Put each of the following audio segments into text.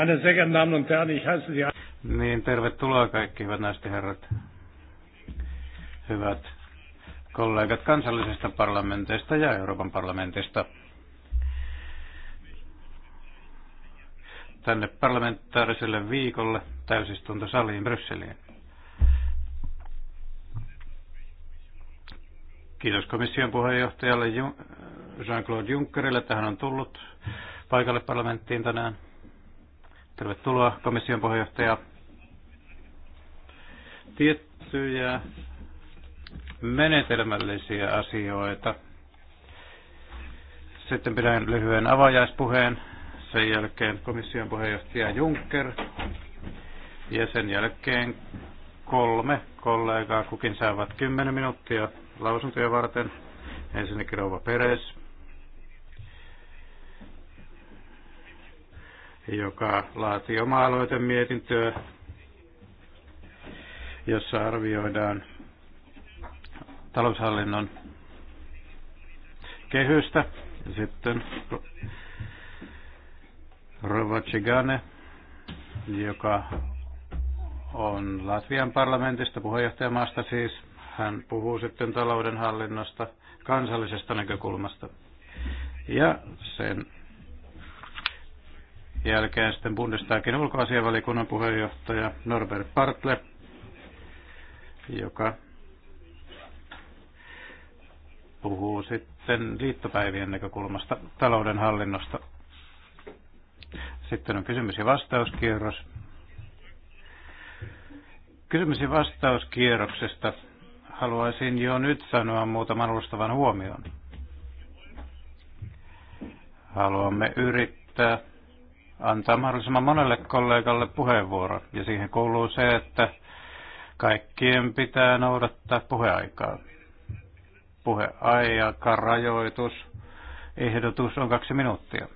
Meine sehr geehrten Damen und Herren, ich heiße Sie. Niin, tervetuloa kaikki hyvät naiset herrat. Hyvät kollegat kansallisesta parlamenteista ja Euroopan parlamentista. Tänne parlamentaariselle viikolle täysistuntosaliin Brysseliin. Kiitos komission puheenjohtajalle Jean-Claude Junckerille, että hän on tullut paikalle parlamenttiin tänään. Tervetuloa komission puheenjohtaja. Tiettyjä menetelmällisiä asioita. Sitten pidän lyhyen avajaispuheen, sen jälkeen komission puheenjohtaja Juncker ja sen jälkeen kolme kollegaa, kukin saavat 10 minuuttia lausuntoja varten. Ensinnäkin Rouva Peres, joka laati oma aloitemietintöä, jossa arvioidaan taloushallinnon kehystä. Ja sitten Rova Chigane, joka on Latvian parlamentista, puheenjohtajamaasta siis. Hän puhuu sitten taloudenhallinnosta kansallisesta näkökulmasta ja sen jälkeen sitten Bundestagin ulkoasianvalikunnan puheenjohtaja Norbert Bartle, joka puhuu sitten liittopäivien näkökulmasta talouden hallinnosta. Sitten on kysymys- ja vastauskierros. Kysymys- ja vastauskierroksesta haluaisin jo nyt sanoa muutaman alustavan huomioon. Haluamme yrittää antaa mahdollisimman monelle kollegalle puheenvuoro. Ja siihen kuuluu se, että kaikkien pitää noudattaa puheaikaa. Puheaika, rajoitus, ehdotus on kaksi minuuttia.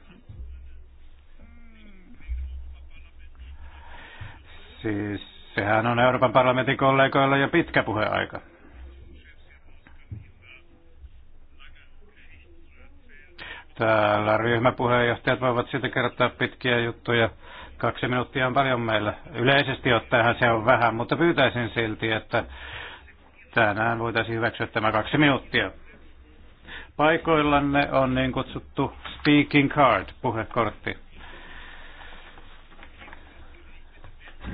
Siis sehän on Euroopan parlamentin kollegoilla jo pitkä puheaika. Täällä ryhmäpuheenjohtajat voivat siitä kertoa pitkiä juttuja. Kaksi minuuttia on paljon meillä. Yleisesti ottaenhan se on vähän, mutta pyytäisin silti, että tänään voitaisiin hyväksyä tämä kaksi minuuttia. Paikoillanne on niin kutsuttu speaking card, puhekortti.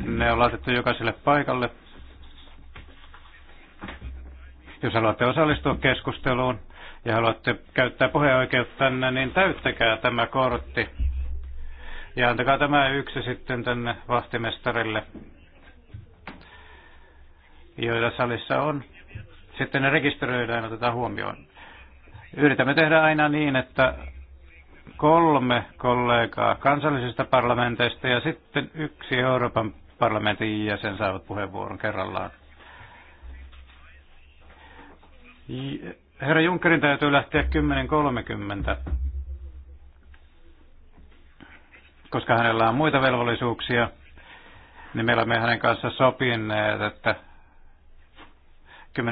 Ne on laitettu jokaiselle paikalle. Jos haluatte osallistua keskusteluun, ja haluatte käyttää puheoikeuttanne, niin täyttäkää tämä kortti. Ja antakaa tämä yksi sitten tänne vahtimestarille, joita salissa on. Sitten ne rekisteröidään ja otetaan huomioon. Yritämme tehdä aina niin, että kolme kollegaa kansallisista parlamenteista ja sitten yksi Euroopan parlamentin jäsen saavat puheenvuoron kerrallaan. Herra Junkerin täytyy lähteä 10.30, koska hänellä on muita velvollisuuksia, niin meillä me hänen kanssa sopineet, että 10.30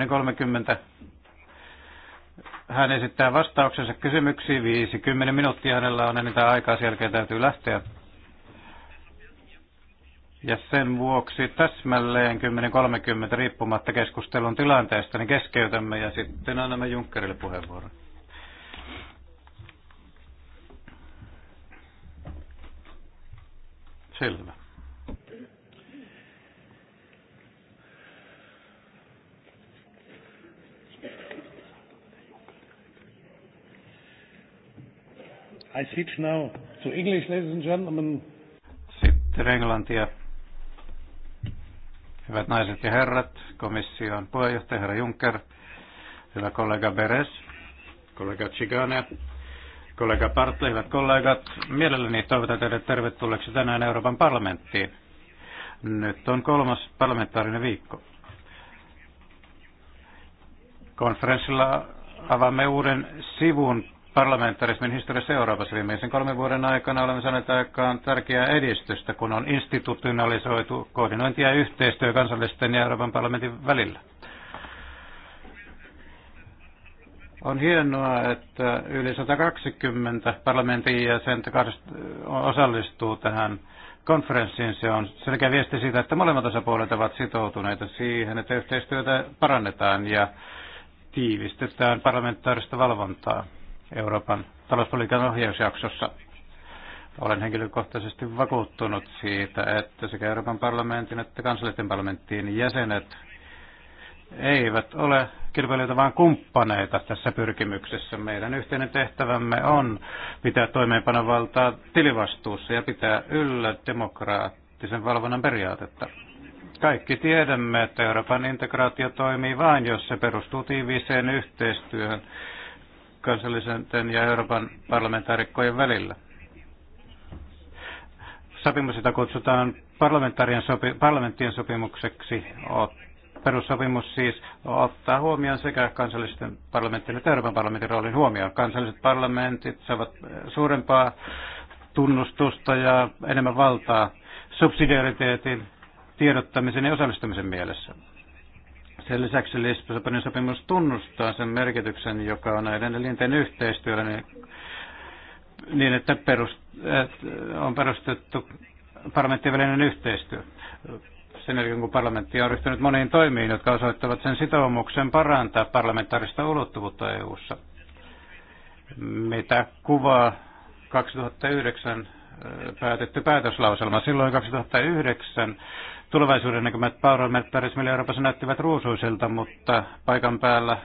hän esittää vastauksensa kysymyksiin, 50 minuuttia hänellä on enintään aikaa, sen jälkeen täytyy lähteä. Ja sen vuoksi täsmälleen 10.30 riippumatta keskustelun tilanteesta, niin keskeytämme ja sitten annamme Junckerille puheenvuoron. Selvä. I switch now to English, ladies and gentlemen. Sitten englantia. Hyvät naiset ja herrat, komission puheenjohtaja herra Juncker, hyvä kollega Beres, kollega Chigane, kollega Partle, hyvät kollegat. Mielelläni toivotan teidät tervetulleeksi tänään Euroopan parlamenttiin. Nyt on kolmas parlamentaarinen viikko. Konferenssilla avaamme uuden sivun parlamentarismin historiassa Euroopassa viimeisen kolmen vuoden aikana olemme saaneet aikaan tärkeää edistystä, kun on institutionalisoitu koordinointi ja yhteistyö kansallisten ja Euroopan parlamentin välillä. On hienoa, että yli 120 parlamentin jäsentä osallistuu tähän konferenssiin. Se on selkeä viesti siitä, että molemmat osapuolet ovat sitoutuneita siihen, että yhteistyötä parannetaan ja tiivistetään parlamentaarista valvontaa. Euroopan talouspolitiikan ohjausjaksossa. Olen henkilökohtaisesti vakuuttunut siitä, että sekä Euroopan parlamentin että kansallisten parlamenttien jäsenet eivät ole kilpailijoita, vaan kumppaneita tässä pyrkimyksessä. Meidän yhteinen tehtävämme on pitää toimeenpanovaltaa tilivastuussa ja pitää yllä demokraattisen valvonnan periaatetta. Kaikki tiedämme, että Euroopan integraatio toimii vain, jos se perustuu tiiviiseen yhteistyöhön kansallisen ja Euroopan parlamentaarikkojen välillä. Sopimus, jota kutsutaan sopi, parlamenttien sopimukseksi, perussopimus siis ottaa huomioon sekä kansallisten parlamenttien että Euroopan parlamentin roolin huomioon. Kansalliset parlamentit saavat suurempaa tunnustusta ja enemmän valtaa subsidiariteetin tiedottamisen ja osallistumisen mielessä. Sen lisäksi Lissabonin sopimus tunnustaa sen merkityksen, joka on näiden elinten yhteistyöllä niin, niin että perust, on perustettu parlamenttien välinen yhteistyö. Sen jälkeen, kun parlamentti on ryhtynyt moniin toimiin, jotka osoittavat sen sitoumuksen parantaa parlamentaarista ulottuvuutta EU-ssa. Mitä kuvaa 2009 päätetty päätöslauselma. Silloin 2009 tulevaisuuden näkymät parlamentarismille Euroopassa näyttivät ruusuisilta, mutta paikan päällä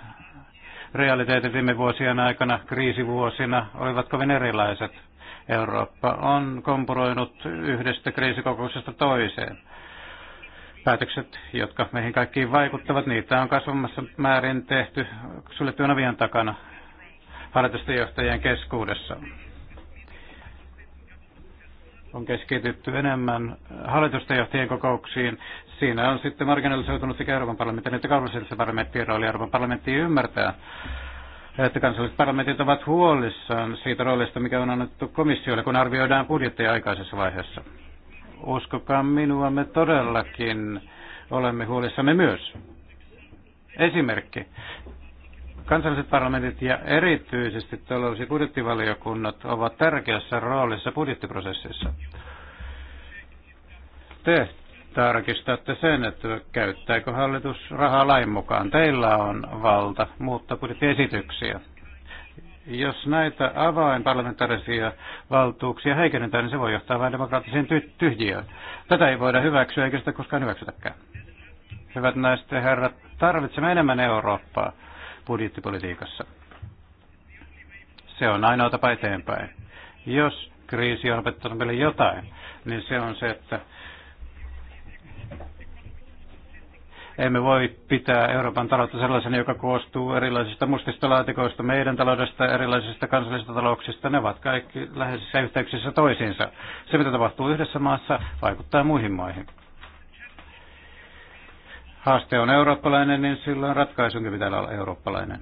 realiteetit viime vuosien aikana, kriisivuosina, olivat kovin erilaiset. Eurooppa on kompuroinut yhdestä kriisikokouksesta toiseen. Päätökset, jotka meihin kaikkiin vaikuttavat, niitä on kasvamassa määrin tehty suljettujen avian takana johtajien keskuudessa on keskitytty enemmän hallitustenjohtajien kokouksiin. Siinä on sitten marginalisoitunut sekä Euroopan parlamentin että kansallisessa parlamenttien rooli. Euroopan parlamentti ymmärtää, että kansalliset parlamentit ovat huolissaan siitä roolista, mikä on annettu komissiolle, kun arvioidaan budjettia aikaisessa vaiheessa. Uskokaa minua, me todellakin olemme huolissamme myös. Esimerkki. Kansalliset parlamentit ja erityisesti talous- ja budjettivaliokunnat ovat tärkeässä roolissa budjettiprosessissa. Te tarkistatte sen, että käyttääkö hallitus rahaa lain mukaan. Teillä on valta muuttaa budjettiesityksiä. Jos näitä parlamentaarisia valtuuksia heikennetään, niin se voi johtaa vain demokraattiseen ty- tyhjiöön. Tätä ei voida hyväksyä, eikä sitä koskaan hyväksytäkään. Hyvät naiset ja herrat, tarvitsemme enemmän Eurooppaa budjettipolitiikassa. Se on ainoa tapa eteenpäin. Jos kriisi on opettanut meille jotain, niin se on se, että emme voi pitää Euroopan taloutta sellaisena, joka koostuu erilaisista mustista laatikoista, meidän taloudesta, erilaisista kansallisista talouksista. Ne ovat kaikki läheisissä yhteyksissä toisiinsa. Se, mitä tapahtuu yhdessä maassa, vaikuttaa muihin maihin haaste on eurooppalainen, niin silloin ratkaisunkin pitää olla eurooppalainen.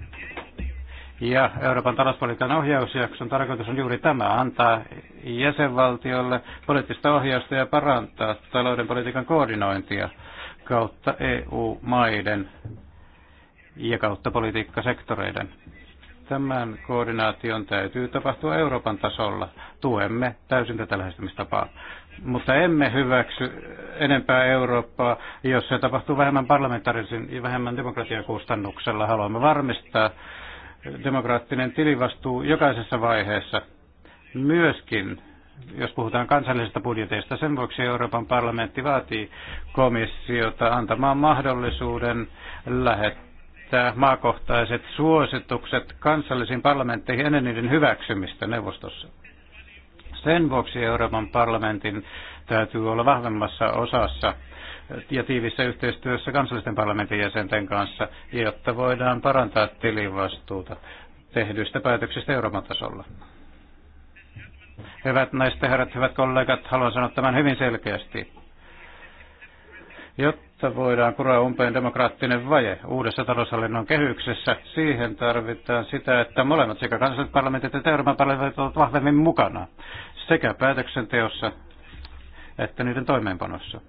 Ja Euroopan talouspolitiikan ohjausjakson tarkoitus on juuri tämä, antaa jäsenvaltiolle poliittista ohjausta ja parantaa talouden politiikan koordinointia kautta EU-maiden ja kautta politiikkasektoreiden. Tämän koordinaation täytyy tapahtua Euroopan tasolla. Tuemme täysin tätä lähestymistapaa. Mutta emme hyväksy enempää Eurooppaa, jos se tapahtuu vähemmän parlamentaarisen ja vähemmän kustannuksella. Haluamme varmistaa demokraattinen tilivastuu jokaisessa vaiheessa, myöskin jos puhutaan kansallisista budjeteista. Sen vuoksi Euroopan parlamentti vaatii komissiota antamaan mahdollisuuden lähettää maakohtaiset suositukset kansallisiin parlamentteihin ennen niiden hyväksymistä neuvostossa. Sen vuoksi Euroopan parlamentin täytyy olla vahvemmassa osassa ja tiivissä yhteistyössä kansallisten parlamentin jäsenten kanssa, jotta voidaan parantaa tilivastuuta tehdyistä päätöksistä Euroopan tasolla. Hyvät naiset ja herrat, hyvät kollegat, haluan sanoa tämän hyvin selkeästi. Jotta voidaan kuroa umpeen demokraattinen vaje uudessa taloushallinnon kehyksessä, siihen tarvitaan sitä, että molemmat sekä kansalliset parlamentit että Euroopan parlamentit ovat vahvemmin mukana sekä päätöksenteossa että niiden toimeenpanossa.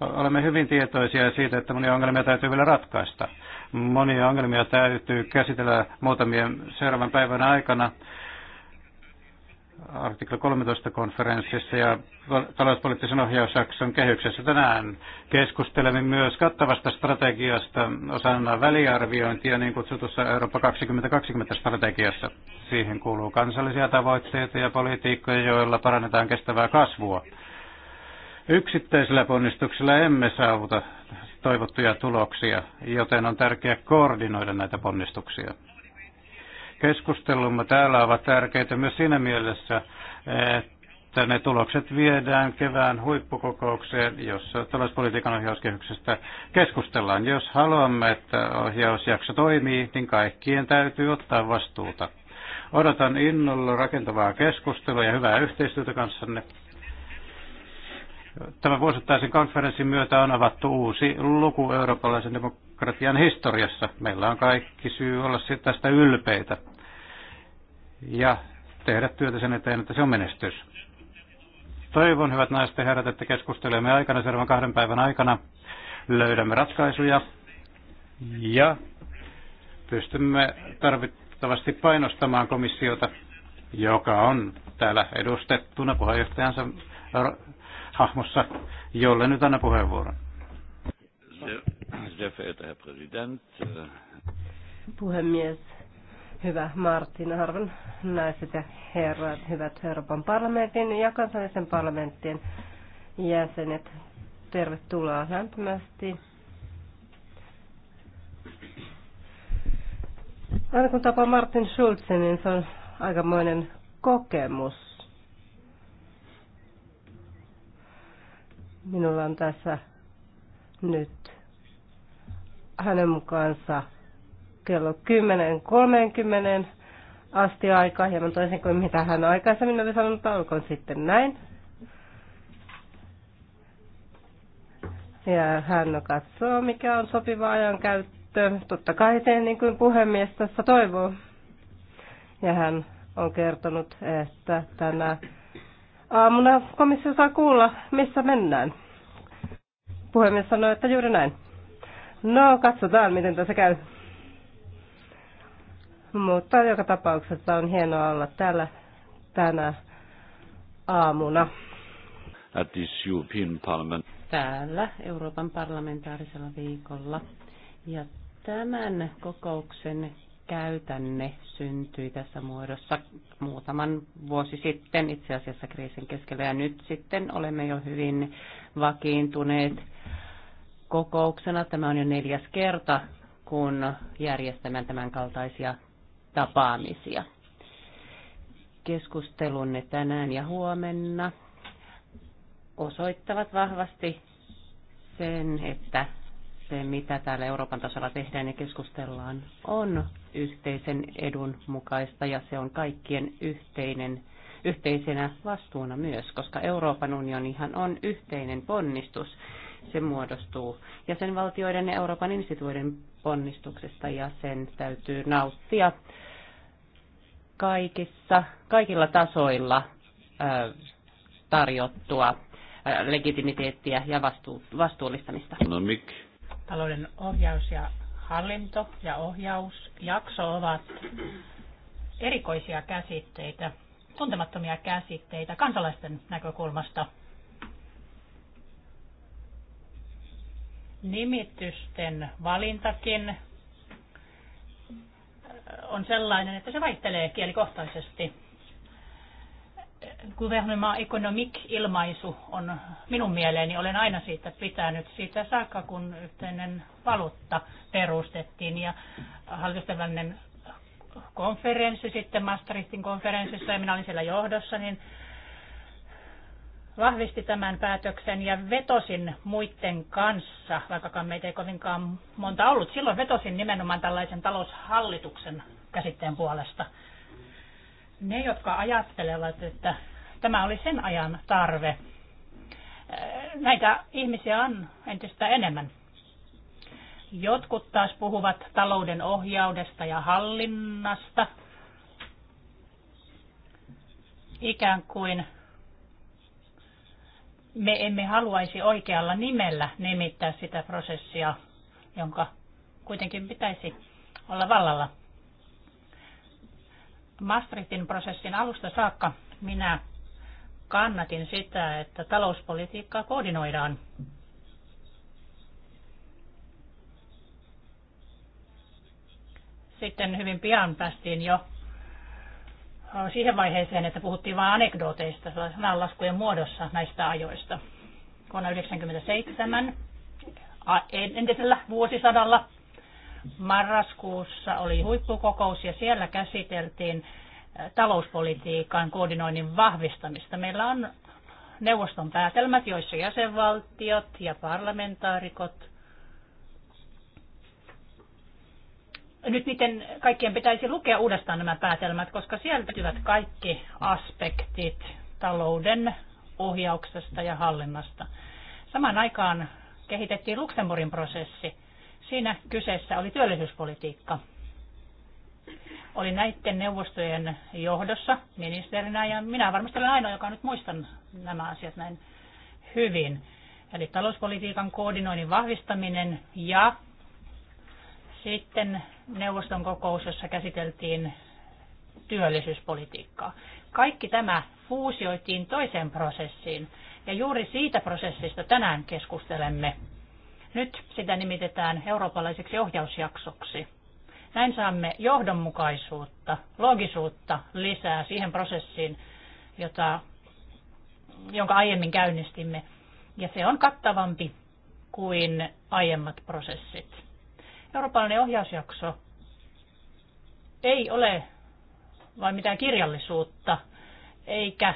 Olemme hyvin tietoisia siitä, että monia ongelmia täytyy vielä ratkaista. Monia ongelmia täytyy käsitellä muutamien seuraavan päivän aikana artikla 13 konferenssissa ja talouspoliittisen ohjausjakson kehyksessä. Tänään keskustelemme myös kattavasta strategiasta osana väliarviointia niin kutsutussa Eurooppa 2020 strategiassa. Siihen kuuluu kansallisia tavoitteita ja politiikkoja, joilla parannetaan kestävää kasvua. Yksittäisellä ponnistuksella emme saavuta toivottuja tuloksia, joten on tärkeää koordinoida näitä ponnistuksia keskustelumme täällä ovat tärkeitä myös siinä mielessä, että ne tulokset viedään kevään huippukokoukseen, jossa talouspolitiikan ohjauskehyksestä keskustellaan. Jos haluamme, että ohjausjakso toimii, niin kaikkien täytyy ottaa vastuuta. Odotan innolla rakentavaa keskustelua ja hyvää yhteistyötä kanssanne. Tämän vuosittaisen konferenssin myötä on avattu uusi luku eurooppalaisen demok- demokratian historiassa. Meillä on kaikki syy olla tästä ylpeitä ja tehdä työtä sen eteen, että se on menestys. Toivon, hyvät naiset ja herrat, että keskustelemme aikana seuraavan kahden päivän aikana. Löydämme ratkaisuja ja pystymme tarvittavasti painostamaan komissiota, joka on täällä edustettuna puheenjohtajansa hahmossa, jolle nyt anna puheenvuoron. Sehr verehrter Herr Präsident. Äh, Puhemies, hyvä Martin Arvon, naiset ja herrat, hyvät Euroopan parlamentin ja kansallisen parlamenttien jäsenet. Tervetuloa lämpimästi. Aina kun tapaa Martin Schulzen, niin se on aikamoinen kokemus. Minulla on tässä nyt hänen mukaansa kello 10.30 asti aikaa, hieman toisin kuin mitä hän aikaisemmin oli sanonut, olkoon sitten näin. Ja hän katsoo, mikä on sopiva käyttö. Totta kai teen niin kuin puhemies tässä toivoo. Ja hän on kertonut, että tänä aamuna komissio saa kuulla, missä mennään. Puhemies sanoi, että juuri näin. No, katsotaan, miten tässä käy. Mutta joka tapauksessa on hienoa olla täällä tänä aamuna. At this European Parliament. Täällä Euroopan parlamentaarisella viikolla. Ja tämän kokouksen käytänne syntyi tässä muodossa muutaman vuosi sitten itse asiassa kriisin keskellä ja nyt sitten olemme jo hyvin vakiintuneet kokouksena. Tämä on jo neljäs kerta, kun järjestämme tämän kaltaisia tapaamisia. Keskustelunne tänään ja huomenna osoittavat vahvasti sen, että se, mitä täällä Euroopan tasolla tehdään ja keskustellaan, on yhteisen edun mukaista ja se on kaikkien yhteinen, yhteisenä vastuuna myös, koska Euroopan unionihan on yhteinen ponnistus se muodostuu jäsenvaltioiden ja Euroopan instituiden ponnistuksesta ja sen täytyy nauttia kaikissa, kaikilla tasoilla tarjottua legitimiteettiä ja vastu, vastuullistamista. No, Talouden ohjaus ja hallinto ja ohjausjakso ovat erikoisia käsitteitä, tuntemattomia käsitteitä kansalaisten näkökulmasta – nimitysten valintakin on sellainen, että se vaihtelee kielikohtaisesti. Gouvernement economic ilmaisu on minun mieleeni, olen aina siitä pitänyt siitä saakka, kun yhteinen valuutta perustettiin ja hallitusten välinen konferenssi sitten Maastrichtin konferenssissa ja minä olin siellä johdossa, niin vahvisti tämän päätöksen ja vetosin muiden kanssa, vaikkakaan meitä ei kovinkaan monta ollut. Silloin vetosin nimenomaan tällaisen taloushallituksen käsitteen puolesta. Ne, jotka ajattelevat, että tämä oli sen ajan tarve, eh, näitä ihmisiä on entistä enemmän. Jotkut taas puhuvat talouden ohjaudesta ja hallinnasta, ikään kuin me emme haluaisi oikealla nimellä nimittää sitä prosessia, jonka kuitenkin pitäisi olla vallalla. Maastrichtin prosessin alusta saakka minä kannatin sitä, että talouspolitiikkaa koordinoidaan. Sitten hyvin pian päästiin jo Äh, siihen vaiheeseen, että puhuttiin vain anekdooteista sananlaskujen muodossa näistä ajoista. Vuonna 1997 entisellä vuosisadalla marraskuussa oli huippukokous ja siellä käsiteltiin äh, talouspolitiikan koordinoinnin vahvistamista. Meillä on neuvoston päätelmät, joissa jäsenvaltiot ja parlamentaarikot nyt niiden kaikkien pitäisi lukea uudestaan nämä päätelmät, koska siellä löytyvät kaikki aspektit talouden ohjauksesta ja hallinnasta. Samaan aikaan kehitettiin Luxemburgin prosessi. Siinä kyseessä oli työllisyyspolitiikka. Oli näiden neuvostojen johdossa ministerinä ja minä varmasti olen ainoa, joka nyt muistan nämä asiat näin hyvin. Eli talouspolitiikan koordinoinnin vahvistaminen ja sitten neuvoston kokous, jossa käsiteltiin työllisyyspolitiikkaa. Kaikki tämä fuusioitiin toiseen prosessiin, ja juuri siitä prosessista tänään keskustelemme. Nyt sitä nimitetään eurooppalaiseksi ohjausjaksoksi. Näin saamme johdonmukaisuutta, logisuutta lisää siihen prosessiin, jota, jonka aiemmin käynnistimme. Ja se on kattavampi kuin aiemmat prosessit. Eurooppalainen ohjausjakso ei ole vain mitään kirjallisuutta, eikä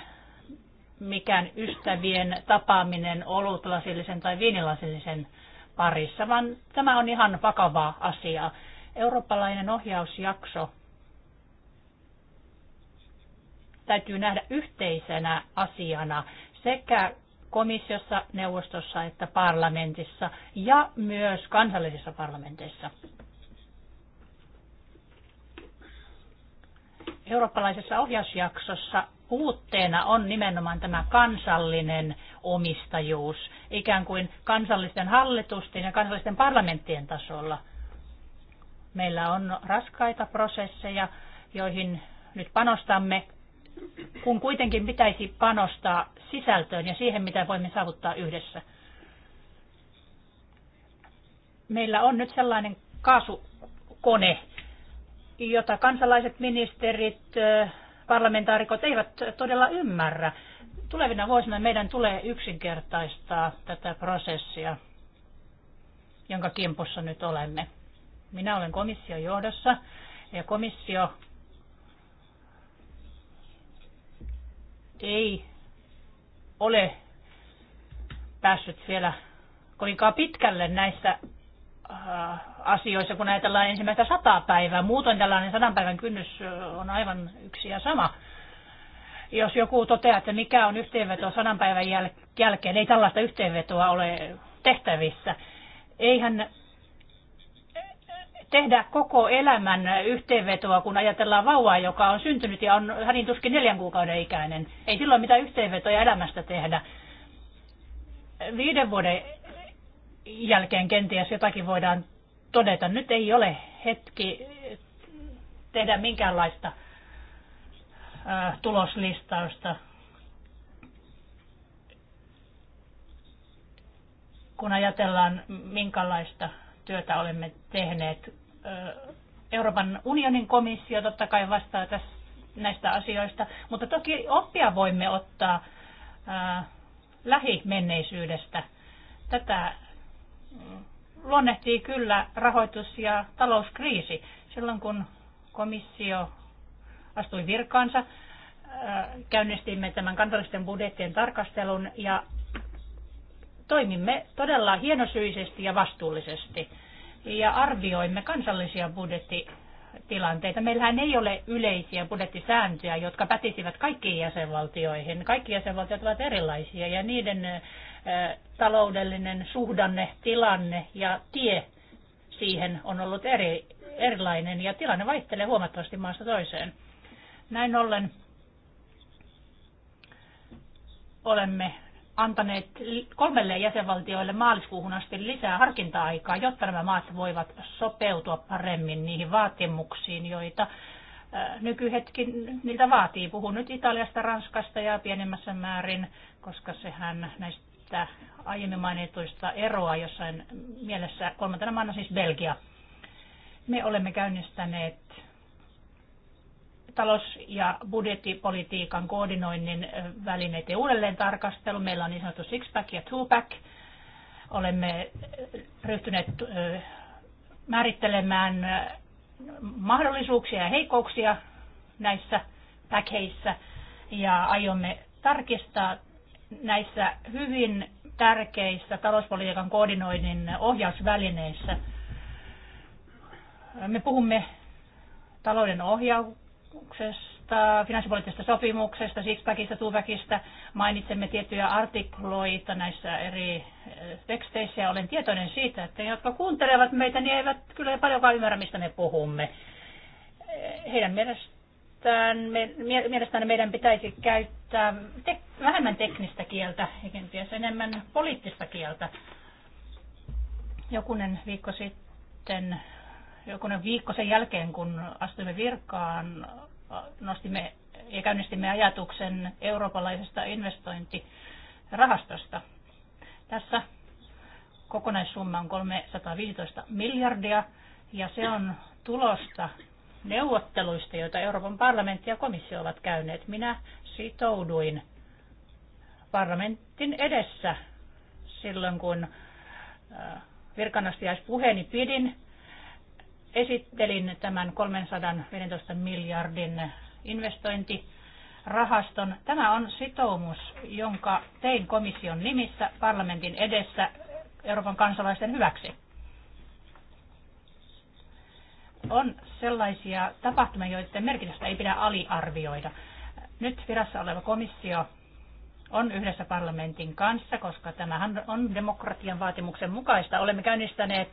mikään ystävien tapaaminen olutlasillisen tai viinilasillisen parissa, vaan tämä on ihan vakavaa asiaa. Eurooppalainen ohjausjakso täytyy nähdä yhteisenä asiana sekä komissiossa, neuvostossa että parlamentissa ja myös kansallisissa parlamenteissa. Eurooppalaisessa ohjausjaksossa puutteena on nimenomaan tämä kansallinen omistajuus, ikään kuin kansallisten hallitusten ja kansallisten parlamenttien tasolla. Meillä on raskaita prosesseja, joihin nyt panostamme kun kuitenkin pitäisi panostaa sisältöön ja siihen, mitä voimme saavuttaa yhdessä. Meillä on nyt sellainen kaasukone, jota kansalaiset, ministerit, parlamentaarikot eivät todella ymmärrä. Tulevina vuosina meidän tulee yksinkertaistaa tätä prosessia, jonka kimpussa nyt olemme. Minä olen komission johdossa ja komissio ei ole päässyt vielä kovinkaan pitkälle näissä äh, asioissa, kun ajatellaan ensimmäistä sataa päivää. Muutoin tällainen sadan päivän kynnys äh, on aivan yksi ja sama. Jos joku toteaa, että mikä on yhteenveto sadan päivän jäl- jälkeen, ei tällaista yhteenvetoa ole tehtävissä. Eihän tehdä koko elämän yhteenvetoa, kun ajatellaan vauvaa, joka on syntynyt ja on hänin tuskin neljän kuukauden ikäinen. Ei silloin mitään yhteenvetoja elämästä tehdä. Viiden vuoden jälkeen kenties jotakin voidaan todeta. Nyt ei ole hetki tehdä minkäänlaista tuloslistausta. Kun ajatellaan, minkälaista työtä olemme tehneet Euroopan unionin komissio totta kai vastaa tässä näistä asioista, mutta toki oppia voimme ottaa ää, lähimenneisyydestä. Tätä mm, luonnehtii kyllä rahoitus- ja talouskriisi. Silloin kun komissio astui virkaansa, käynnistimme tämän kansallisten budjettien tarkastelun ja toimimme todella hienosyisesti ja vastuullisesti ja arvioimme kansallisia budjettitilanteita. Meillähän ei ole yleisiä budjettisääntöjä, jotka pätisivät kaikkiin jäsenvaltioihin. Kaikki jäsenvaltiot ovat erilaisia ja niiden taloudellinen suhdanne, tilanne ja tie siihen on ollut eri, erilainen ja tilanne vaihtelee huomattavasti maasta toiseen. Näin ollen olemme antaneet kolmelle jäsenvaltioille maaliskuuhun asti lisää harkinta-aikaa, jotta nämä maat voivat sopeutua paremmin niihin vaatimuksiin, joita äh, nykyhetkin niiltä vaatii. Puhun nyt Italiasta, Ranskasta ja pienemmässä määrin, koska sehän näistä aiemmin mainituista eroa jossain mielessä kolmantena maana siis Belgia. Me olemme käynnistäneet talous- ja budjettipolitiikan koordinoinnin välineiden uudelleen tarkastelu. Meillä on niin sanottu six-pack ja two-pack. Olemme ryhtyneet määrittelemään mahdollisuuksia ja heikkouksia näissä päkeissä ja aiomme tarkistaa näissä hyvin tärkeissä talouspolitiikan koordinoinnin ohjausvälineissä. Me puhumme talouden ohjauksesta sopimuksesta, finanssipoliittisesta sopimuksesta, Sixpackista, Tuväkistä. Mainitsemme tiettyjä artikloita näissä eri eh, teksteissä ja olen tietoinen siitä, että ne, jotka kuuntelevat meitä, niin eivät kyllä paljonkaan ymmärrä, mistä me puhumme. Eh, heidän mielestään, me, mielestään meidän pitäisi käyttää tek, vähemmän teknistä kieltä ja kenties enemmän poliittista kieltä. Jokunen viikko sitten jokunen viikko sen jälkeen, kun astuimme virkaan, nostimme ja käynnistimme ajatuksen eurooppalaisesta investointirahastosta. Tässä kokonaissumma on 315 miljardia ja se on tulosta neuvotteluista, joita Euroopan parlamentti ja komissio ovat käyneet. Minä sitouduin parlamentin edessä silloin, kun äh, virkanastajais pidin esittelin tämän 315 miljardin investointirahaston. Tämä on sitoumus, jonka tein komission nimissä parlamentin edessä Euroopan kansalaisten hyväksi. On sellaisia tapahtumia, joiden merkitystä ei pidä aliarvioida. Nyt virassa oleva komissio on yhdessä parlamentin kanssa, koska tämähän on demokratian vaatimuksen mukaista. Olemme käynnistäneet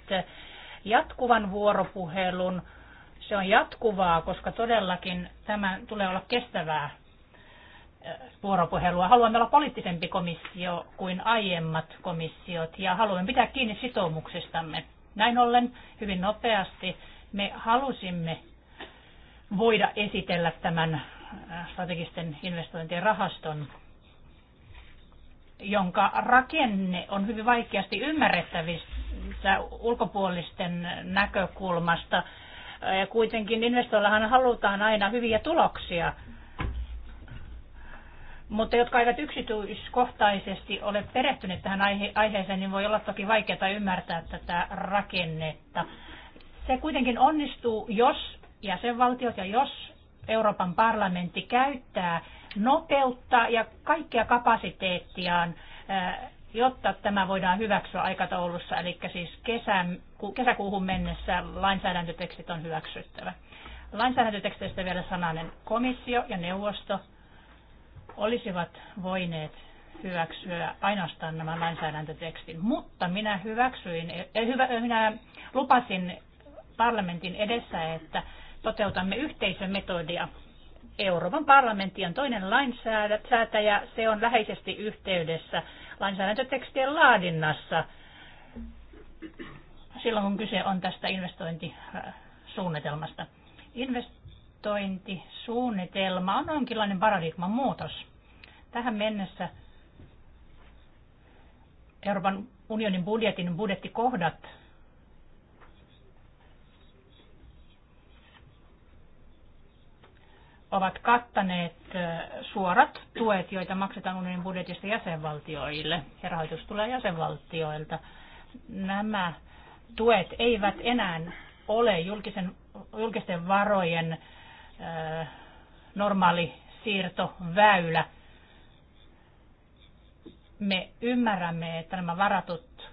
jatkuvan vuoropuhelun. Se on jatkuvaa, koska todellakin tämä tulee olla kestävää eh, vuoropuhelua. Haluamme olla poliittisempi komissio kuin aiemmat komissiot ja haluamme pitää kiinni sitoumuksistamme. Näin ollen hyvin nopeasti me halusimme voida esitellä tämän eh, strategisten investointien rahaston, jonka rakenne on hyvin vaikeasti ymmärrettävissä ulkopuolisten näkökulmasta. Ja kuitenkin investoillahan halutaan aina hyviä tuloksia, mutta jotka eivät yksityiskohtaisesti ole perehtyneet tähän aihe- aiheeseen, niin voi olla toki vaikeaa ymmärtää tätä rakennetta. Se kuitenkin onnistuu, jos jäsenvaltiot ja jos Euroopan parlamentti käyttää nopeutta ja kaikkia kapasiteettiaan jotta tämä voidaan hyväksyä aikataulussa, eli siis kesän, kesäkuuhun mennessä lainsäädäntötekstit on hyväksyttävä. Lainsäädäntöteksteistä vielä sananen komissio ja neuvosto olisivat voineet hyväksyä ainoastaan nämä lainsäädäntötekstin, mutta minä hyväksyin, eh, hyvä, eh, minä lupasin parlamentin edessä, että toteutamme metodia. Euroopan parlamentti on toinen lainsäätäjä, se on läheisesti yhteydessä lainsäädäntötekstien laadinnassa silloin, kun kyse on tästä investointisuunnitelmasta. Investointisuunnitelma on jonkinlainen paradigman muutos. Tähän mennessä Euroopan unionin budjetin budjettikohdat ovat kattaneet suorat tuet, joita maksetaan unionin budjetista jäsenvaltioille ja rahoitus tulee jäsenvaltioilta. Nämä tuet eivät enää ole julkisen, julkisten varojen ö, normaali siirtoväylä. Me ymmärrämme, että nämä varatut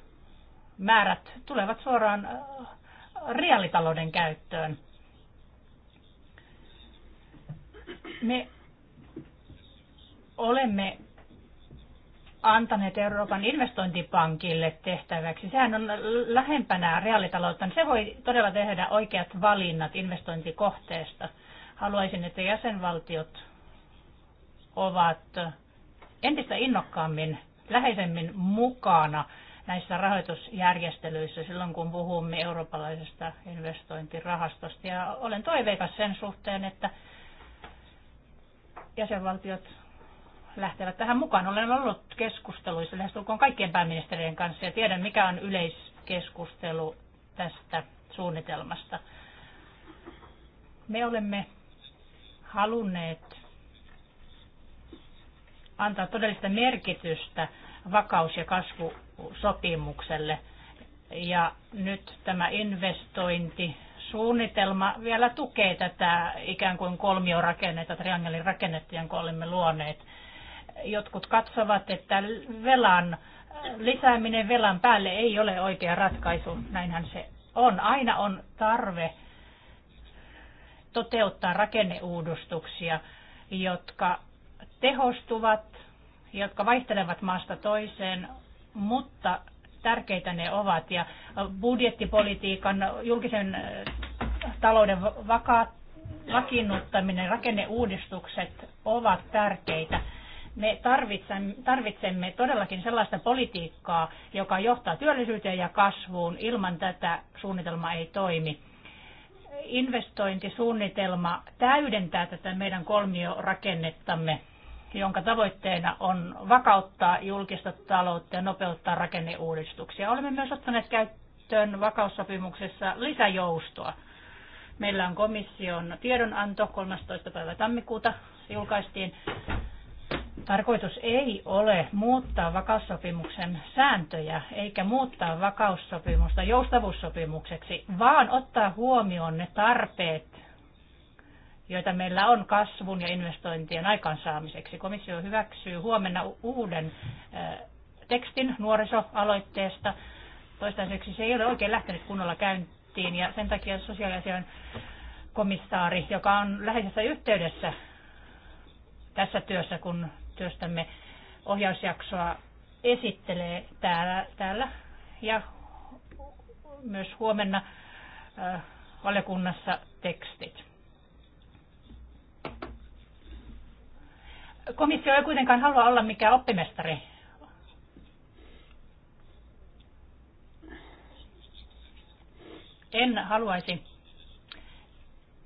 määrät tulevat suoraan reaalitalouden käyttöön. Me olemme antaneet Euroopan investointipankille tehtäväksi. Sehän on lähempänä reaalitaloutta. Niin se voi todella tehdä oikeat valinnat investointikohteesta. Haluaisin, että jäsenvaltiot ovat entistä innokkaammin, läheisemmin mukana näissä rahoitusjärjestelyissä silloin, kun puhumme eurooppalaisesta investointirahastosta. Ja olen toiveikas sen suhteen, että jäsenvaltiot lähtevät tähän mukaan. Olen ollut keskusteluissa lähestulkoon kaikkien pääministerien kanssa ja tiedän, mikä on yleiskeskustelu tästä suunnitelmasta. Me olemme halunneet antaa todellista merkitystä vakaus- ja kasvusopimukselle. Ja nyt tämä investointi suunnitelma vielä tukee tätä ikään kuin kolmiorakennetta, triangelin rakennetta, jonka olemme luoneet. Jotkut katsovat, että velan lisääminen velan päälle ei ole oikea ratkaisu. Näinhän se on. Aina on tarve toteuttaa rakenneuudistuksia, jotka tehostuvat, jotka vaihtelevat maasta toiseen, mutta tärkeitä ne ovat. Ja budjettipolitiikan, julkisen talouden vakaa vakiinnuttaminen, rakenneuudistukset ovat tärkeitä. Me tarvitsemme, tarvitsemme todellakin sellaista politiikkaa, joka johtaa työllisyyteen ja kasvuun. Ilman tätä suunnitelma ei toimi. Investointisuunnitelma täydentää tätä meidän kolmiorakennettamme, jonka tavoitteena on vakauttaa julkista taloutta ja nopeuttaa rakenneuudistuksia. Olemme myös ottaneet käyttöön vakaussopimuksessa lisäjoustoa. Meillä on komission tiedonanto 13. päivä tammikuuta julkaistiin. Tarkoitus ei ole muuttaa vakaussopimuksen sääntöjä eikä muuttaa vakaussopimusta joustavuussopimukseksi, vaan ottaa huomioon ne tarpeet, joita meillä on kasvun ja investointien aikaansaamiseksi. Komissio hyväksyy huomenna uuden eh, tekstin nuorisoaloitteesta. Toistaiseksi se ei ole oikein lähtenyt kunnolla käyntiin ja sen takia sosiaalisen komissaari, joka on läheisessä yhteydessä tässä työssä, kun työstämme ohjausjaksoa esittelee täällä, täällä ja myös huomenna valiokunnassa tekstit. Komissio ei kuitenkaan halua olla mikään oppimestari. En haluaisi,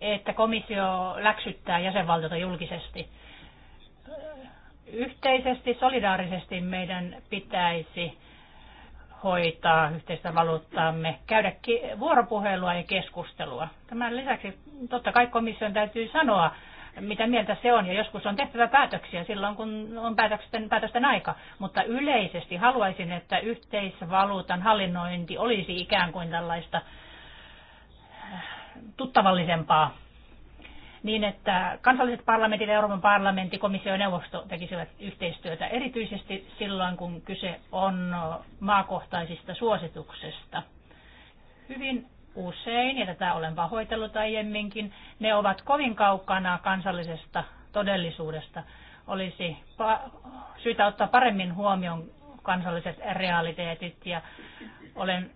että komissio läksyttää jäsenvaltiota julkisesti yhteisesti, solidaarisesti meidän pitäisi hoitaa yhteistä valuuttaamme, käydä vuoropuhelua ja keskustelua. Tämän lisäksi totta kai komission täytyy sanoa, mitä mieltä se on, ja joskus on tehtävä päätöksiä silloin, kun on päätösten, päätösten aika. Mutta yleisesti haluaisin, että yhteisvaluutan hallinnointi olisi ikään kuin tällaista äh, tuttavallisempaa niin, että kansalliset parlamentit, Euroopan parlamentti, komissio ja neuvosto tekisivät yhteistyötä erityisesti silloin, kun kyse on maakohtaisista suosituksesta. Hyvin usein, ja tätä olen pahoitellut aiemminkin, ne ovat kovin kaukana kansallisesta todellisuudesta. Olisi syytä ottaa paremmin huomioon kansalliset realiteetit ja olen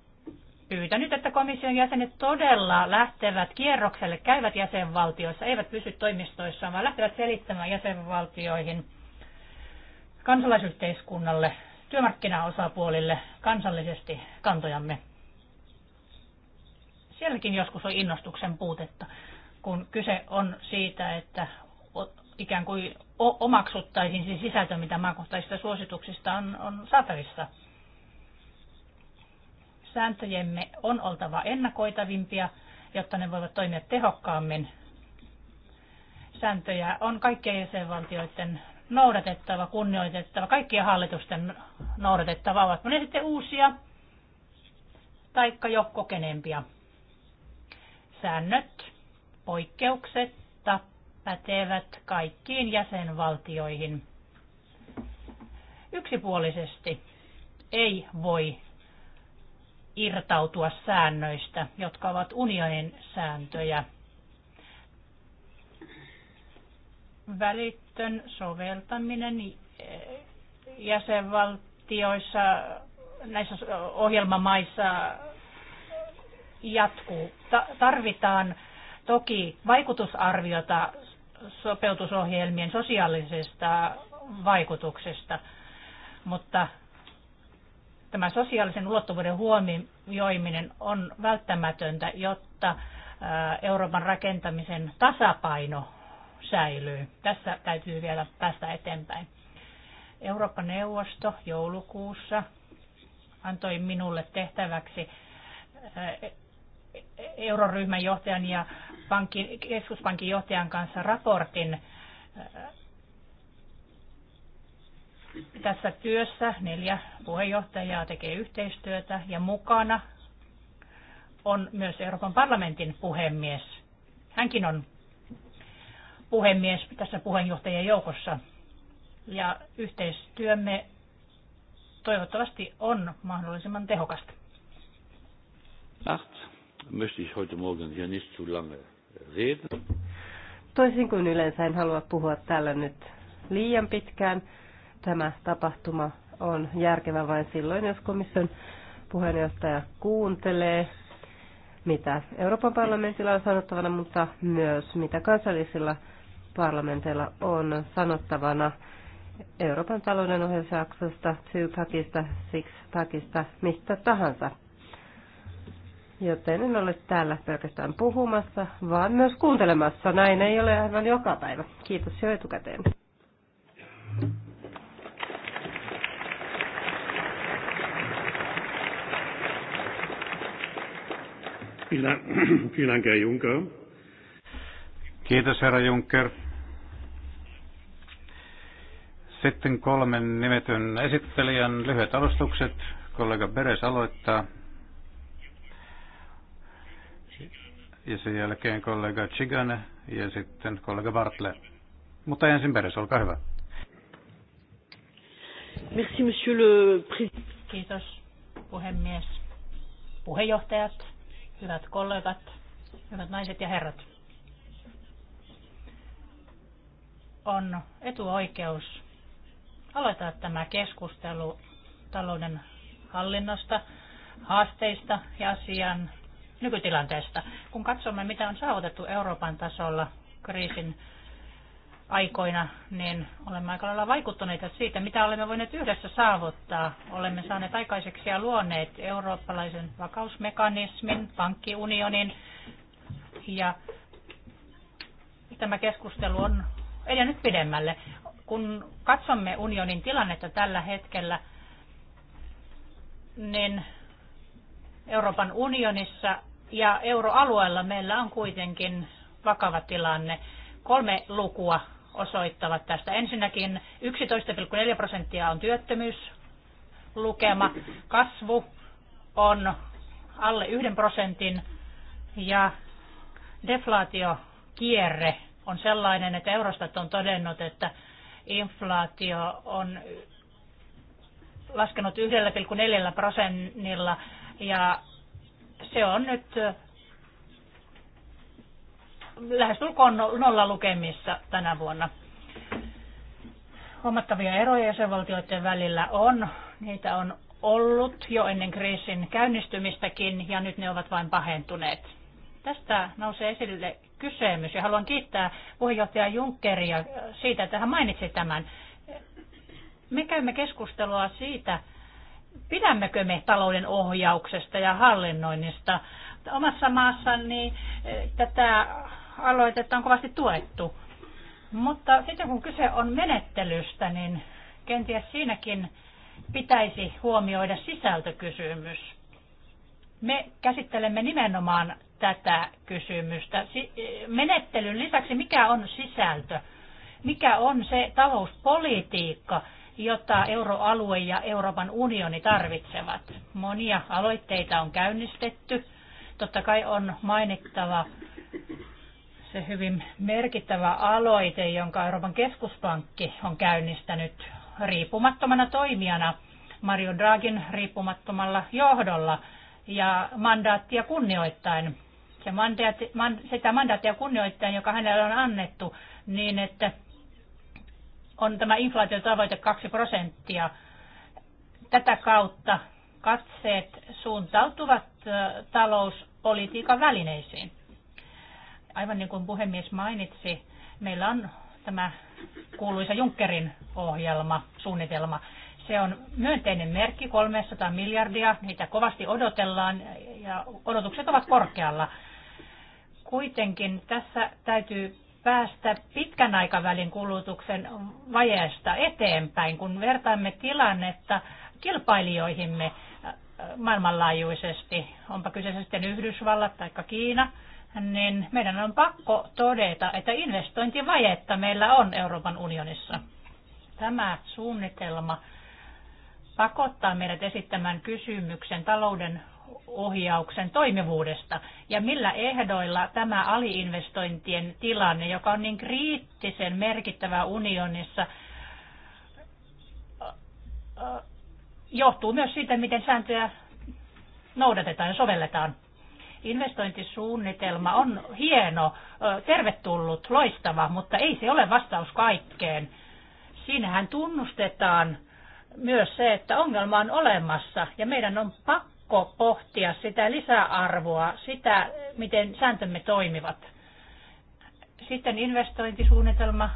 Pyytän nyt, että komission jäsenet todella lähtevät kierrokselle, käyvät jäsenvaltioissa, eivät pysy toimistoissaan, vaan lähtevät selittämään jäsenvaltioihin kansalaisyhteiskunnalle, työmarkkinaosapuolille kansallisesti kantojamme. Sielläkin joskus on innostuksen puutetta, kun kyse on siitä, että ikään kuin omaksuttaisiin se sisältö, mitä maakohtaisista suosituksista on, on saatavissa – Sääntöjemme on oltava ennakoitavimpia, jotta ne voivat toimia tehokkaammin. Sääntöjä on kaikkien jäsenvaltioiden noudatettava, kunnioitettava, kaikkien hallitusten noudatettava, ovat ne sitten uusia tai jo kokeneempia. Säännöt poikkeuksetta pätevät kaikkiin jäsenvaltioihin. Yksipuolisesti ei voi irtautua säännöistä, jotka ovat unionin sääntöjä. Välittön soveltaminen eh, jäsenvaltioissa, näissä ohjelmamaissa jatkuu. Tarvitaan toki vaikutusarviota sopeutusohjelmien sosiaalisesta vaikutuksesta, mutta Tämä sosiaalisen ulottuvuuden huomioiminen on välttämätöntä, jotta Euroopan rakentamisen tasapaino säilyy. Tässä täytyy vielä päästä eteenpäin. Euroopan neuvosto joulukuussa antoi minulle tehtäväksi euroryhmän johtajan ja pankin, keskuspankin johtajan kanssa raportin tässä työssä neljä puheenjohtajaa tekee yhteistyötä ja mukana on myös Euroopan parlamentin puhemies. Hänkin on puhemies tässä puheenjohtajien joukossa. Ja yhteistyömme toivottavasti on mahdollisimman tehokasta. Acht. Möchte ich heute Morgen hier nicht zu lange reden. Toisin kuin yleensä en halua puhua täällä nyt liian pitkään tämä tapahtuma on järkevä vain silloin, jos komission puheenjohtaja kuuntelee, mitä Euroopan parlamentilla on sanottavana, mutta myös mitä kansallisilla parlamenteilla on sanottavana Euroopan talouden ohjausjaksosta, two-packista, six-packista, mistä tahansa. Joten en ole täällä pelkästään puhumassa, vaan myös kuuntelemassa. Näin ei ole aivan joka päivä. Kiitos jo etukäteen. Vielen Dank, Herr Juncker. Kiitos, herra Juncker. Sitten kolmen nimetyn esittelijän lyhyet alustukset. Kollega Beres aloittaa. Ja sen jälkeen kollega Chigane ja sitten kollega Bartle. Mutta ensin Beres, olkaa hyvä. Merci, monsieur le Kiitos, puhemies. Puheenjohtajat, Hyvät kollegat, hyvät naiset ja herrat. On etuoikeus aloittaa tämä keskustelu talouden hallinnasta, haasteista ja asian nykytilanteesta. Kun katsomme, mitä on saavutettu Euroopan tasolla kriisin aikoina, niin olemme aika lailla vaikuttuneita siitä, mitä olemme voineet yhdessä saavuttaa. Olemme saaneet aikaiseksi ja luoneet eurooppalaisen vakausmekanismin, pankkiunionin ja tämä keskustelu on edennyt pidemmälle. Kun katsomme unionin tilannetta tällä hetkellä, niin Euroopan unionissa ja euroalueella meillä on kuitenkin vakava tilanne. Kolme lukua osoittavat tästä. Ensinnäkin 11,4 prosenttia on työttömyys lukema. Kasvu on alle yhden prosentin ja deflaatiokierre on sellainen, että Eurostat on todennut, että inflaatio on laskenut 1,4 prosentilla ja se on nyt tulkoon no, nolla lukemissa tänä vuonna. Huomattavia eroja jäsenvaltioiden välillä on. Niitä on ollut jo ennen kriisin käynnistymistäkin ja nyt ne ovat vain pahentuneet. Tästä nousee esille kysymys ja haluan kiittää puheenjohtaja Junckeria siitä, että hän mainitsi tämän. Me käymme keskustelua siitä, pidämmekö me talouden ohjauksesta ja hallinnoinnista. Omassa maassani tätä aloitetta on kovasti tuettu. Mutta sitten kun kyse on menettelystä, niin kenties siinäkin pitäisi huomioida sisältökysymys. Me käsittelemme nimenomaan tätä kysymystä. Menettelyn lisäksi mikä on sisältö? Mikä on se talouspolitiikka, jota euroalue ja Euroopan unioni tarvitsevat? Monia aloitteita on käynnistetty. Totta kai on mainittava se hyvin merkittävä aloite, jonka Euroopan keskuspankki on käynnistänyt riippumattomana toimijana Mario Dragin riippumattomalla johdolla ja mandaattia kunnioittain. Se mandaatti, man, sitä mandaattia kunnioittain, joka hänelle on annettu, niin että on tämä inflaatiotavoite 2 prosenttia. Tätä kautta katseet suuntautuvat talouspolitiikan välineisiin. Aivan niin kuin puhemies mainitsi, meillä on tämä kuuluisa Junckerin ohjelma, suunnitelma. Se on myönteinen merkki, 300 miljardia, niitä kovasti odotellaan ja odotukset ovat korkealla. Kuitenkin tässä täytyy päästä pitkän aikavälin kulutuksen vajeesta eteenpäin, kun vertaamme tilannetta kilpailijoihimme äh, äh, maailmanlaajuisesti, onpa kyseessä sitten Yhdysvallat tai Kiina – niin meidän on pakko todeta, että investointivajetta meillä on Euroopan unionissa. Tämä suunnitelma pakottaa meidät esittämään kysymyksen talouden ohjauksen toimivuudesta ja millä ehdoilla tämä aliinvestointien tilanne, joka on niin kriittisen merkittävä unionissa, johtuu myös siitä, miten sääntöjä noudatetaan ja sovelletaan. Investointisuunnitelma on hieno, tervetullut, loistava, mutta ei se ole vastaus kaikkeen. Siinähän tunnustetaan myös se, että ongelma on olemassa ja meidän on pakko pohtia sitä lisäarvoa, sitä miten sääntömme toimivat. Sitten investointisuunnitelma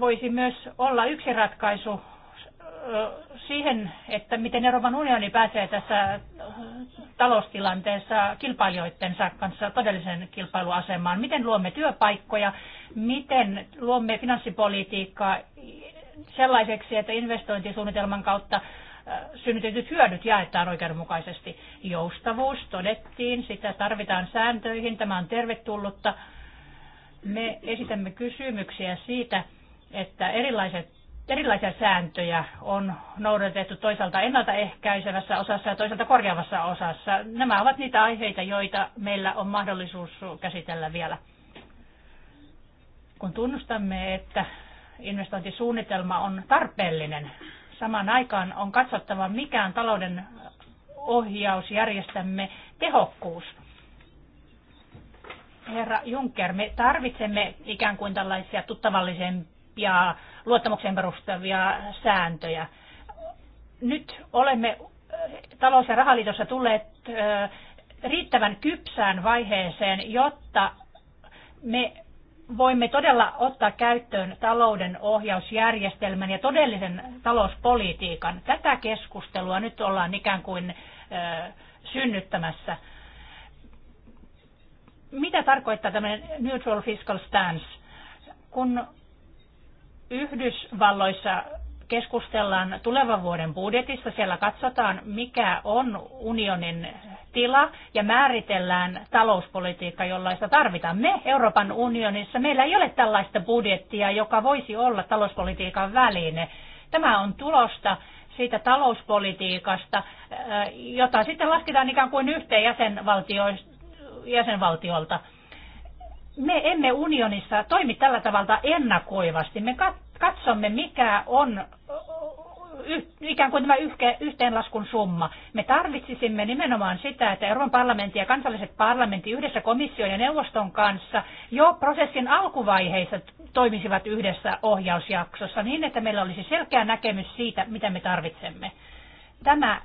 voisi myös olla yksi ratkaisu siihen, että miten Euroopan unioni pääsee tässä taloustilanteessa kilpailijoidensa kanssa todellisen kilpailuasemaan. Miten luomme työpaikkoja, miten luomme finanssipolitiikkaa sellaiseksi, että investointisuunnitelman kautta synnytetyt hyödyt jaetaan oikeudenmukaisesti. Joustavuus todettiin, sitä tarvitaan sääntöihin, tämä on tervetullutta. Me esitämme kysymyksiä siitä, että erilaiset erilaisia sääntöjä on noudatettu toisaalta ennaltaehkäisevässä osassa ja toisaalta korjaavassa osassa. Nämä ovat niitä aiheita, joita meillä on mahdollisuus käsitellä vielä. Kun tunnustamme, että investointisuunnitelma on tarpeellinen, samaan aikaan on katsottava, mikä on talouden ohjausjärjestämme tehokkuus. Herra Juncker, me tarvitsemme ikään kuin tällaisia tuttavallisempia ja luottamukseen perustavia sääntöjä. Nyt olemme eh, talous- ja rahaliitossa tulleet eh, riittävän kypsään vaiheeseen, jotta me voimme todella ottaa käyttöön talouden ohjausjärjestelmän ja todellisen talouspolitiikan. Tätä keskustelua nyt ollaan ikään kuin eh, synnyttämässä. Mitä tarkoittaa tämmöinen neutral fiscal stance? Kun Yhdysvalloissa keskustellaan tulevan vuoden budjetissa. Siellä katsotaan, mikä on unionin tila ja määritellään talouspolitiikka, jollaista tarvitaan. Me Euroopan unionissa, meillä ei ole tällaista budjettia, joka voisi olla talouspolitiikan väline. Tämä on tulosta siitä talouspolitiikasta, eh, jota sitten lasketaan ikään kuin yhteen jäsenvaltiolta me emme unionissa toimi tällä tavalla ennakoivasti. Me katsomme, mikä on ikään kuin tämä yhteenlaskun summa. Me tarvitsisimme nimenomaan sitä, että Euroopan parlamentti ja kansalliset parlamentti yhdessä komission ja neuvoston kanssa jo prosessin alkuvaiheissa toimisivat yhdessä ohjausjaksossa niin, että meillä olisi selkeä näkemys siitä, mitä me tarvitsemme. Tämä,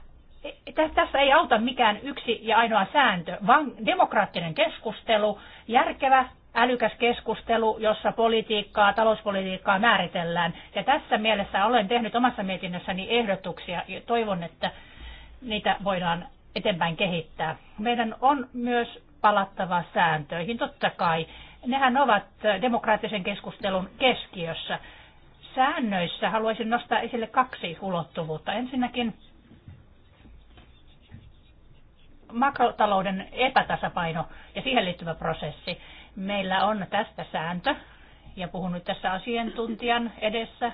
tässä ei auta mikään yksi ja ainoa sääntö, vaan demokraattinen keskustelu, järkevä älykäs keskustelu, jossa politiikkaa, talouspolitiikkaa määritellään. Ja tässä mielessä olen tehnyt omassa mietinnössäni ehdotuksia ja toivon, että niitä voidaan eteenpäin kehittää. Meidän on myös palattava sääntöihin, totta kai. Nehän ovat demokraattisen keskustelun keskiössä. Säännöissä haluaisin nostaa esille kaksi ulottuvuutta. Ensinnäkin makrotalouden epätasapaino ja siihen liittyvä prosessi. Meillä on tästä sääntö, ja puhun nyt tässä asiantuntijan edessä.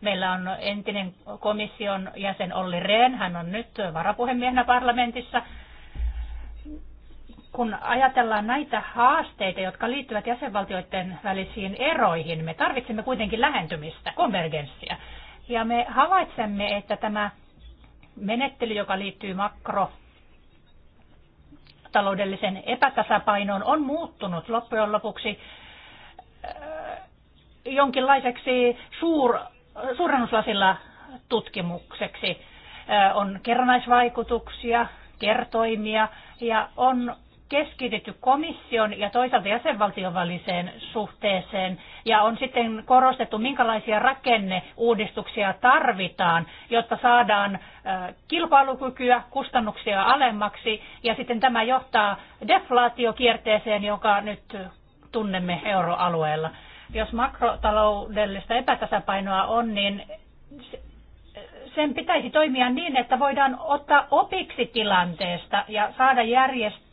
Meillä on entinen komission jäsen Olli Rehn, hän on nyt varapuhemiehenä parlamentissa. Kun ajatellaan näitä haasteita, jotka liittyvät jäsenvaltioiden välisiin eroihin, me tarvitsemme kuitenkin lähentymistä, konvergenssia. Ja me havaitsemme, että tämä menettely, joka liittyy makro taloudellisen epätasapainoon on muuttunut loppujen lopuksi äh, jonkinlaiseksi suur, suurennuslasilla tutkimukseksi. Äh, on kerranaisvaikutuksia, kertoimia ja on keskitetty komission ja toisaalta jäsenvaltion väliseen suhteeseen ja on sitten korostettu, minkälaisia rakenneuudistuksia tarvitaan, jotta saadaan kilpailukykyä, kustannuksia alemmaksi ja sitten tämä johtaa deflaatiokierteeseen, joka nyt tunnemme euroalueella. Jos makrotaloudellista epätasapainoa on, niin sen pitäisi toimia niin, että voidaan ottaa opiksi tilanteesta ja saada järjestää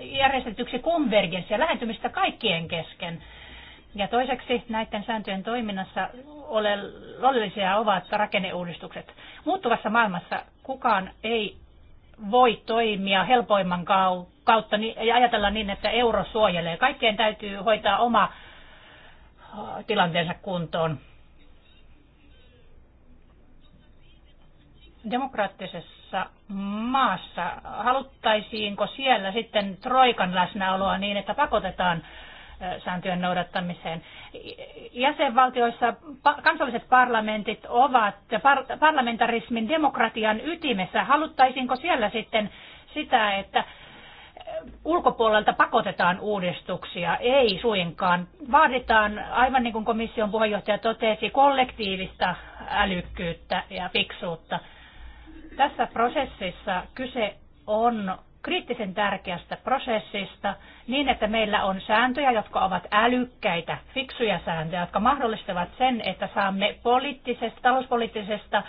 järjestetyksi konvergenssia, lähentymistä kaikkien kesken. Ja toiseksi näiden sääntöjen toiminnassa ole, oleellisia ovat rakenneuudistukset. Muuttuvassa maailmassa kukaan ei voi toimia helpoimman kautta ja ajatella niin, että euro suojelee. Kaikkien täytyy hoitaa oma äh, tilanteensa kuntoon. Demokraattisessa omassa maassa? Haluttaisiinko siellä sitten Troikan läsnäoloa niin, että pakotetaan sääntöjen noudattamiseen. Jäsenvaltioissa kansalliset parlamentit ovat par- parlamentarismin demokratian ytimessä. Haluttaisiinko siellä sitten sitä, että ulkopuolelta pakotetaan uudistuksia? Ei suinkaan. Vaaditaan, aivan niin kuin komission puheenjohtaja totesi, kollektiivista älykkyyttä ja fiksuutta – tässä prosessissa kyse on kriittisen tärkeästä prosessista niin, että meillä on sääntöjä, jotka ovat älykkäitä, fiksuja sääntöjä, jotka mahdollistavat sen, että saamme poliittisesta, talouspoliittisesta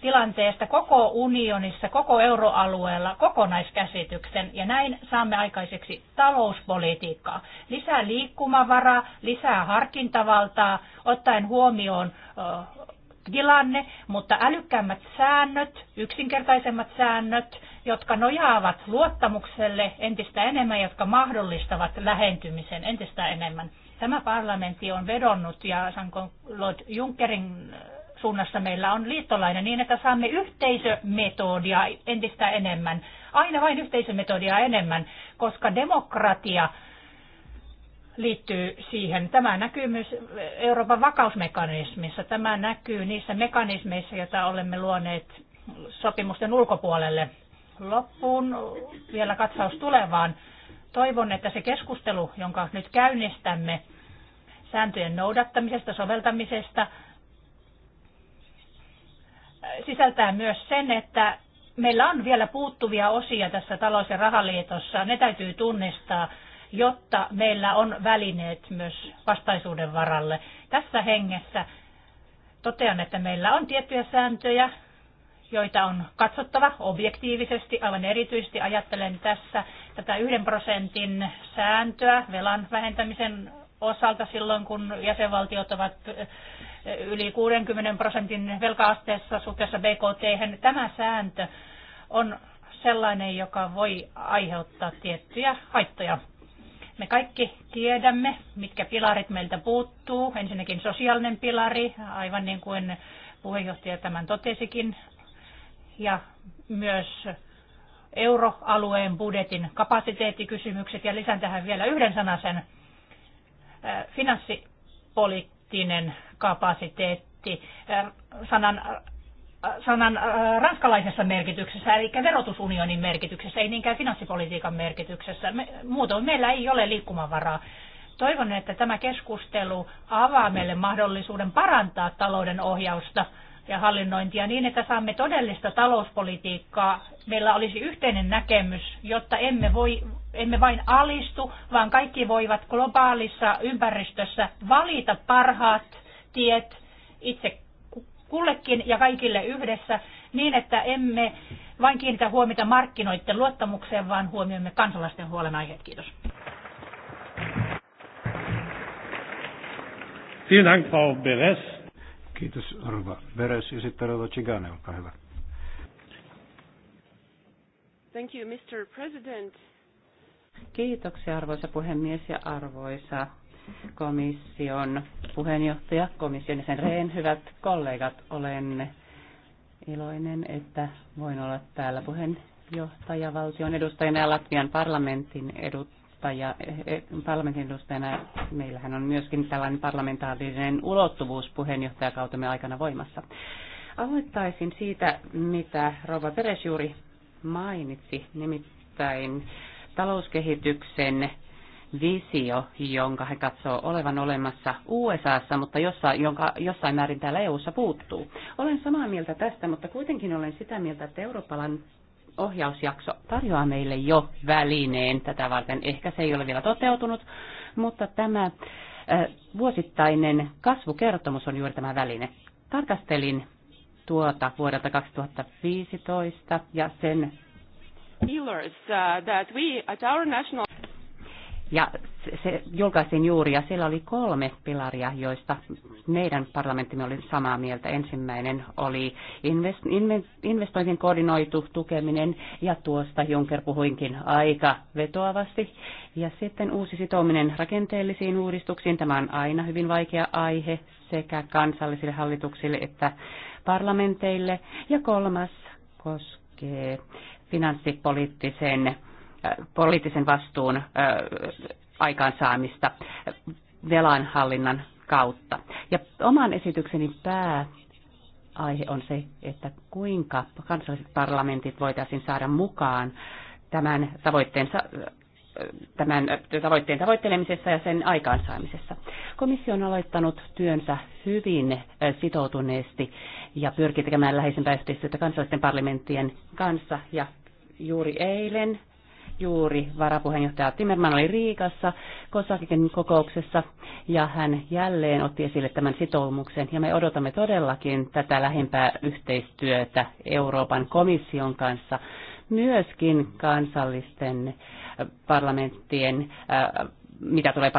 tilanteesta koko unionissa, koko euroalueella kokonaiskäsityksen ja näin saamme aikaiseksi talouspolitiikkaa. Lisää liikkumavaraa, lisää harkintavaltaa, ottaen huomioon tilanne, mutta älykkäämmät säännöt, yksinkertaisemmat säännöt, jotka nojaavat luottamukselle entistä enemmän, jotka mahdollistavat lähentymisen entistä enemmän. Tämä parlamentti on vedonnut ja sanko Lord Junckerin suunnassa meillä on liittolainen niin, että saamme yhteisömetodia entistä enemmän, aina vain yhteisömetodia enemmän, koska demokratia liittyy siihen. Tämä näkyy myös Euroopan vakausmekanismissa. Tämä näkyy niissä mekanismeissa, joita olemme luoneet sopimusten ulkopuolelle. Loppuun vielä katsaus tulevaan. Toivon, että se keskustelu, jonka nyt käynnistämme sääntöjen noudattamisesta, soveltamisesta, sisältää myös sen, että meillä on vielä puuttuvia osia tässä talous- ja rahaliitossa. Ne täytyy tunnistaa jotta meillä on välineet myös vastaisuuden varalle. Tässä hengessä totean, että meillä on tiettyjä sääntöjä, joita on katsottava objektiivisesti, aivan erityisesti ajattelen tässä tätä yhden prosentin sääntöä velan vähentämisen osalta silloin, kun jäsenvaltiot ovat eh, yli 60 prosentin velkaasteessa suhteessa BKT. Tämä sääntö on sellainen, joka voi aiheuttaa tiettyjä haittoja. Me kaikki tiedämme, mitkä pilarit meiltä puuttuu. Ensinnäkin sosiaalinen pilari, aivan niin kuin puheenjohtaja tämän totesikin, ja myös euroalueen budjetin kapasiteettikysymykset. Ja lisään tähän vielä yhden sanasen finanssipoliittinen kapasiteetti. Sanan sanan äh, ranskalaisessa merkityksessä, eli verotusunionin merkityksessä, ei niinkään finanssipolitiikan merkityksessä. Me, muutoin meillä ei ole liikkumavaraa. Toivon, että tämä keskustelu avaa meille mahdollisuuden parantaa talouden ohjausta ja hallinnointia niin, että saamme todellista talouspolitiikkaa. Meillä olisi yhteinen näkemys, jotta emme, voi, emme vain alistu, vaan kaikki voivat globaalissa ympäristössä valita parhaat tiet itse kullekin ja kaikille yhdessä niin, että emme vain kiinnitä huomiota markkinoiden luottamukseen, vaan huomioimme kansalaisten huolenaiheet. Kiitos. Vielen Frau Beres. Kiitos, Rova Beres. Ja sitten Rova Chigane, olkaa hyvä. Thank you, Mr. President. Kiitoksia, arvoisa puhemies ja arvoisa komission puheenjohtaja, komission sen Rehn, hyvät kollegat, olen iloinen, että voin olla täällä puheenjohtaja, valtion edustajana ja Latvian parlamentin edustaja, eh, eh, parlamentin edustajana. Meillähän on myöskin tällainen parlamentaarinen ulottuvuus puheenjohtajakautemme aikana voimassa. Aloittaisin siitä, mitä Rova Peres juuri mainitsi, nimittäin talouskehityksen visio, jonka he katsoo olevan olemassa USAssa, mutta jossa, jonka jossain määrin täällä EUssa puuttuu. Olen samaa mieltä tästä, mutta kuitenkin olen sitä mieltä, että Euroopan ohjausjakso tarjoaa meille jo välineen tätä varten. Ehkä se ei ole vielä toteutunut, mutta tämä vuosittainen kasvukertomus on juuri tämä väline. Tarkastelin tuota vuodelta 2015 ja sen pillars uh, that we at our national ja se julkaistiin juuri ja siellä oli kolme pilaria, joista meidän parlamenttimme oli samaa mieltä. Ensimmäinen oli investointien koordinoitu tukeminen ja tuosta Juncker puhuinkin aika vetoavasti. Ja sitten uusi sitouminen rakenteellisiin uudistuksiin. Tämä on aina hyvin vaikea aihe sekä kansallisille hallituksille että parlamenteille. Ja kolmas koskee finanssipoliittisen poliittisen vastuun aikaansaamista velanhallinnan kautta. Ja oman esitykseni pää aihe on se, että kuinka kansalliset parlamentit voitaisiin saada mukaan tämän, tavoitteensa, tämän tavoitteen tavoittelemisessa ja sen aikaansaamisessa. Komissio on aloittanut työnsä hyvin sitoutuneesti ja pyrkii tekemään läheisempää yhteistyötä kansallisten parlamenttien kanssa ja juuri eilen Juuri varapuheenjohtaja Timmerman oli Riikassa Kosakikin kokouksessa ja hän jälleen otti esille tämän sitoumuksen ja me odotamme todellakin tätä lähempää yhteistyötä Euroopan komission kanssa myöskin kansallisten äh, parlamenttien äh, mitä tulee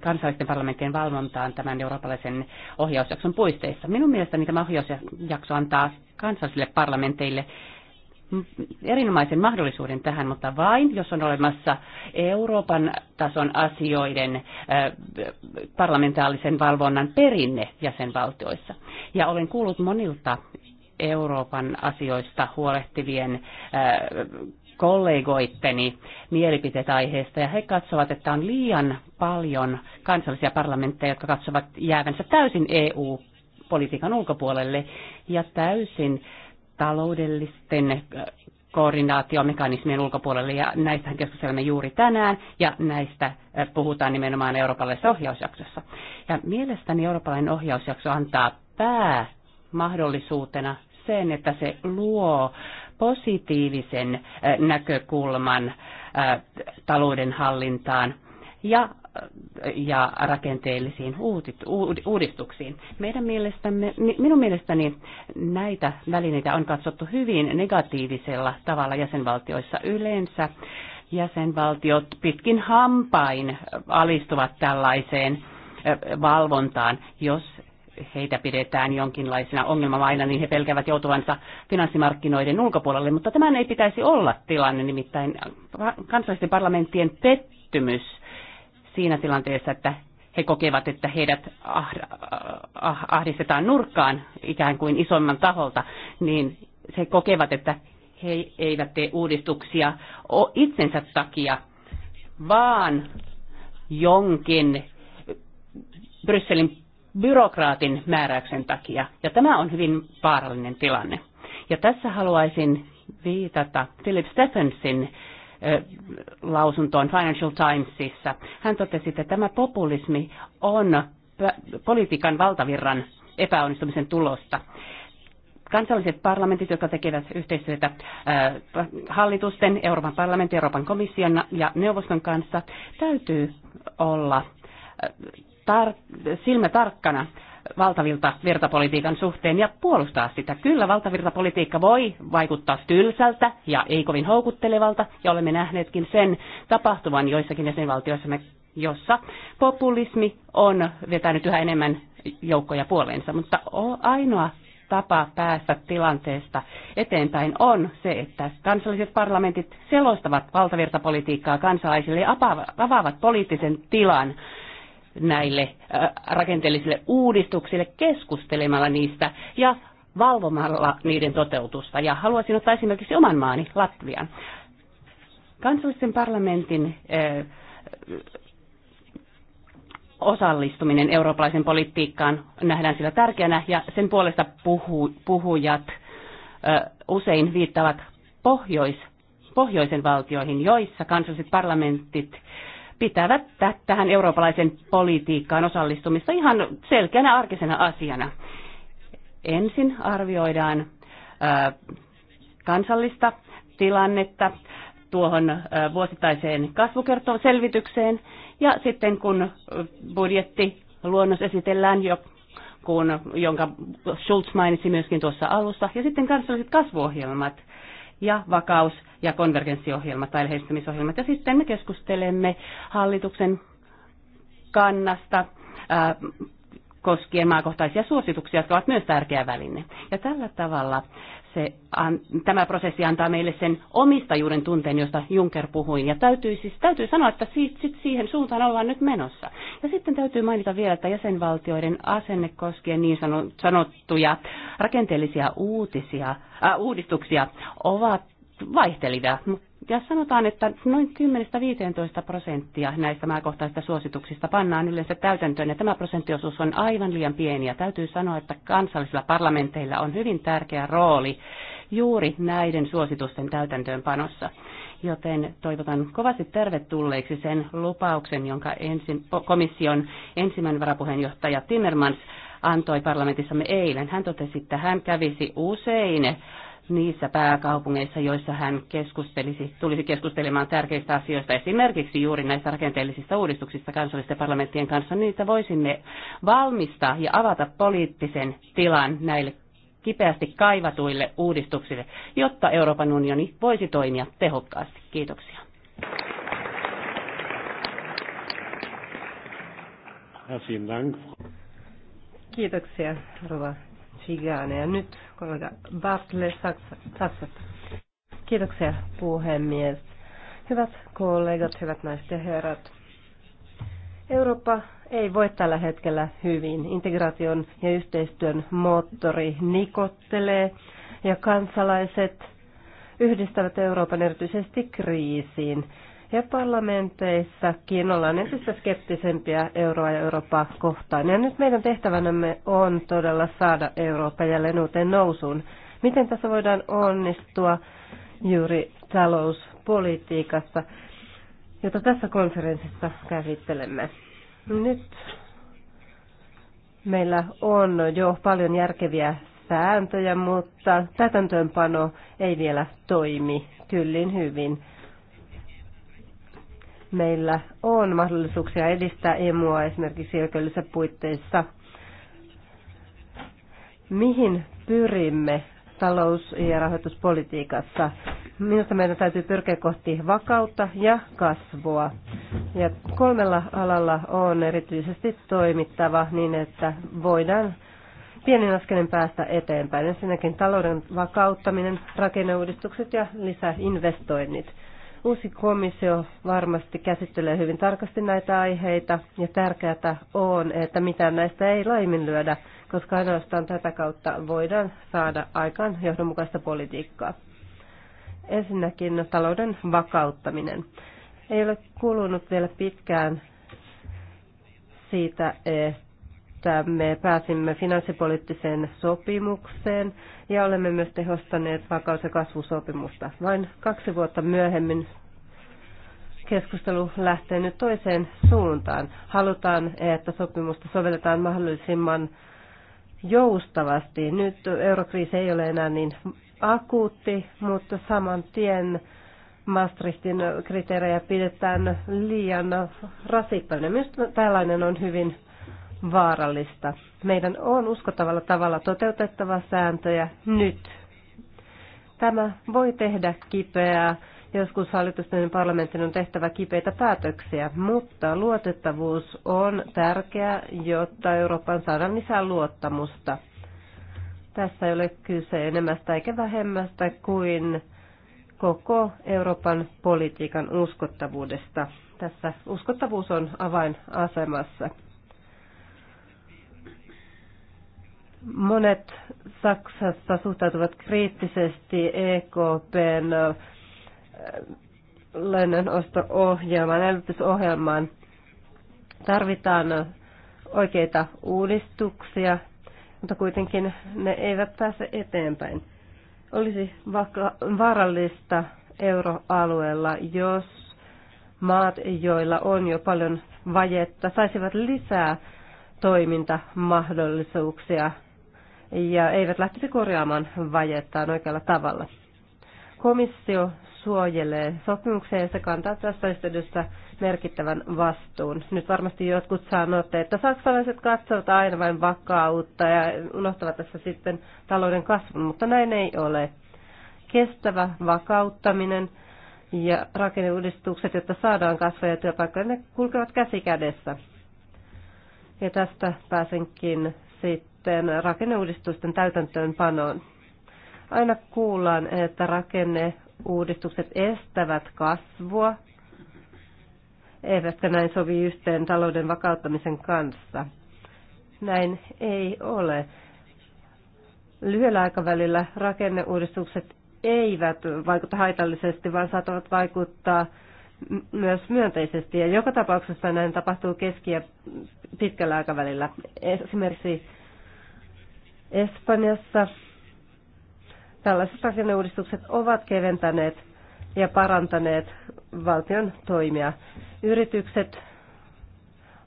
kansallisten parlamenttien valvontaan tämän eurooppalaisen ohjausjakson puisteissa. Minun mielestäni tämä ohjausjakso antaa kansallisille parlamenteille erinomaisen mahdollisuuden tähän, mutta vain jos on olemassa Euroopan tason asioiden parlamentaarisen valvonnan perinne jäsenvaltioissa. Ja olen kuullut monilta Euroopan asioista huolehtivien kollegoitteni mielipiteet aiheesta, ja he katsovat, että on liian paljon kansallisia parlamentteja, jotka katsovat jäävänsä täysin EU-politiikan ulkopuolelle ja täysin äh, taloudellisten äh, koordinaatiomekanismien ulkopuolelle ja näistä keskustelemme juuri tänään ja näistä äh, puhutaan nimenomaan eurooppalaisessa ohjausjaksossa. Ja mielestäni eurooppalainen ohjausjakso antaa päämahdollisuutena sen, että se luo positiivisen äh, näkökulman talouden hallintaan ja ja rakenteellisiin uudistuksiin. Meidän mielestämme, minun mielestäni näitä välineitä on katsottu hyvin negatiivisella tavalla jäsenvaltioissa yleensä. Jäsenvaltiot pitkin hampain alistuvat tällaiseen valvontaan, jos heitä pidetään jonkinlaisina ongelmamaina, niin he pelkävät joutuvansa finanssimarkkinoiden ulkopuolelle. Mutta tämän ei pitäisi olla tilanne, nimittäin kansallisten parlamenttien pettymys siinä tilanteessa, että he kokevat, että heidät ah, ahdistetaan nurkkaan ikään kuin isomman taholta, niin he kokevat, että he eivät tee uudistuksia itsensä takia, vaan jonkin Brysselin byrokraatin määräyksen takia. Ja tämä on hyvin vaarallinen tilanne. Ja tässä haluaisin viitata Philip Stephensin lausuntoon Financial Timesissa. Hän totesi, että tämä populismi on politiikan valtavirran epäonnistumisen tulosta kansalliset parlamentit, jotka tekevät yhteistyötä hallitusten, Euroopan parlamentin, Euroopan komission ja neuvoston kanssa, täytyy olla tar- silmä tarkkana valtavilta virtapolitiikan suhteen ja puolustaa sitä. Kyllä valtavirtapolitiikka voi vaikuttaa tylsältä ja ei kovin houkuttelevalta, ja olemme nähneetkin sen tapahtuvan joissakin jäsenvaltioissa, jossa populismi on vetänyt yhä enemmän joukkoja puoleensa, mutta ainoa tapa päästä tilanteesta eteenpäin on se, että kansalliset parlamentit selostavat valtavirtapolitiikkaa kansalaisille ja avaavat poliittisen tilan näille äh, rakenteellisille uudistuksille keskustelemalla niistä ja valvomalla niiden toteutusta. Ja haluaisin ottaa esimerkiksi oman maani, Latvian. Kansallisen parlamentin äh, osallistuminen eurooppalaisen politiikkaan nähdään sillä tärkeänä ja sen puolesta puhujat äh, usein viittavat pohjois, pohjoisen valtioihin, joissa kansalliset parlamentit pitävät tähän eurooppalaisen politiikkaan osallistumista ihan selkeänä arkisena asiana. Ensin arvioidaan kansallista tilannetta tuohon vuosittaiseen kasvukertoselvitykseen ja sitten kun budjetti luonnos esitellään jo kun, jonka Schulz mainitsi myöskin tuossa alussa, ja sitten kansalliset kasvuohjelmat, ja vakaus- ja konvergenssiohjelma tai lähestymisohjelmat. Ja sitten me keskustelemme hallituksen kannasta ää, koskien maakohtaisia suosituksia, jotka ovat myös tärkeä väline. Ja tällä tavalla se, an, tämä prosessi antaa meille sen omistajuuden tunteen, josta Juncker puhui. Ja täytyy, siis, täytyy sanoa, että siitä, sit siihen suuntaan ollaan nyt menossa. Ja sitten täytyy mainita vielä, että jäsenvaltioiden asenne koskien niin sanottuja rakenteellisia uutisia, äh, uudistuksia ovat vaihtelivia, ja sanotaan, että noin 10-15 prosenttia näistä maakohtaisista suosituksista pannaan yleensä täytäntöön, ja tämä prosenttiosuus on aivan liian pieni, ja täytyy sanoa, että kansallisilla parlamenteilla on hyvin tärkeä rooli juuri näiden suositusten täytäntöönpanossa. Joten toivotan kovasti tervetulleeksi sen lupauksen, jonka ensin, komission ensimmäinen varapuheenjohtaja Timmermans antoi parlamentissamme eilen. Hän totesi, että hän kävisi usein niissä pääkaupungeissa, joissa hän keskustelisi, tulisi keskustelemaan tärkeistä asioista, esimerkiksi juuri näistä rakenteellisista uudistuksista kansallisten parlamenttien kanssa, niitä voisimme valmistaa ja avata poliittisen tilan näille kipeästi kaivatuille uudistuksille, jotta Euroopan unioni voisi toimia tehokkaasti. Kiitoksia. Kiitoksia, Rova Sigane. Ja nyt kollega Bartle Saksat. Kiitoksia puhemies. Hyvät kollegat, hyvät naiset ja herrat. Eurooppa ei voi tällä hetkellä hyvin. Integraation ja yhteistyön moottori nikottelee ja kansalaiset yhdistävät Euroopan erityisesti kriisiin. Ja parlamenteissakin ollaan entistä skeptisempiä euroa ja Eurooppaa kohtaan. Ja nyt meidän tehtävänämme on todella saada Eurooppa jälleen uuteen nousuun. Miten tässä voidaan onnistua juuri talouspolitiikassa, jota tässä konferenssissa käsittelemme? Nyt meillä on jo paljon järkeviä sääntöjä, mutta täytäntöönpano ei vielä toimi kyllin hyvin meillä on mahdollisuuksia edistää emua esimerkiksi oikeudellisissa puitteissa. Mihin pyrimme talous- ja rahoituspolitiikassa? Minusta meidän täytyy pyrkiä kohti vakautta ja kasvua. Ja kolmella alalla on erityisesti toimittava niin, että voidaan pienin askelin päästä eteenpäin. Ensinnäkin talouden vakauttaminen, rakenneuudistukset ja lisäinvestoinnit. Uusi komissio varmasti käsittelee hyvin tarkasti näitä aiheita ja tärkeää on, että mitään näistä ei laiminlyödä, koska ainoastaan tätä kautta voidaan saada aikaan johdonmukaista politiikkaa. Ensinnäkin talouden vakauttaminen. Ei ole kulunut vielä pitkään siitä, että me pääsimme finanssipoliittiseen sopimukseen ja olemme myös tehostaneet vakaus- ja kasvusopimusta. Vain kaksi vuotta myöhemmin keskustelu lähtee nyt toiseen suuntaan. Halutaan, että sopimusta sovelletaan mahdollisimman joustavasti. Nyt eurokriisi ei ole enää niin akuutti, mutta saman tien Maastrichtin kriteerejä pidetään liian rasittavina. Myös tällainen on hyvin vaarallista. Meidän on uskottavalla tavalla toteutettava sääntöjä nyt. Tämä voi tehdä kipeää. Joskus hallitusten ja parlamentin on tehtävä kipeitä päätöksiä, mutta luotettavuus on tärkeää, jotta Euroopan saadaan lisää luottamusta. Tässä ei ole kyse enemmästä eikä vähemmästä kuin koko Euroopan politiikan uskottavuudesta. Tässä uskottavuus on avainasemassa. Monet Saksassa suhtautuvat kriittisesti EKPn lennonosto ohjelmaan elvytysohjelmaan. Tarvitaan oikeita uudistuksia, mutta kuitenkin ne eivät pääse eteenpäin. Olisi vaarallista euroalueella, jos maat, joilla on jo paljon vajetta, saisivat lisää toimintamahdollisuuksia ja eivät lähtisi korjaamaan vajettaan oikealla tavalla. Komissio suojelee sopimuksia ja se kantaa tässä yhteydessä merkittävän vastuun. Nyt varmasti jotkut sanotte, että saksalaiset katsovat aina vain vakautta ja unohtavat tässä sitten talouden kasvun, mutta näin ei ole. Kestävä vakauttaminen ja rakenneuudistukset, jotta saadaan kasvoja ja työpaikkoja, ne kulkevat käsi kädessä. Ja tästä pääsenkin sitten suhteen rakenneuudistusten täytäntöönpanoon. Aina kuullaan, että rakenneuudistukset estävät kasvua, eivätkä näin sovi yhteen talouden vakauttamisen kanssa. Näin ei ole. Lyhyellä aikavälillä rakenneuudistukset eivät vaikuta haitallisesti, vaan saattavat vaikuttaa myös myönteisesti. Ja joka tapauksessa näin tapahtuu keski- ja pitkällä aikavälillä. Esimerkiksi Espanjassa tällaiset rakenneuudistukset ovat keventäneet ja parantaneet valtion toimia. Yritykset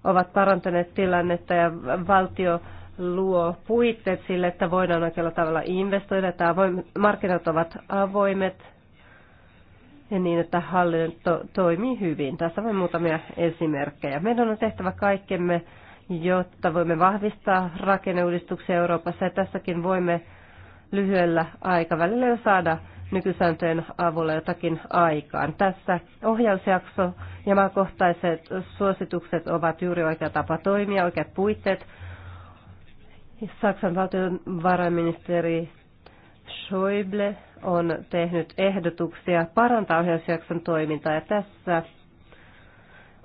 ovat parantaneet tilannetta ja valtio luo puitteet sille, että voidaan oikealla tavalla investoida, Tämä avoim, markkinat ovat avoimet ja niin, että hallinto toimii hyvin. Tässä vain muutamia esimerkkejä. Meidän on tehtävä kaikkemme, jotta voimme vahvistaa rakenneuudistuksia Euroopassa. Ja tässäkin voimme lyhyellä aikavälillä jo saada nykysääntöjen avulla jotakin aikaan. Tässä ohjausjakso ja maakohtaiset suositukset ovat juuri oikea tapa toimia, oikeat puitteet. Saksan valtiovarainministeri Schäuble on tehnyt ehdotuksia parantaa ohjausjakson toimintaa ja tässä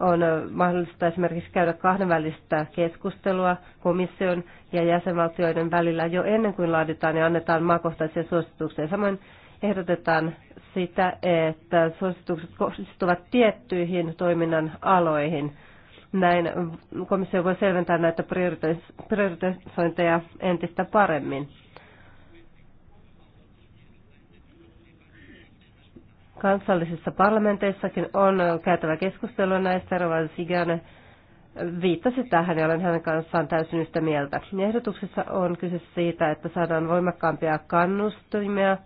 on mahdollista esimerkiksi käydä kahdenvälistä keskustelua komission ja jäsenvaltioiden välillä jo ennen kuin laaditaan ja annetaan maakohtaisia suosituksia. Samoin ehdotetaan sitä, että suositukset kohdistuvat tiettyihin toiminnan aloihin. Näin komissio voi selventää näitä priorisointeja entistä paremmin. Kansallisissa parlamenteissakin on käytävä keskustelua näistä. Rovan Sigan viittasi tähän ja olen hänen kanssaan täysin yhtä mieltä. Ehdotuksessa on kyse siitä, että saadaan voimakkaampia kannustimia,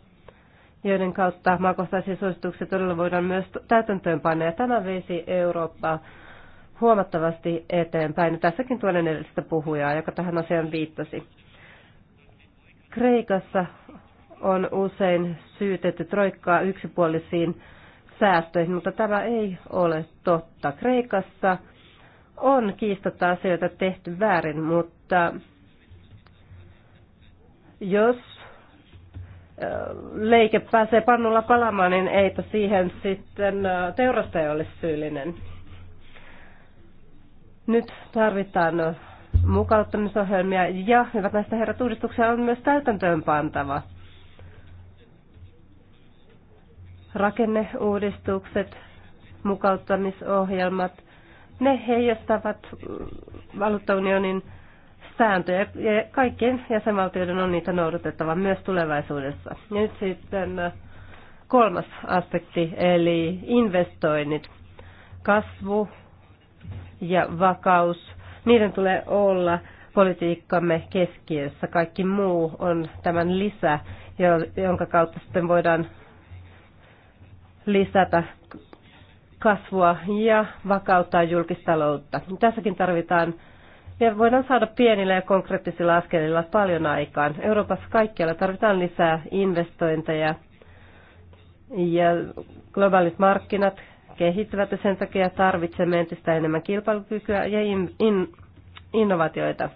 joiden kautta maakohtaisia suosituksia todella voidaan myös täytäntöönpanna. Ja tämä veisi Eurooppaa huomattavasti eteenpäin. Ja tässäkin tuonen edellistä puhujaa, joka tähän asiaan viittasi. Kreikassa on usein syytetty troikkaa yksipuolisiin säästöihin, mutta tämä ei ole totta. Kreikassa on kiistatta asioita tehty väärin, mutta jos leike pääsee pannulla palamaan, niin eipä siihen sitten teurastaja ole syyllinen. Nyt tarvitaan mukauttamisohjelmia ja hyvät näistä herrat uudistuksia on myös täytäntöön pantava. rakenneuudistukset, mukauttamisohjelmat, ne heijastavat valuuttaunionin sääntöjä ja kaikkien jäsenvaltioiden on niitä noudatettava myös tulevaisuudessa. Ja nyt sitten kolmas aspekti, eli investoinnit, kasvu ja vakaus. Niiden tulee olla politiikkamme keskiössä. Kaikki muu on tämän lisä, jonka kautta sitten voidaan lisätä kasvua ja vakauttaa julkistaloutta. Tässäkin tarvitaan ja voidaan saada pienillä ja konkreettisilla askelilla paljon aikaan. Euroopassa kaikkialla tarvitaan lisää investointeja ja globaalit markkinat kehittyvät ja sen takia tarvitsemme entistä enemmän kilpailukykyä ja in, in, innovaatioita.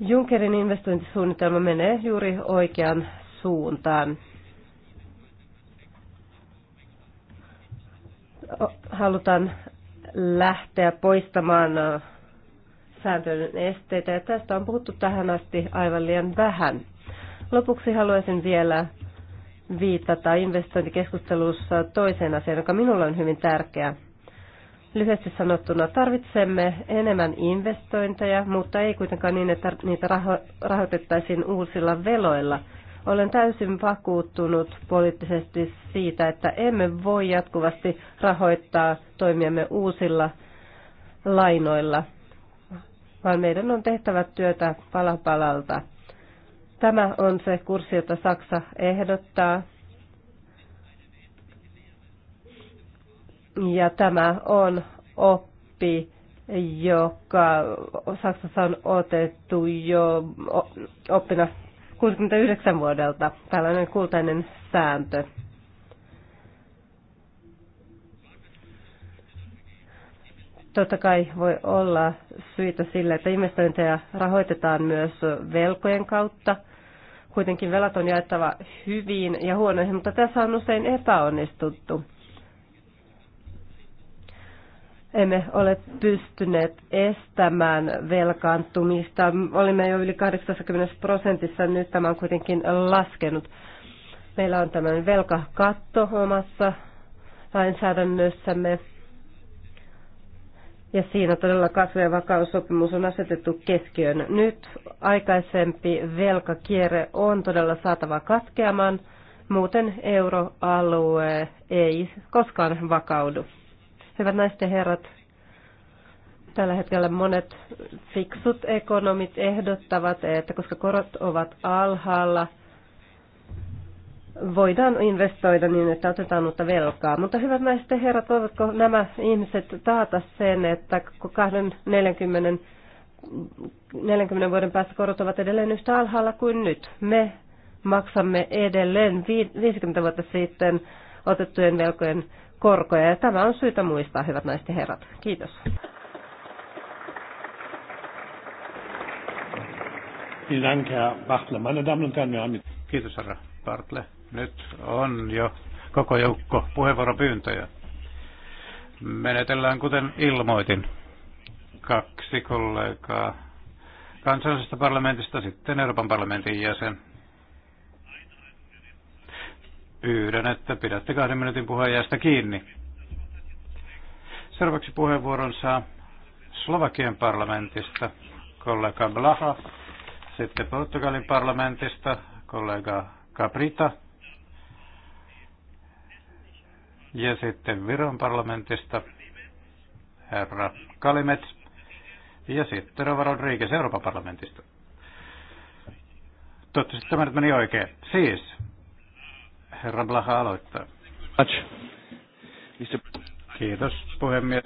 Junckerin investointisuunnitelma menee juuri oikeaan suuntaan. halutaan lähteä poistamaan sääntelyn esteitä ja tästä on puhuttu tähän asti aivan liian vähän. Lopuksi haluaisin vielä viitata investointikeskustelussa toiseen asiaan, joka minulle on hyvin tärkeä. Lyhyesti sanottuna tarvitsemme enemmän investointeja, mutta ei kuitenkaan niin, että niitä raho- rahoitettaisiin uusilla veloilla – olen täysin vakuuttunut poliittisesti siitä, että emme voi jatkuvasti rahoittaa toimiamme uusilla lainoilla, vaan meidän on tehtävä työtä palapalalta. Tämä on se kurssi, jota Saksa ehdottaa. Ja tämä on oppi, joka Saksassa on otettu jo oppina 69 vuodelta tällainen kultainen sääntö. Totta kai voi olla syitä sille, että investointeja rahoitetaan myös velkojen kautta. Kuitenkin velat on jaettava hyvin ja huonoihin, mutta tässä on usein epäonnistuttu emme ole pystyneet estämään velkaantumista. Olimme jo yli 80 prosentissa, nyt tämä on kuitenkin laskenut. Meillä on tämän velkakatto omassa lainsäädännössämme. Ja siinä todella kasvu- ja vakaussopimus on asetettu keskiöön. Nyt aikaisempi velkakierre on todella saatava katkeamaan, muuten euroalue ei koskaan vakaudu. Hyvät naiset ja herrat, tällä hetkellä monet fiksut ekonomit ehdottavat, että koska korot ovat alhaalla, voidaan investoida niin, että otetaan uutta velkaa. Mutta hyvät naiset ja herrat, voivatko nämä ihmiset taata sen, että 240 40 vuoden päästä korot ovat edelleen yhtä alhaalla kuin nyt. Me maksamme edelleen 50 vuotta sitten otettujen velkojen korkoja. Ja tämä on syytä muistaa, hyvät naiset ja herrat. Kiitos. Kiitos, herra Bartle. Nyt on jo koko joukko puheenvuoropyyntöjä. Menetellään kuten ilmoitin. Kaksi kollegaa kansallisesta parlamentista, sitten Euroopan parlamentin jäsen pyydän, että pidätte kahden minuutin puheenjohtajasta kiinni. Seuraavaksi puheenvuoron saa Slovakian parlamentista kollega Blaha, sitten Portugalin parlamentista kollega Caprita ja sitten Viron parlamentista herra Kalimets ja sitten Rova Rodriguez Euroopan parlamentista. Toivottavasti tämä nyt meni oikein. Siis Herra Blaha aloittaa. Kiitos puhemies.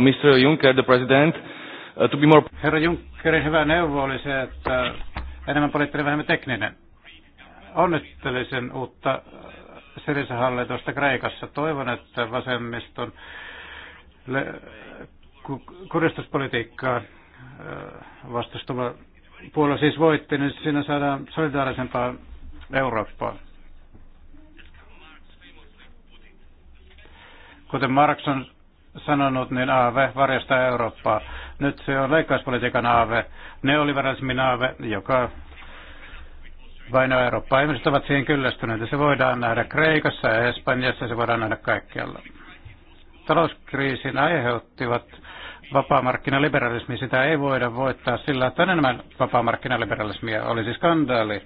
Mr. Juncker, the president, uh, to be more... Herra Junckerin hyvä neuvo oli se, että enemmän poliittinen, vähemmän tekninen. Onnittelisin uutta äh, Syriza hallitusta Kreikassa. Toivon, että vasemmiston le- kuristuspolitiikkaa äh, vastustuva puolue siis voitti, niin siinä saadaan solidaarisempaa Eurooppaa. Kuten Marx on sanonut, niin AV varjostaa Eurooppaa. Nyt se on leikkauspolitiikan AV, neoliberalismin AV, joka vainoa Eurooppaa. Ihmiset ovat siihen kyllästyneitä. Se voidaan nähdä Kreikassa ja Espanjassa, se voidaan nähdä kaikkialla. Talouskriisin aiheuttivat vapaamarkkinaliberalismi, sitä ei voida voittaa sillä, että on enemmän vapaamarkkinaliberalismia. Olisi skandaali,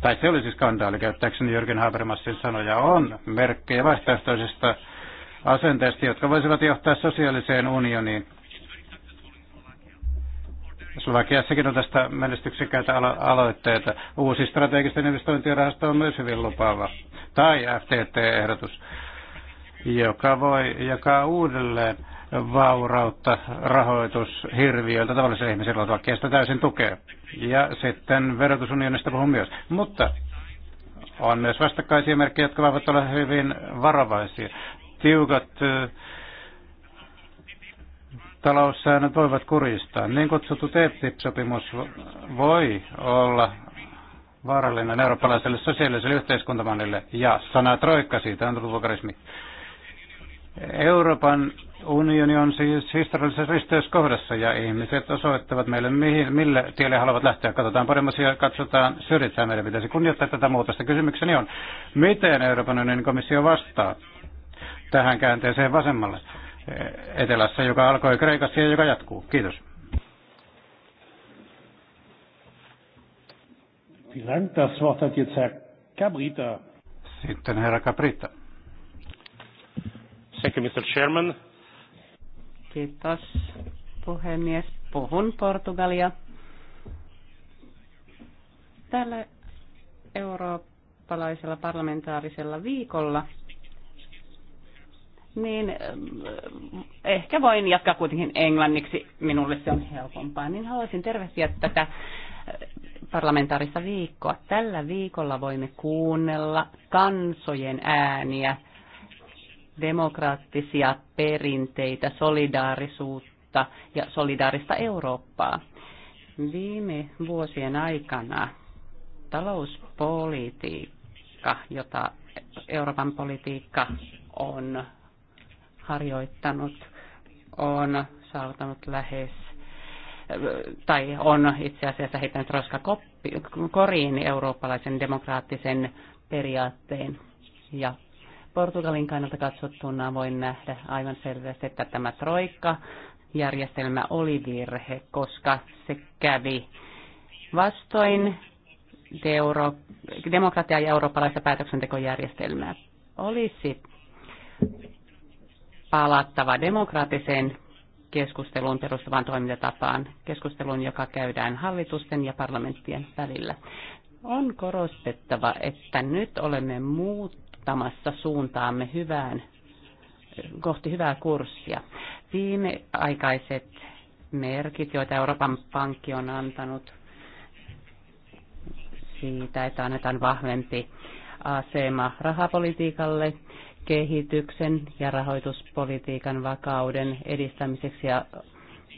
tai se olisi skandaali, käyttääkseni Jörgen Habermasin sanoja, on merkkejä vaihtoehtoisista asenteista, jotka voisivat johtaa sosiaaliseen unioniin. Slovakiassakin on tästä menestyksekkäitä alo- aloitteita. Uusi strategisten investointirahasto on myös hyvin lupaava. Tai FTT-ehdotus, joka, voi, jakaa uudelleen vaurautta rahoitushirviöiltä tavallisille ihmisille, vaikka täysin tukea Ja sitten verotusunionista puhun myös. Mutta on myös vastakkaisia merkkejä, jotka voivat olla hyvin varovaisia tiukat taloussäännöt voivat kuristaa. Niin kutsuttu TTIP-sopimus e voi olla vaarallinen eurooppalaiselle sosiaaliselle yhteiskuntamallille ja sana troikka siitä on tullut Euroopan unioni on siis historiallisessa risteyskohdassa ja ihmiset osoittavat meille, mihin, mille tielle haluavat lähteä. Katsotaan paremmin ja katsotaan syrjitään. Meidän pitäisi kunnioittaa tätä muutosta. Kysymykseni on, miten Euroopan unionin komissio vastaa tähän käänteeseen vasemmalle etelässä, joka alkoi Kreikassa ja joka jatkuu. Kiitos. Sitten herra Caprita. Thank you, Mr. Chairman. Kiitos, puhemies. Puhun Portugalia. Tällä eurooppalaisella parlamentaarisella viikolla niin eh, ehkä voin jatkaa kuitenkin englanniksi, minulle se on helpompaa. Niin haluaisin tervehtiä tätä eh, parlamentaarista viikkoa. Tällä viikolla voimme kuunnella kansojen ääniä, demokraattisia perinteitä, solidaarisuutta ja solidaarista Eurooppaa. Viime vuosien aikana talouspolitiikka, jota Euroopan politiikka on harjoittanut on saavuttanut lähes tai on itse asiassa heittänyt roskakoriin eurooppalaisen demokraattisen periaatteen. Ja Portugalin kannalta katsottuna voin nähdä aivan selvästi, että tämä troikka järjestelmä oli virhe, koska se kävi vastoin euro, demokratia- ja eurooppalaista päätöksentekojärjestelmää. Olisi palattava demokraattiseen keskusteluun perustuvaan toimintatapaan, keskusteluun, joka käydään hallitusten ja parlamenttien välillä. On korostettava, että nyt olemme muuttamassa suuntaamme hyvään, kohti hyvää kurssia. Viimeaikaiset merkit, joita Euroopan pankki on antanut siitä, että annetaan vahvempi asema rahapolitiikalle kehityksen ja rahoituspolitiikan vakauden edistämiseksi ja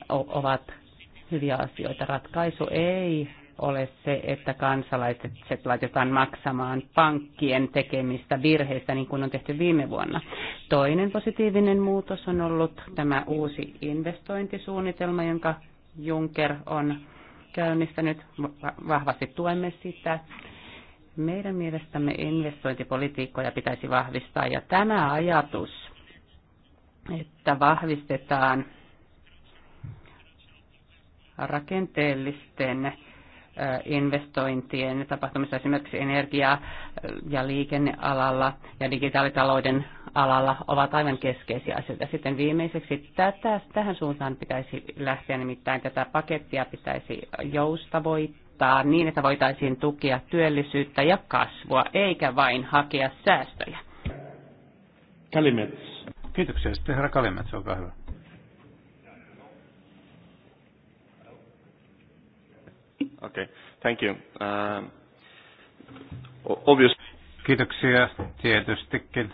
ovat hyviä asioita. Ratkaisu ei ole se, että kansalaiset laitetaan maksamaan pankkien tekemistä virheistä, niin kuin on tehty viime vuonna. Toinen positiivinen muutos on ollut tämä uusi investointisuunnitelma, jonka Juncker on käynnistänyt. Vahvasti tuemme sitä meidän mielestämme investointipolitiikkoja pitäisi vahvistaa ja tämä ajatus, että vahvistetaan rakenteellisten investointien tapahtumissa esimerkiksi energia- ja liikennealalla ja digitaalitalouden alalla ovat aivan keskeisiä asioita. Sitten viimeiseksi tätä, tähän suuntaan pitäisi lähteä, nimittäin tätä pakettia pitäisi joustavoittaa muuttaa niin, että voitaisiin tukea työllisyyttä ja kasvua, eikä vain hakea säästöjä. Kalimets. Kiitoksia. Sitten herra Kalimets, olkaa hyvä. Okay, thank you. Uh, obvious. Kiitoksia tietystikin.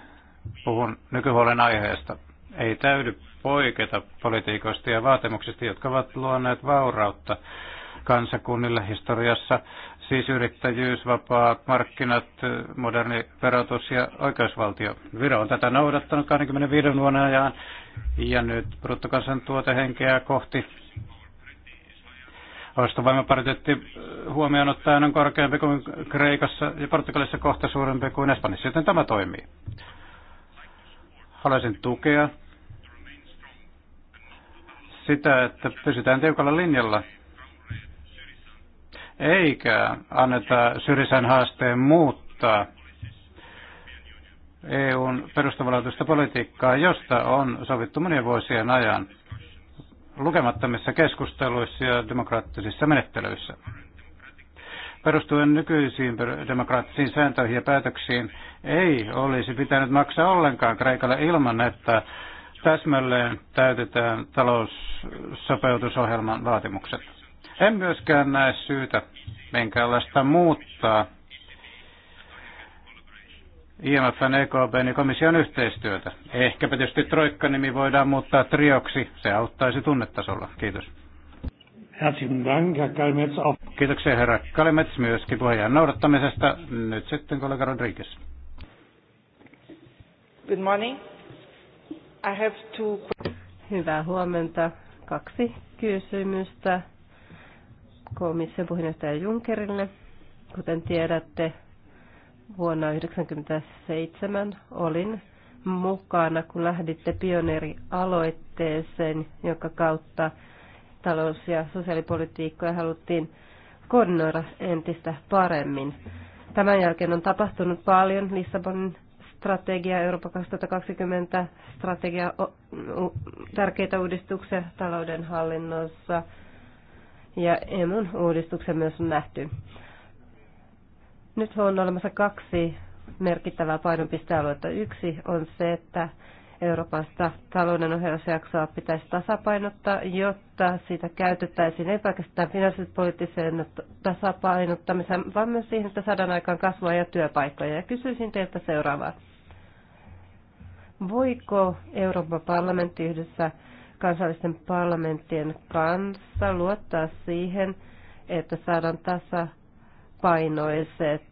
Puhun nykyhuolen aiheesta. Ei täydy poiketa politiikoista ja vaatimuksista, jotka ovat luoneet vaurautta kansakunnilla historiassa. Siis yrittäjyys, vapaat markkinat, moderni verotus ja oikeusvaltio. Viro on tätä noudattanut 25 vuoden ajan ja nyt bruttokansantuotehenkeä kohti ostovoimapariteetti huomioon ottaen on korkeampi kuin Kreikassa ja Portugalissa kohta suurempi kuin Espanjassa, joten tämä toimii. Haluaisin tukea sitä, että pysytään tiukalla linjalla eikä anneta syrjisen haasteen muuttaa EUn perustavanlaatuista politiikkaa, josta on sovittu monien vuosien ajan lukemattomissa keskusteluissa ja demokraattisissa menettelyissä. Perustuen nykyisiin demokraattisiin sääntöihin ja päätöksiin ei olisi pitänyt maksaa ollenkaan Kreikalle ilman, että täsmälleen täytetään taloussopeutusohjelman vaatimukset en myöskään näe syytä minkäänlaista muuttaa IMFn, EKB ja komission yhteistyötä. Ehkäpä tietysti Troikka-nimi voidaan muuttaa trioksi. Se auttaisi tunnetasolla. Kiitos. Kiitoksia herra Kalimets myöskin puheenjohtajan noudattamisesta. Nyt sitten kollega Rodriguez. Good morning. I have two... Hyvää huomenta. Kaksi kysymystä komission puheenjohtaja Junckerille. Kuten tiedätte, vuonna 1997 olin mukana, kun lähditte pioneerialoitteeseen, joka kautta talous- ja sosiaalipolitiikkoja haluttiin koordinoida entistä paremmin. Tämän jälkeen on tapahtunut paljon. Lissabonin strategia, Eurooppa 2020 strategia, tärkeitä uudistuksia talouden hallinnossa – ja emun uudistuksen myös on nähty. Nyt on olemassa kaksi merkittävää painopistealuetta. Yksi on se, että Euroopasta talouden ohjausjaksoa pitäisi tasapainottaa, jotta siitä käytettäisiin ei pelkästään finanssipoliittiseen tasapainottamiseen, vaan myös siihen, että saadaan aikaan kasvua ja työpaikkoja. Ja kysyisin teiltä seuraavaa. Voiko Euroopan parlamentti yhdessä kansallisten parlamenttien kanssa, luottaa siihen, että saadaan tasapainoiset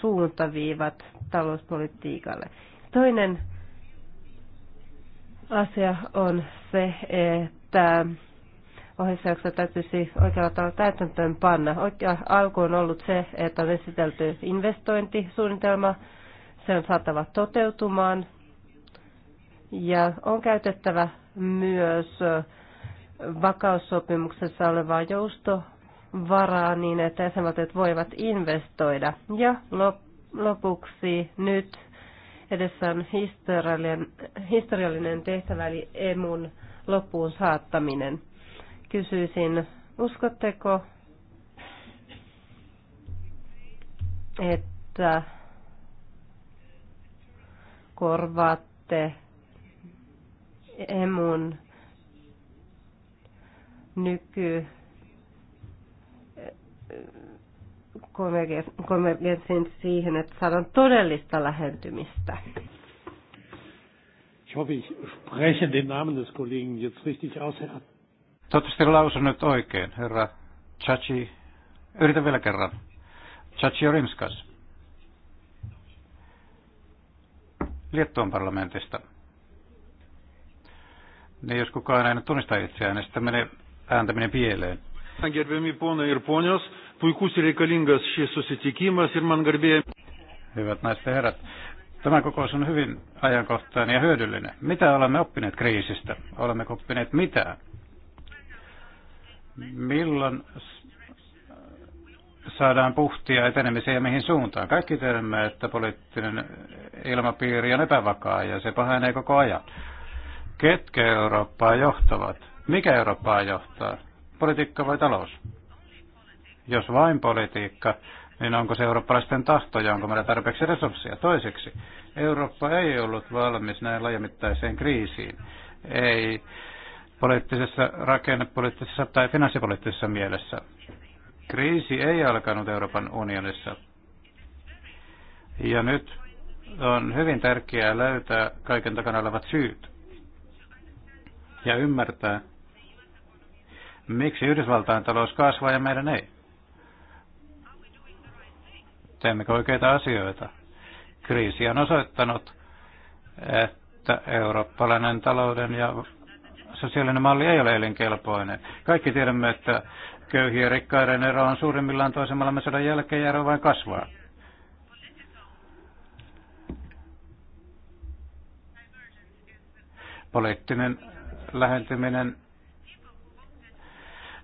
suuntaviivat talouspolitiikalle. Toinen asia on se, että ohjeisjakso täytyisi oikealla tavalla täytäntöön panna. Oikea alku on ollut se, että on esitelty investointisuunnitelma, se on saatava toteutumaan ja on käytettävä myös vakaussopimuksessa olevaa joustovaraa niin, että jäsenvaltiot voivat investoida. Ja lopuksi nyt edessä on historiallinen, historiallinen tehtävä, eli emun loppuun saattaminen. Kysyisin, uskotteko, että korvaatte emun nyky konvergenssin siihen, että saadaan todellista lähentymistä. Ich hoffe, ich spreche den Namen des Kollegen jetzt richtig aus, Herr. Toivottavasti lausun nyt oikein, herra Chachi. Yritä vielä kerran. Chachi Rimskas. Liettuan parlamentista niin jos kukaan aina tunnista itseään, niin sitten menee ääntäminen pieleen. Hyvät naiset ja herrat, tämä kokous on hyvin ajankohtainen ja hyödyllinen. Mitä olemme oppineet kriisistä? Olemme oppineet mitä? Milloin saadaan puhtia etenemiseen ja mihin suuntaan? Kaikki tiedämme, että poliittinen ilmapiiri on epävakaa ja se pahenee koko ajan Ketkä Eurooppaa johtavat? Mikä Eurooppaa johtaa? Politiikka vai talous? Jos vain politiikka, niin onko se eurooppalaisten tahto ja onko meillä tarpeeksi resursseja? Toiseksi, Eurooppa ei ollut valmis näin laajamittaiseen kriisiin. Ei poliittisessa, rakennepoliittisessa tai finanssipoliittisessa mielessä. Kriisi ei alkanut Euroopan unionissa. Ja nyt on hyvin tärkeää löytää kaiken takana olevat syyt ja ymmärtää, miksi Yhdysvaltain talous kasvaa ja meidän ei. Teemmekö oikeita asioita? Kriisi on osoittanut, että eurooppalainen talouden ja sosiaalinen malli ei ole elinkelpoinen. Kaikki tiedämme, että köyhien ja rikkaiden ero on suurimmillaan toisen maailmansodan jälkeen ja ero vain kasvaa. Poliittinen lähentyminen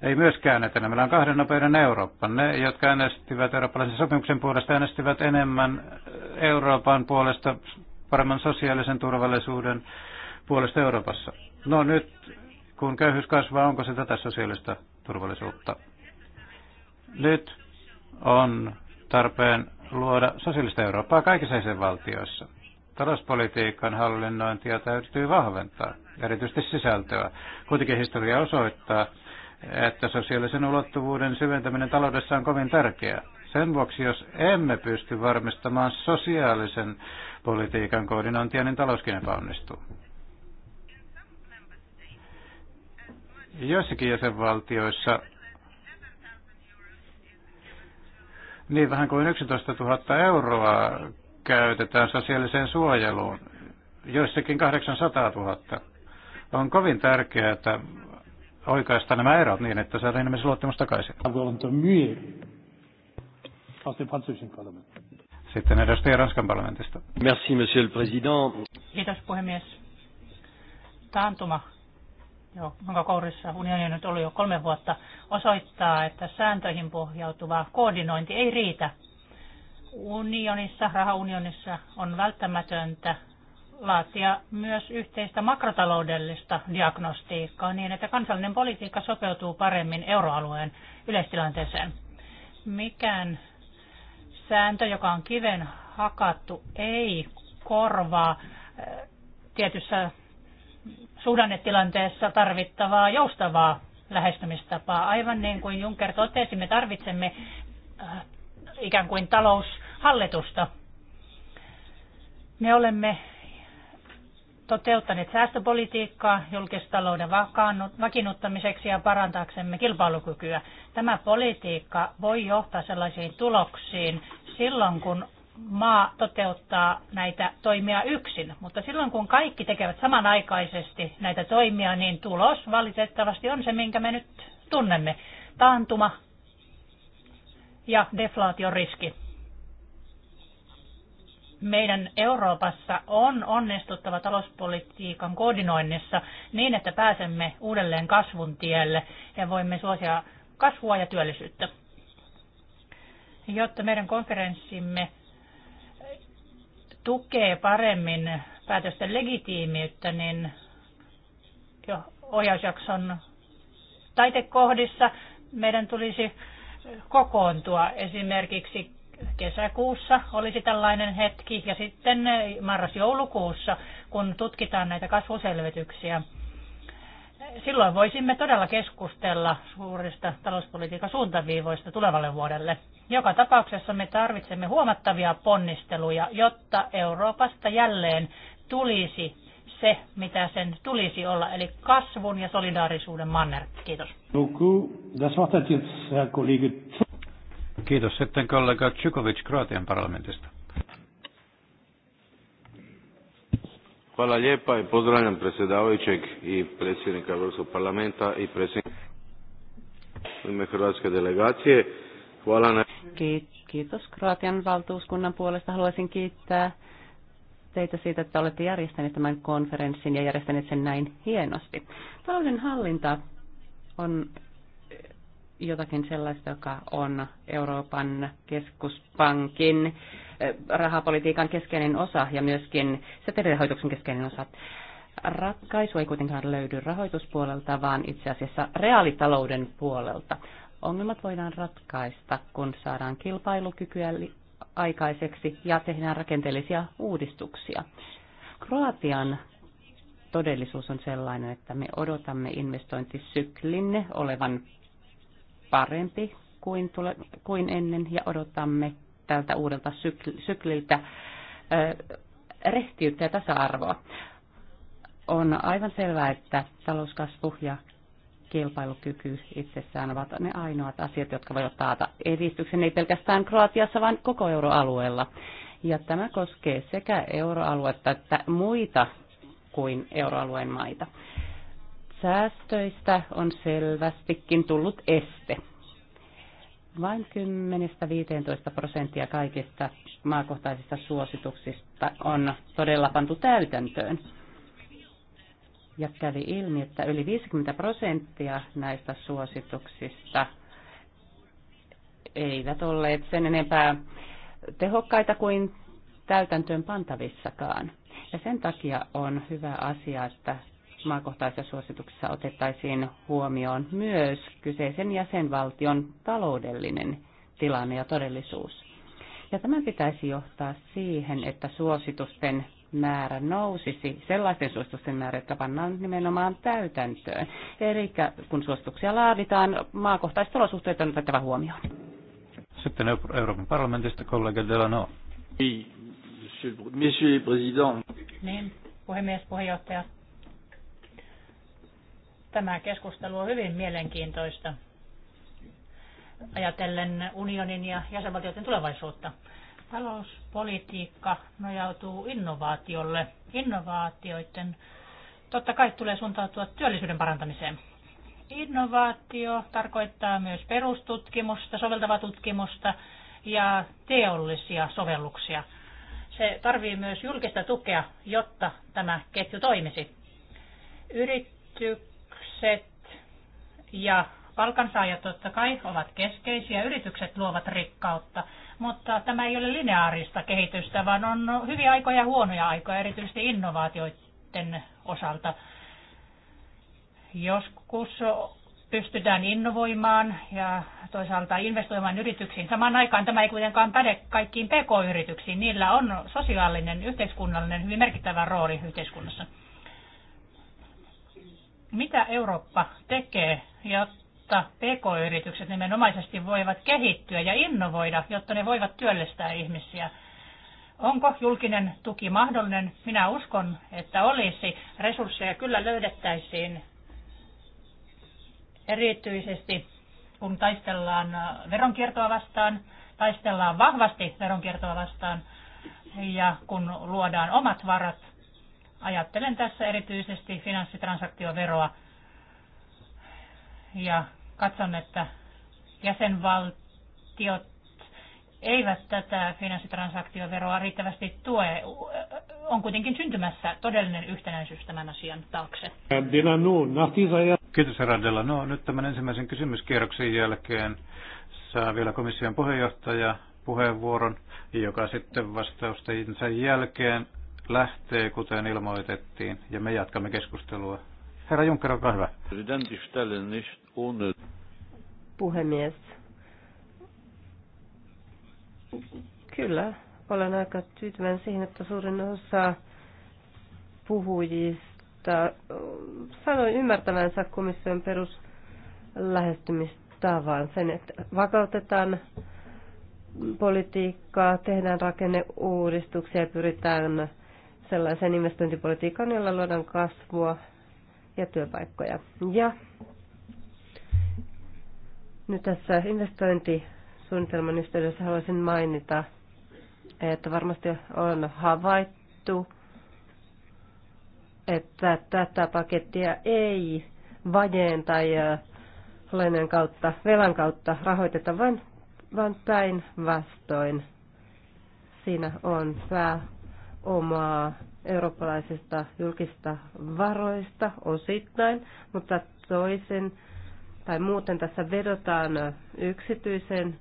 ei myöskään etene. Meillä on kahden nopeuden Eurooppa. Ne, jotka äänestivät eurooppalaisen sopimuksen puolesta, äänestivät enemmän Euroopan puolesta, paremman sosiaalisen turvallisuuden puolesta Euroopassa. No nyt, kun köyhyys kasvaa, onko se tätä sosiaalista turvallisuutta? Nyt on tarpeen luoda sosiaalista Eurooppaa kaikissa valtioissa. Talouspolitiikan hallinnointia täytyy vahventaa erityisesti sisältöä. Kuitenkin historia osoittaa, että sosiaalisen ulottuvuuden syventäminen taloudessa on kovin tärkeää. Sen vuoksi, jos emme pysty varmistamaan sosiaalisen politiikan koordinointia, niin talouskin epäonnistuu. Joissakin jäsenvaltioissa niin vähän kuin 11 000 euroa käytetään sosiaaliseen suojeluun, joissakin 800 000. On kovin tärkeää, että oikaista nämä erot niin, että saadaan enemmän luottamus takaisin. Sitten edustaja Ranskan parlamentista. Merci, monsieur le président. Kiitos puhemies. Taantuma, jonka kourissa unioni nyt ollut jo kolme vuotta, osoittaa, että sääntöihin pohjautuva koordinointi ei riitä. Unionissa, rahaunionissa on välttämätöntä laatia myös yhteistä makrotaloudellista diagnostiikkaa niin, että kansallinen politiikka sopeutuu paremmin euroalueen yleistilanteeseen. Mikään sääntö, joka on kiven hakattu, ei korvaa eh, tietyssä suhdannetilanteessa tarvittavaa joustavaa lähestymistapaa. Aivan niin kuin Juncker totesi, me tarvitsemme eh, ikään kuin taloushallitusta. Me olemme toteuttaneet säästöpolitiikkaa julkistalouden vakiinnuttamiseksi ja parantaaksemme kilpailukykyä. Tämä politiikka voi johtaa sellaisiin tuloksiin silloin, kun maa toteuttaa näitä toimia yksin, mutta silloin kun kaikki tekevät samanaikaisesti näitä toimia, niin tulos valitettavasti on se, minkä me nyt tunnemme. Taantuma ja deflaatioriski. riski meidän Euroopassa on onnistuttava talouspolitiikan koordinoinnissa niin, että pääsemme uudelleen kasvun tielle ja voimme suosia kasvua ja työllisyyttä. Jotta meidän konferenssimme tukee paremmin päätösten legitiimiyttä, niin jo ohjausjakson taitekohdissa meidän tulisi kokoontua esimerkiksi kesäkuussa olisi tällainen hetki ja sitten marras-joulukuussa, kun tutkitaan näitä kasvuselvityksiä. Silloin voisimme todella keskustella suurista talouspolitiikan suuntaviivoista tulevalle vuodelle. Joka tapauksessa me tarvitsemme huomattavia ponnisteluja, jotta Euroopasta jälleen tulisi se, mitä sen tulisi olla, eli kasvun ja solidaarisuuden manner. Kiitos. Kiitos sitten kollega Tsukovic Kroatian parlamentista. Hvala lijepa i pozdravljam predsjedavajućeg i predsjednika Evropskog parlamenta i predsjednika ime Hrvatske delegacije. Hvala na... Kiitos Kroatian valtuuskunnan puolesta. Haluaisin kiittää teitä siitä, että olette järjestäneet tämän konferenssin ja järjestäneet sen näin hienosti. Talouden hallinta on jotakin sellaista, joka on Euroopan keskuspankin eh, rahapolitiikan keskeinen osa ja myöskin setelirahoituksen keskeinen osa. Ratkaisu ei kuitenkaan löydy rahoituspuolelta, vaan itse asiassa reaalitalouden puolelta. Ongelmat voidaan ratkaista, kun saadaan kilpailukykyä aikaiseksi ja tehdään rakenteellisia uudistuksia. Kroatian todellisuus on sellainen, että me odotamme investointisyklinne olevan parempi kuin, tule, kuin ennen ja odotamme tältä uudelta sykliltä ö, rehtiyttä ja tasa-arvoa. On aivan selvää, että talouskasvu ja kilpailukyky itsessään ovat ne ainoat asiat, jotka voivat taata edistyksen ei pelkästään Kroatiassa, vaan koko euroalueella. Ja tämä koskee sekä euroaluetta että muita kuin euroalueen maita säästöistä on selvästikin tullut este. Vain 10-15 prosenttia kaikista maakohtaisista suosituksista on todella pantu täytäntöön. Ja kävi ilmi, että yli 50 prosenttia näistä suosituksista eivät olleet sen enempää tehokkaita kuin täytäntöön pantavissakaan. Ja sen takia on hyvä asia, että maakohtaisissa suosituksissa otettaisiin huomioon myös kyseisen jäsenvaltion taloudellinen tilanne ja todellisuus. Ja tämä pitäisi johtaa siihen, että suositusten määrä nousisi sellaisten suositusten määrä, jotka pannaan nimenomaan täytäntöön. Eli kun suosituksia laaditaan, maakohtaiset olosuhteet on otettava huomioon. Sitten Euroopan parlamentista kollega Delano. Niin, puhemies, puheenjohtaja, Tämä keskustelu on hyvin mielenkiintoista ajatellen unionin ja jäsenvaltioiden tulevaisuutta. Talouspolitiikka nojautuu innovaatiolle. Innovaatioiden totta kai tulee suuntautua työllisyyden parantamiseen. Innovaatio tarkoittaa myös perustutkimusta, soveltavaa tutkimusta ja teollisia sovelluksia. Se tarvii myös julkista tukea, jotta tämä ketju toimisi. Yritykset Yritykset ja palkansaajat totta kai ovat keskeisiä. Yritykset luovat rikkautta, mutta tämä ei ole lineaarista kehitystä, vaan on hyviä aikoja ja huonoja aikoja, erityisesti innovaatioiden osalta. Joskus pystytään innovoimaan ja toisaalta investoimaan yrityksiin. Samaan aikaan tämä ei kuitenkaan päde kaikkiin pk-yrityksiin. Niillä on sosiaalinen, yhteiskunnallinen, hyvin merkittävä rooli yhteiskunnassa. Mitä Eurooppa tekee, jotta pk-yritykset nimenomaisesti voivat kehittyä ja innovoida, jotta ne voivat työllistää ihmisiä? Onko julkinen tuki mahdollinen? Minä uskon, että olisi. Resursseja kyllä löydettäisiin erityisesti, kun taistellaan veronkiertoa vastaan, taistellaan vahvasti veronkiertoa vastaan ja kun luodaan omat varat Ajattelen tässä erityisesti finanssitransaktioveroa ja katson, että jäsenvaltiot eivät tätä finanssitransaktioveroa riittävästi tue. On kuitenkin syntymässä todellinen yhtenäisyys tämän asian taakse. Kiitos herra No, Nyt tämän ensimmäisen kysymyskierroksen jälkeen saa vielä komission puheenjohtaja puheenvuoron, joka sitten vastausten jälkeen lähtee, kuten ilmoitettiin, ja me jatkamme keskustelua. Herra Juncker, olkaa hyvä. Puhemies. Kyllä, olen aika tyytyväinen siihen, että suurin osa puhujista sanoi ymmärtävänsä komission peruslähestymistavan. Sen, että vakautetaan politiikkaa, tehdään rakenneuudistuksia ja pyritään sellaisen investointipolitiikan, jolla luodaan kasvua ja työpaikkoja. Ja nyt tässä investointisuunnitelman yhteydessä haluaisin mainita, että varmasti on havaittu, että tätä pakettia ei vajeen tai lainojen kautta, velan kautta rahoiteta, vaan, vaan päinvastoin. Siinä on pää omaa eurooppalaisista julkista varoista osittain, mutta toisen tai muuten tässä vedotaan yksityisen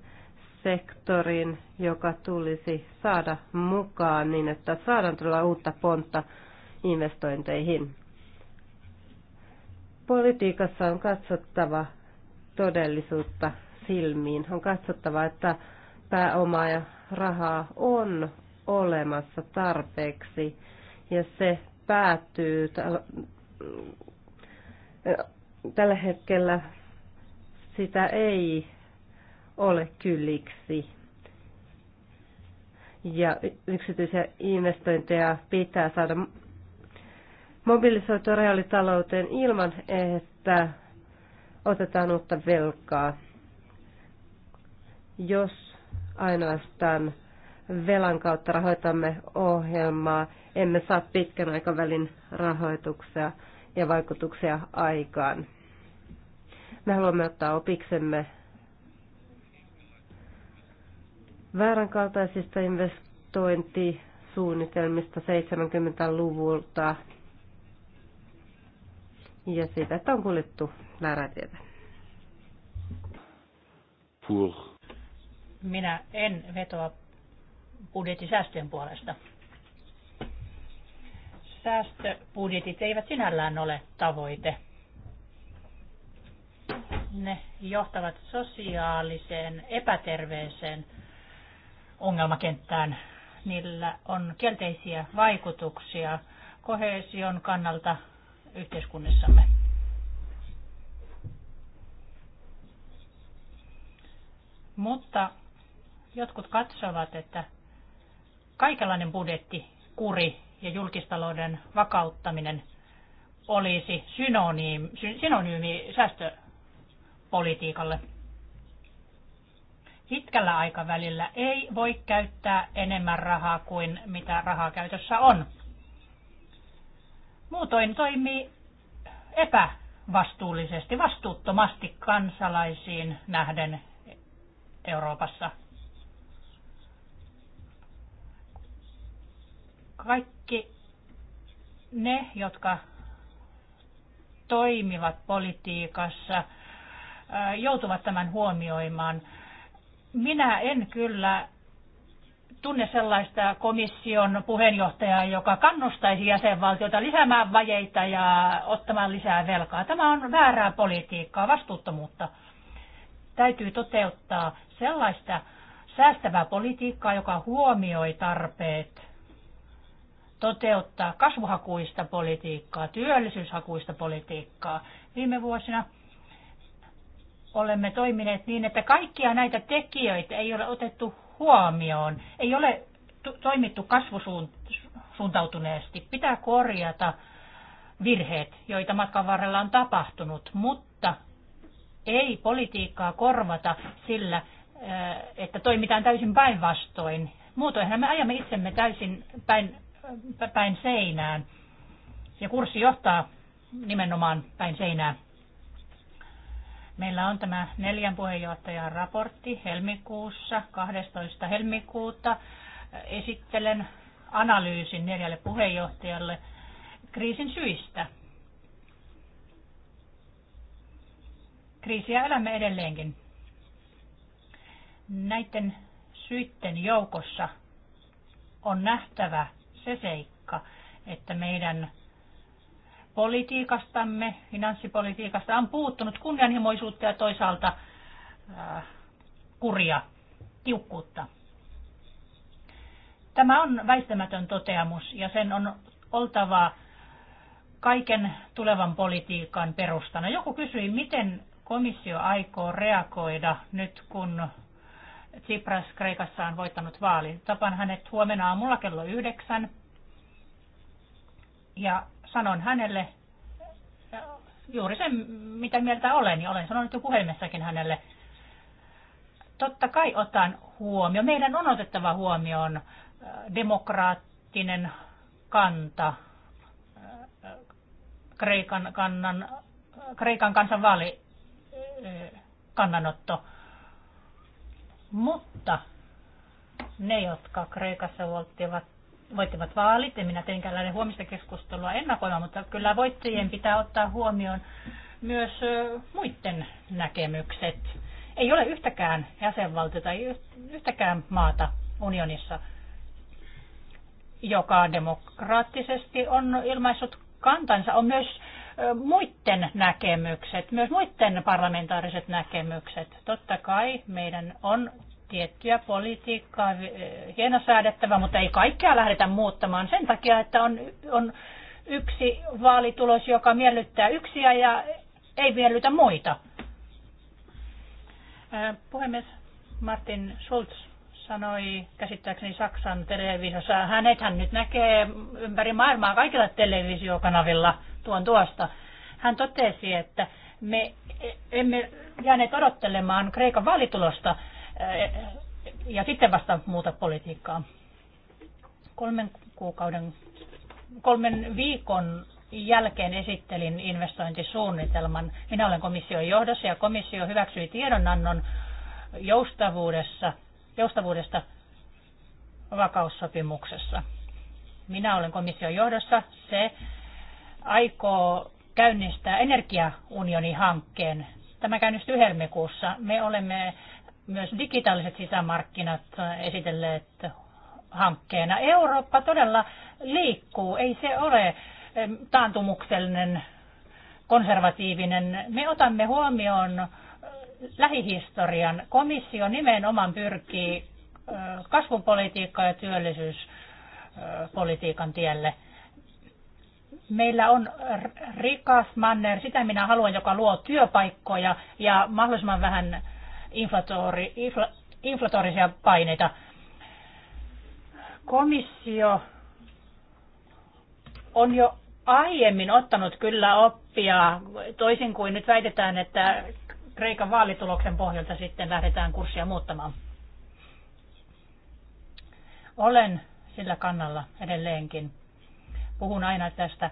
sektorin, joka tulisi saada mukaan niin, että saadaan tulla uutta pontta investointeihin. Politiikassa on katsottava todellisuutta silmiin. On katsottava, että pääomaa ja rahaa on olemassa tarpeeksi ja se täl- tällä hetkellä sitä ei ole kylliksi. Ja yksityisiä investointeja pitää saada mobilisoitua reaalitalouteen ilman, että otetaan uutta velkaa. Jos ainoastaan velan kautta rahoitamme ohjelmaa, emme saa pitkän aikavälin rahoituksia ja vaikutuksia aikaan. Me haluamme ottaa opiksemme vääränkaltaisista investointisuunnitelmista 70-luvulta ja siitä, että on kuljettu väärää tietä. Minä en vetoa budjettisäästöjen puolesta. Säästöbudjetit eivät sinällään ole tavoite. Ne johtavat sosiaaliseen epäterveeseen ongelmakenttään. Niillä on kielteisiä vaikutuksia kohesion kannalta yhteiskunnissamme. Mutta jotkut katsovat, että kaikenlainen budjetti, kuri ja julkistalouden vakauttaminen olisi synonyymi, synonyymi säästöpolitiikalle. Pitkällä aikavälillä ei voi käyttää enemmän rahaa kuin mitä rahaa käytössä on. Muutoin toimii epävastuullisesti, vastuuttomasti kansalaisiin nähden Euroopassa – Kaikki ne, jotka toimivat politiikassa, joutuvat tämän huomioimaan. Minä en kyllä tunne sellaista komission puheenjohtajaa, joka kannustaisi jäsenvaltiota lisäämään vajeita ja ottamaan lisää velkaa. Tämä on väärää politiikkaa, vastuuttomuutta. Täytyy toteuttaa sellaista säästävää politiikkaa, joka huomioi tarpeet toteuttaa kasvuhakuista politiikkaa, työllisyyshakuista politiikkaa. Viime vuosina olemme toimineet niin, että kaikkia näitä tekijöitä ei ole otettu huomioon, ei ole toimittu kasvusuuntautuneesti. Pitää korjata virheet, joita matkan varrella on tapahtunut, mutta ei politiikkaa korvata sillä, että toimitaan täysin päinvastoin. Muutoinhan me ajamme itsemme täysin päin päin seinään. Ja kurssi johtaa nimenomaan päin seinää. Meillä on tämä neljän puheenjohtajan raportti helmikuussa, 12. helmikuuta. Esittelen analyysin neljälle puheenjohtajalle kriisin syistä. Kriisiä elämme edelleenkin. Näiden syitten joukossa on nähtävä se seikka, että meidän politiikastamme, finanssipolitiikasta on puuttunut kunnianhimoisuutta ja toisaalta äh, kuria, tiukkuutta. Tämä on väistämätön toteamus ja sen on oltava kaiken tulevan politiikan perustana. Joku kysyi, miten komissio aikoo reagoida nyt, kun Tsipras Kreikassa on voittanut vaalin. Tapan hänet huomenna aamulla kello yhdeksän ja sanon hänelle äh, juuri sen, mitä mieltä olen, ja olen sanonut jo puhelimessakin hänelle. Totta kai otan huomioon, meidän on otettava huomioon äh, demokraattinen kanta, äh, Kreikan, kannan, Kreikan kansan vaali kannanotto. Mutta ne, jotka Kreikassa voittivat, voittivat vaalit, en minä tein tällainen huomista keskustelua ennakoimaan, mutta kyllä voittajien pitää ottaa huomioon myös muiden näkemykset. Ei ole yhtäkään jäsenvaltiota, tai yhtäkään maata unionissa, joka demokraattisesti on ilmaissut kantansa, on myös muiden näkemykset, myös muiden parlamentaariset näkemykset. Totta kai meidän on tiettyä politiikkaa säädettävä, mutta ei kaikkea lähdetä muuttamaan sen takia, että on, on yksi vaalitulos, joka miellyttää yksiä ja ei miellytä muita. Puhemies Martin Schulz sanoi käsittääkseni Saksan televisiossa, hänethän nyt näkee ympäri maailmaa kaikilla televisiokanavilla – tuon tuosta. Hän totesi, että me emme jääneet odottelemaan Kreikan vaalitulosta eh, ja sitten vasta muuta politiikkaa. Kolmen kuukauden, kolmen viikon jälkeen esittelin investointisuunnitelman. Minä olen komission johdossa ja komissio hyväksyi tiedonannon joustavuudessa, joustavuudesta vakaussopimuksessa. Minä olen komission johdossa. Se aikoo käynnistää energiaunionihankkeen. Tämä käynnistyy helmikuussa. Me olemme myös digitaaliset sisämarkkinat esitelleet hankkeena. Eurooppa todella liikkuu. Ei se ole taantumuksellinen, konservatiivinen. Me otamme huomioon lähihistorian. Komissio nimenomaan pyrkii kasvupolitiikkaa ja työllisyyspolitiikan tielle – meillä on rikas manner, sitä minä haluan, joka luo työpaikkoja ja mahdollisimman vähän inflatori, infla, inflatorisia paineita. Komissio on jo aiemmin ottanut kyllä oppia, toisin kuin nyt väitetään, että Kreikan vaalituloksen pohjalta sitten lähdetään kurssia muuttamaan. Olen sillä kannalla edelleenkin Puhun aina tästä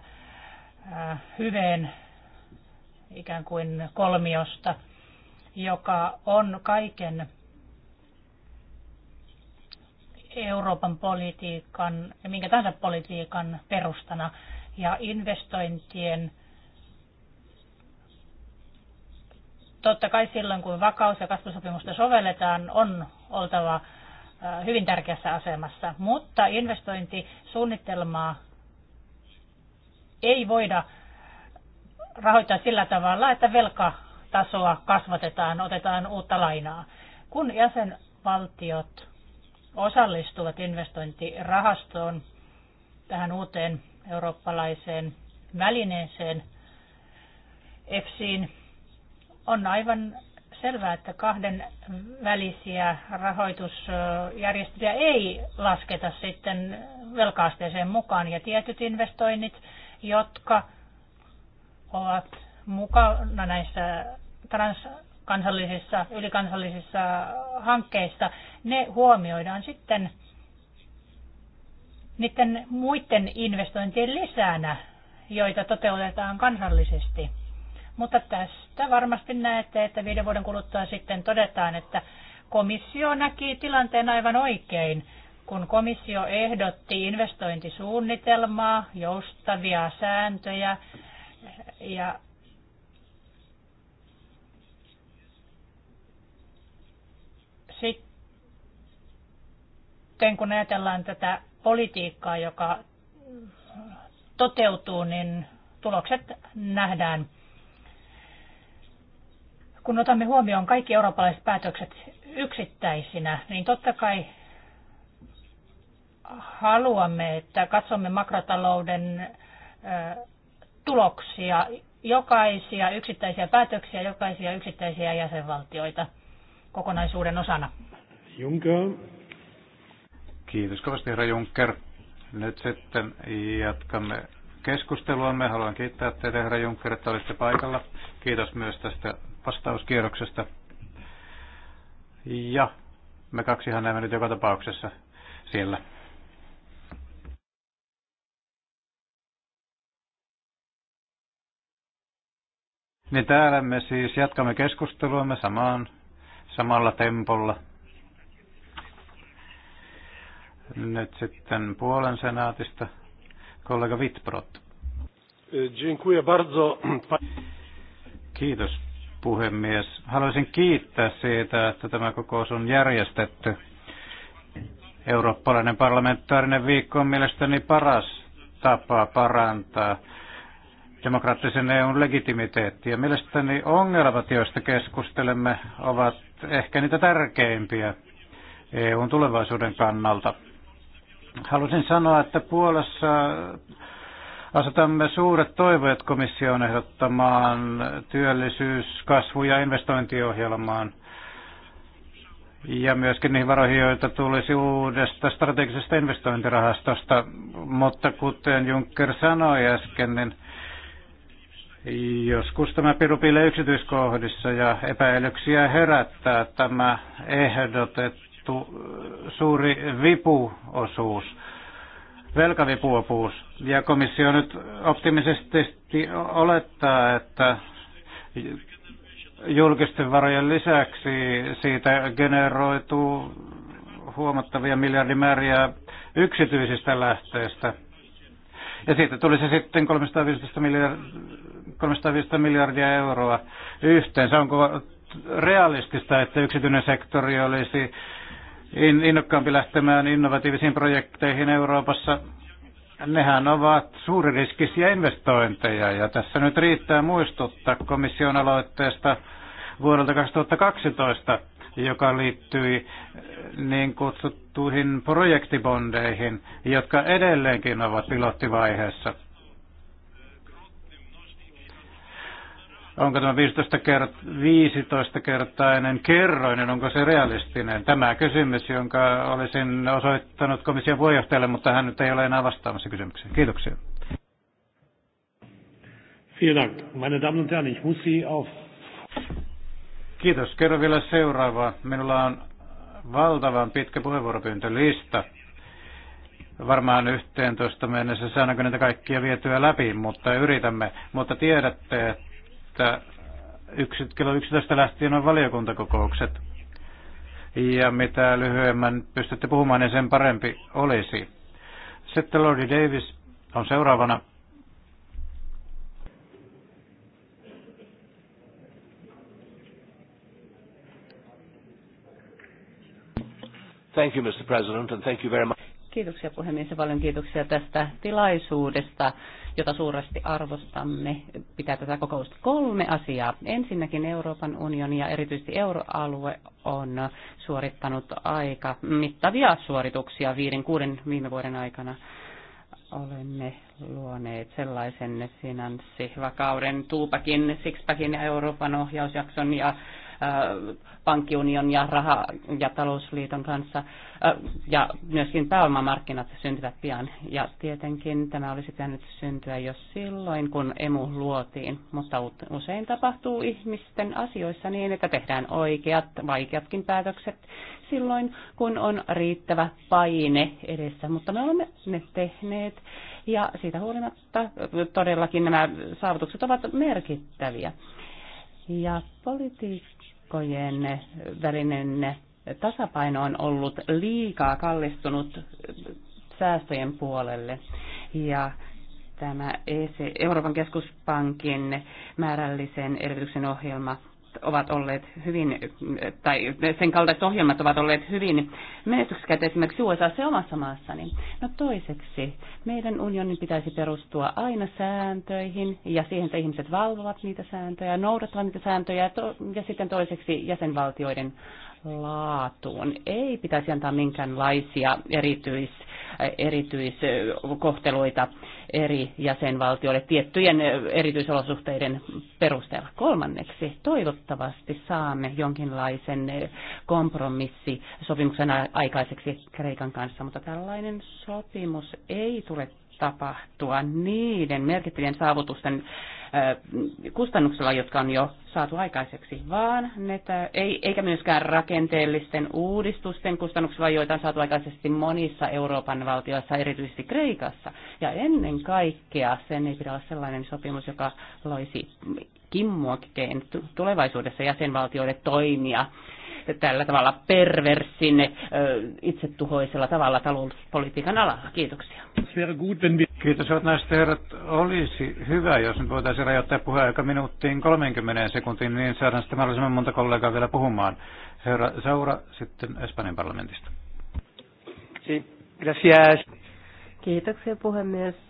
äh, hyveen ikään kuin kolmiosta, joka on kaiken Euroopan politiikan ja minkä tahansa politiikan perustana ja investointien totta kai silloin, kun vakaus- ja kasvusopimusta sovelletaan, on oltava äh, hyvin tärkeässä asemassa, mutta investointisuunnitelmaa ei voida rahoittaa sillä tavalla, että velkatasoa kasvatetaan, otetaan uutta lainaa. Kun jäsenvaltiot osallistuvat investointirahastoon, tähän uuteen eurooppalaiseen välineeseen, EFSIin, on aivan selvää, että kahden välisiä rahoitusjärjestelyjä ei lasketa sitten velkaasteeseen mukaan ja tietyt investoinnit jotka ovat mukana näissä transkansallisissa, ylikansallisissa hankkeissa, ne huomioidaan sitten niiden muiden investointien lisänä, joita toteutetaan kansallisesti. Mutta tästä varmasti näette, että viiden vuoden kuluttua sitten todetaan, että komissio näki tilanteen aivan oikein kun komissio ehdotti investointisuunnitelmaa, joustavia sääntöjä ja sitten kun ajatellaan tätä politiikkaa, joka toteutuu, niin tulokset nähdään. Kun otamme huomioon kaikki eurooppalaiset päätökset yksittäisinä, niin totta kai haluamme, että katsomme makrotalouden tuloksia, jokaisia yksittäisiä päätöksiä, jokaisia yksittäisiä jäsenvaltioita kokonaisuuden osana. Juncker. Kiitos kovasti, herra Juncker. Nyt sitten jatkamme keskustelua. Me haluan kiittää teitä, herra Juncker, että olitte paikalla. Kiitos myös tästä vastauskierroksesta. Ja me kaksihan näemme nyt joka tapauksessa siellä. Niin täällä me siis jatkamme keskusteluamme samaan, samalla tempolla. Nyt sitten Puolen senaatista kollega Vitbrot. Dziękuję bardzo. Kiitos puhemies. Haluaisin kiittää siitä, että tämä kokous on järjestetty. Eurooppalainen parlamentaarinen viikko on mielestäni paras tapa parantaa demokraattisen EUn legitimiteettiä. Mielestäni ongelmat, joista keskustelemme, ovat ehkä niitä tärkeimpiä EUn tulevaisuuden kannalta. Haluaisin sanoa, että Puolassa asetamme suuret toiveet komission ehdottamaan työllisyys-, kasvu- ja investointiohjelmaan ja myöskin niihin varoihin, joita tulisi uudesta strategisesta investointirahastosta. Mutta kuten Juncker sanoi äsken, niin Joskus tämä pirupiilee yksityiskohdissa ja epäilyksiä herättää tämä ehdotettu suuri vipuosuus, velkavipuopuus. Ja komissio nyt optimisesti olettaa, että julkisten varojen lisäksi siitä generoituu huomattavia miljardimääriä yksityisistä lähteistä. Ja siitä tulisi sitten 315 miljardia 350 miljardia euroa yhteensä. Onko realistista, että yksityinen sektori olisi innokkaampi lähtemään innovatiivisiin projekteihin Euroopassa? Nehän ovat suuririskisiä investointeja ja tässä nyt riittää muistuttaa komission aloitteesta vuodelta 2012, joka liittyi niin kutsuttuihin projektibondeihin, jotka edelleenkin ovat pilottivaiheessa. onko tämä 15 kert- 15 kertainen kerroinen, onko se realistinen? Tämä kysymys, jonka olisin osoittanut komission puheenjohtajalle, mutta hän nyt ei ole enää vastaamassa kysymykseen. Kiitoksia. Dank. Meine Damen und Herren, ich muss Sie auf... Kiitos. Kerro vielä seuraavaa. Minulla on valtavan pitkä puheenvuoropyyntölista. Varmaan 11 mennessä saadaanko niitä kaikkia vietyä läpi, mutta yritämme. Mutta tiedätte, että että yksi, kello 11 lähtien on valiokuntakokoukset. Ja mitä lyhyemmän pystytte puhumaan, niin sen parempi olisi. Sitten Lordi Davis on seuraavana. Thank you, Mr. President, and thank you very much. Kiitoksia puhemies ja paljon kiitoksia tästä tilaisuudesta jota suuresti arvostamme, pitää tätä kokousta kolme asiaa. Ensinnäkin Euroopan unioni ja erityisesti euroalue on suorittanut aika mittavia suorituksia viiden, kuuden viime vuoden aikana. Olemme luoneet sellaisen finanssivakauden, tuupakin, sixpackin ja Euroopan ohjausjakson ja pankkiunion ja raha- ja talousliiton kanssa ja myöskin pääomamarkkinat syntyvät pian. Ja tietenkin tämä olisi pitänyt syntyä jo silloin, kun emu luotiin, mutta usein tapahtuu ihmisten asioissa niin, että tehdään oikeat, vaikeatkin päätökset silloin, kun on riittävä paine edessä, mutta me olemme ne tehneet ja siitä huolimatta todellakin nämä saavutukset ovat merkittäviä. Ja politiikka palkkojen välinen tasapaino on ollut liikaa kallistunut säästöjen puolelle. Ja tämä EC, Euroopan keskuspankin määrällisen erityksen ohjelma ovat olleet hyvin, tai sen kaltaiset ohjelmat ovat olleet hyvin menestyksekkäitä esimerkiksi USA omassa maassani. No toiseksi, meidän unionin pitäisi perustua aina sääntöihin ja siihen, että ihmiset valvovat niitä sääntöjä, noudattavat niitä sääntöjä ja sitten toiseksi jäsenvaltioiden laatuun. Ei pitäisi antaa minkäänlaisia erityis, erityiskohteluita eri jäsenvaltioille tiettyjen erityisolosuhteiden perusteella. Kolmanneksi, toivottavasti saamme jonkinlaisen kompromissi sopimuksen aikaiseksi Kreikan kanssa, mutta tällainen sopimus ei tule tapahtua niiden merkittävien saavutusten kustannuksella, jotka on jo saatu aikaiseksi, vaan ne, ei, eikä myöskään rakenteellisten uudistusten kustannuksella, joita on saatu aikaisesti monissa Euroopan valtioissa, erityisesti Kreikassa. Ja ennen kaikkea sen ei pidä olla sellainen sopimus, joka loisi kimmokkeen tulevaisuudessa jäsenvaltioille toimia tällä tavalla perversin itsetuhoisella tavalla talouspolitiikan alalla. Kiitoksia. Kiitos, että näistä herrat. Olisi hyvä, jos nyt voitaisiin rajoittaa puheaika minuuttiin 30 sekuntiin, niin saadaan sitten mahdollisimman monta kollegaa vielä puhumaan. Herra Saura, sitten Espanjan parlamentista. Sí, gracias. Kiitoksia puhemies.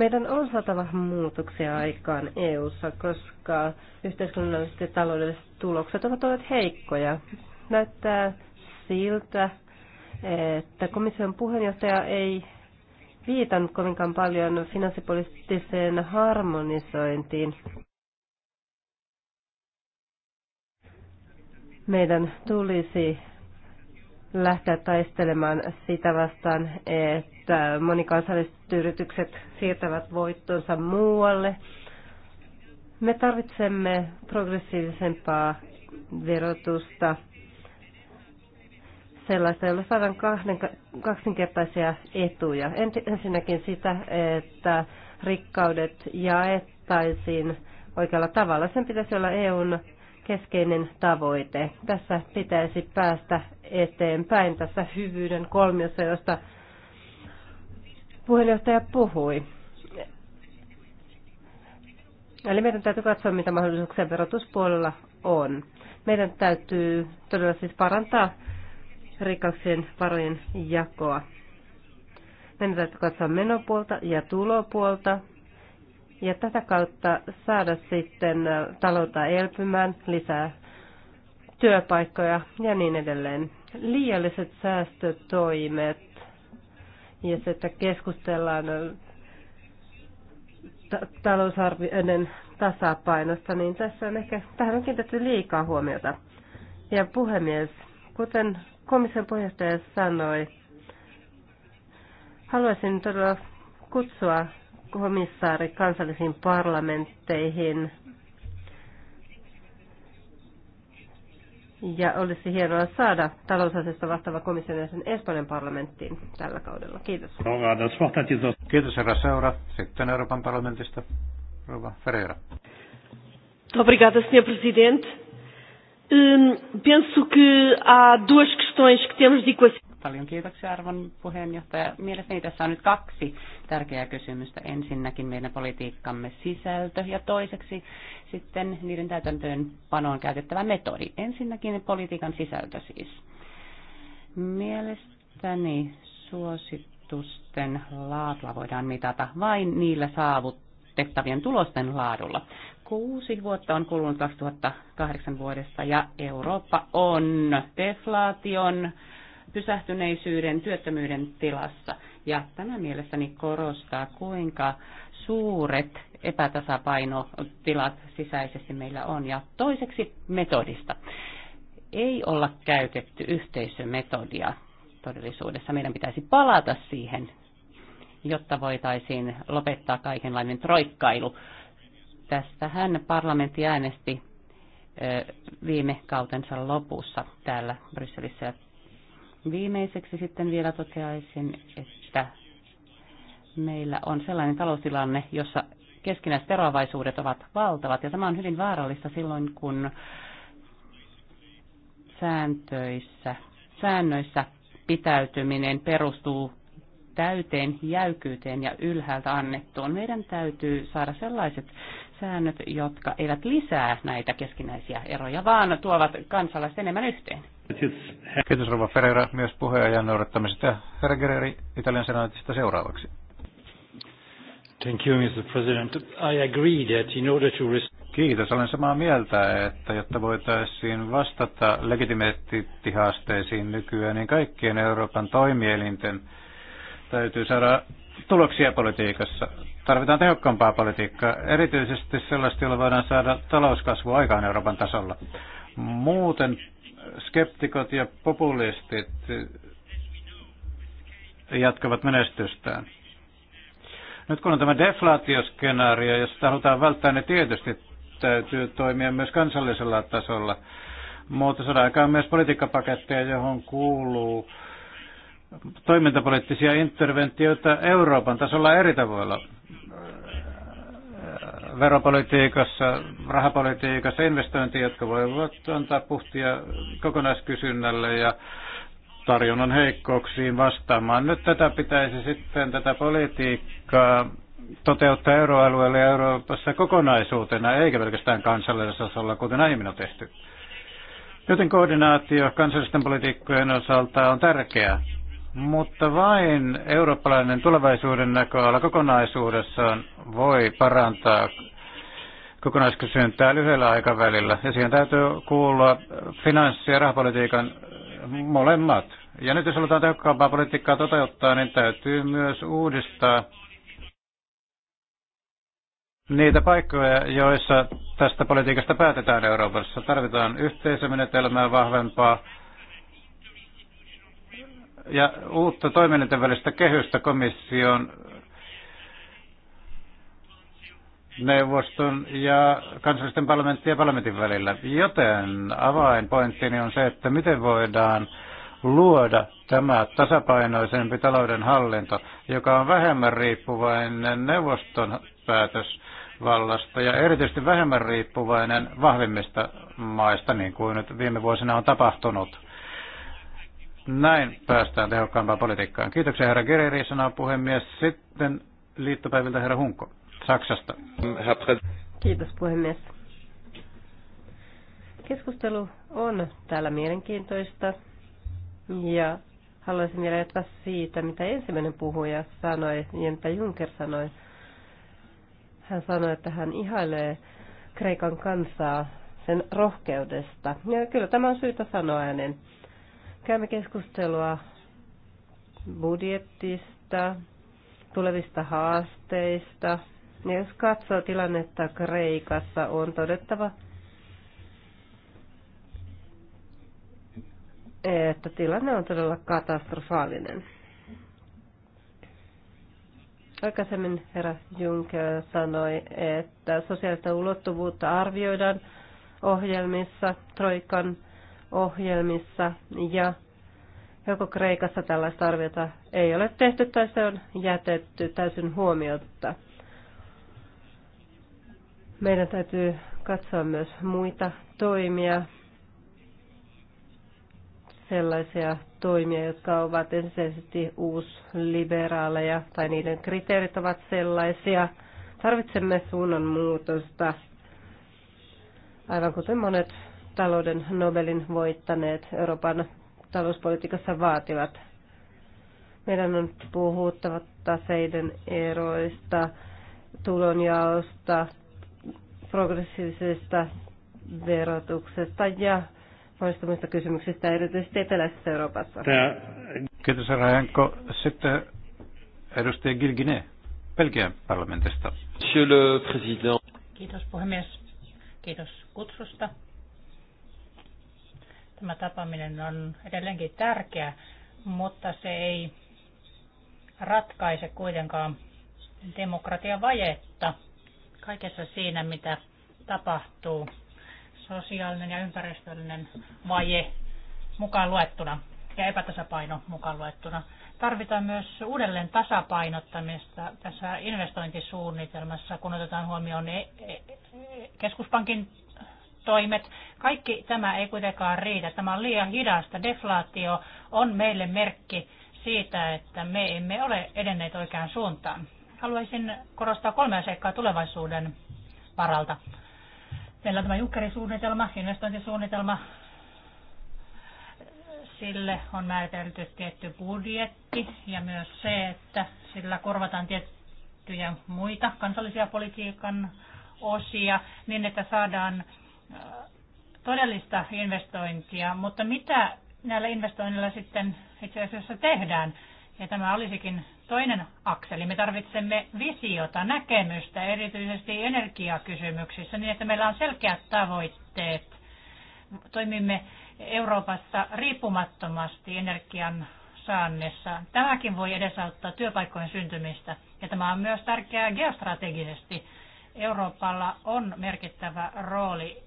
Meidän on saatava muutoksia aikaan EU:ssa, koska yhteiskunnalliset ja taloudelliset tulokset ovat olleet heikkoja. Näyttää siltä, että komission puheenjohtaja ei viitannut kovinkaan paljon finanssipoliittiseen harmonisointiin. Meidän tulisi lähteä taistelemaan sitä vastaan, että monikansalliset yritykset siirtävät voittonsa muualle. Me tarvitsemme progressiivisempaa verotusta, sellaista, jolla saadaan kahden, kaksinkertaisia etuja. Ensinnäkin sitä, että rikkaudet jaettaisiin oikealla tavalla. Sen pitäisi olla EUn keskeinen tavoite. Tässä pitäisi päästä eteenpäin tässä hyvyyden kolmiossa, josta puheenjohtaja puhui. Eli meidän täytyy katsoa, mitä mahdollisuuksia verotuspuolella on. Meidän täytyy todella siis parantaa rikkauksien varojen jakoa. Meidän täytyy katsoa menopuolta ja tulopuolta ja tätä kautta saada sitten taloutta elpymään, lisää työpaikkoja ja niin edelleen. Liialliset säästötoimet ja se, että keskustellaan talousarvioiden tasapainosta, niin tässä on ehkä, tähän on kiinnitetty liikaa huomiota. Ja puhemies, kuten komission puheenjohtaja sanoi, haluaisin todella kutsua komissaari kansallisiin parlamentteihin. Ja olisi hienoa saada talousasiasta vastaava komission jäsen Espanjan parlamenttiin tällä kaudella. Kiitos. Kiitos herra Seura. Sitten Euroopan parlamentista Rova Ferreira. Obrigada, senhor presidente. Penso que há duas questões que temos de equacionar. Paljon kiitoksia arvon puheenjohtaja. Mielestäni tässä on nyt kaksi tärkeää kysymystä. Ensinnäkin meidän politiikkamme sisältö ja toiseksi sitten niiden täytäntöön panoon käytettävä metodi. Ensinnäkin politiikan sisältö siis. Mielestäni suositusten laatua voidaan mitata vain niillä saavutettavien tulosten laadulla kuusi vuotta on kulunut 2008 vuodesta ja Eurooppa on deflaation pysähtyneisyyden, työttömyyden tilassa. Ja tämä mielestäni korostaa, kuinka suuret epätasapainotilat sisäisesti meillä on. Ja toiseksi metodista. Ei olla käytetty yhteisömetodia todellisuudessa. Meidän pitäisi palata siihen, jotta voitaisiin lopettaa kaikenlainen troikkailu. Tästähän parlamentti äänesti viime kautensa lopussa täällä Brysselissä ja Viimeiseksi sitten vielä toteaisin, että meillä on sellainen taloustilanne, jossa keskinäiset eroavaisuudet ovat valtavat, ja tämä on hyvin vaarallista silloin, kun sääntöissä, säännöissä pitäytyminen perustuu täyteen jäykyyteen ja ylhäältä annettuun. Meidän täytyy saada sellaiset säännöt, jotka eivät lisää näitä keskinäisiä eroja, vaan tuovat kansalaiset enemmän yhteen. Kiitos Rova Ferreira myös puheenjohtajan noudattamisesta. Herra Gereri, Italian senaatista seuraavaksi. Thank you, Mr. President. I agree that in order to Kiitos. Olen samaa mieltä, että jotta voitaisiin vastata legitimiteettihaasteisiin nykyään, niin kaikkien Euroopan toimielinten täytyy saada tuloksia politiikassa. Tarvitaan tehokkaampaa politiikkaa, erityisesti sellaista, jolla voidaan saada talouskasvu aikaan Euroopan tasolla. Muuten skeptikot ja populistit jatkavat menestystään. Nyt kun on tämä deflaatioskenaario, jos sitä halutaan välttää, niin tietysti täytyy toimia myös kansallisella tasolla. Mutta saadaan aikaan myös politiikkapaketteja, johon kuuluu toimintapoliittisia interventioita Euroopan tasolla eri tavoilla veropolitiikassa, rahapolitiikassa investointeja, jotka voivat antaa puhtia kokonaiskysynnälle ja tarjonnan heikkouksiin vastaamaan. Nyt tätä pitäisi sitten, tätä politiikkaa toteuttaa euroalueella ja Euroopassa kokonaisuutena, eikä pelkästään kansallisella tasolla, kuten aiemmin on tehty. Joten koordinaatio kansallisten politiikkojen osalta on tärkeää. Mutta vain eurooppalainen tulevaisuuden näköala kokonaisuudessaan voi parantaa kokonaiskysyntää lyhyellä aikavälillä. Ja siihen täytyy kuulla finanssi- ja rahapolitiikan molemmat. Ja nyt jos halutaan tehokkaampaa politiikkaa toteuttaa, niin täytyy myös uudistaa niitä paikkoja, joissa tästä politiikasta päätetään Euroopassa. Tarvitaan yhteisömenetelmää vahvempaa ja uutta toimielinten välistä kehystä komission neuvoston ja kansallisten parlamenttien ja parlamentin välillä. Joten avainpointtini niin on se, että miten voidaan luoda tämä tasapainoisempi talouden hallinto, joka on vähemmän riippuvainen neuvoston päätösvallasta ja erityisesti vähemmän riippuvainen vahvimmista maista, niin kuin nyt viime vuosina on tapahtunut näin päästään tehokkaampaan politiikkaan. Kiitoksia herra Gereri, sanoo puhemies. Sitten liittopäiviltä herra Hunko Saksasta. Kiitos puhemies. Keskustelu on täällä mielenkiintoista ja haluaisin vielä jatkaa siitä, mitä ensimmäinen puhuja sanoi ja mitä Juncker sanoi. Hän sanoi, että hän ihailee Kreikan kansaa sen rohkeudesta. Ja kyllä tämä on syytä sanoa niin. Käymme keskustelua budjettista, tulevista haasteista. Ja jos katsoo tilannetta Kreikassa, on todettava, että tilanne on todella katastrofaalinen. Aikaisemmin herra Juncker sanoi, että sosiaalista ulottuvuutta arvioidaan ohjelmissa Troikan ohjelmissa ja joko Kreikassa tällaista arviota ei ole tehty tai se on jätetty täysin huomiotta. Meidän täytyy katsoa myös muita toimia, sellaisia toimia, jotka ovat ensisijaisesti uusliberaaleja tai niiden kriteerit ovat sellaisia. Tarvitsemme suunnanmuutosta, aivan kuten monet talouden Nobelin voittaneet Euroopan talouspolitiikassa vaativat. Meidän on puhuttava taseiden eroista, tulonjaosta, progressiivisesta verotuksesta ja monista muista kysymyksistä, erityisesti Eteläisessä Euroopassa. Tää, kiitos Rajanko. Sitten edustaja Gilgine, Belgian parlamentista. Monsieur le Président. Kiitos puhemies. Kiitos kutsusta. Tämä tapaaminen on edelleenkin tärkeä, mutta se ei ratkaise kuitenkaan demokratian vajetta kaikessa siinä, mitä tapahtuu. Sosiaalinen ja ympäristöllinen vaje mukaan luettuna ja epätasapaino mukaan luettuna. Tarvitaan myös uudelleen tasapainottamista tässä investointisuunnitelmassa, kun otetaan huomioon e- e- keskuspankin toimet. Kaikki tämä ei kuitenkaan riitä. Tämä on liian hidasta. Deflaatio on meille merkki siitä, että me emme ole edenneet oikeaan suuntaan. Haluaisin korostaa kolmea seikkaa tulevaisuuden varalta. Meillä on tämä Junckerin investointisuunnitelma. Sille on määritelty tietty budjetti ja myös se, että sillä korvataan tiettyjä muita kansallisia politiikan osia niin, että saadaan todellista investointia, mutta mitä näillä investoinnilla sitten itse asiassa tehdään? Ja tämä olisikin toinen akseli. Me tarvitsemme visiota, näkemystä, erityisesti energiakysymyksissä, niin että meillä on selkeät tavoitteet. Toimimme Euroopassa riippumattomasti energian saannissa. Tämäkin voi edesauttaa työpaikkojen syntymistä. Ja tämä on myös tärkeää geostrategisesti. Euroopalla on merkittävä rooli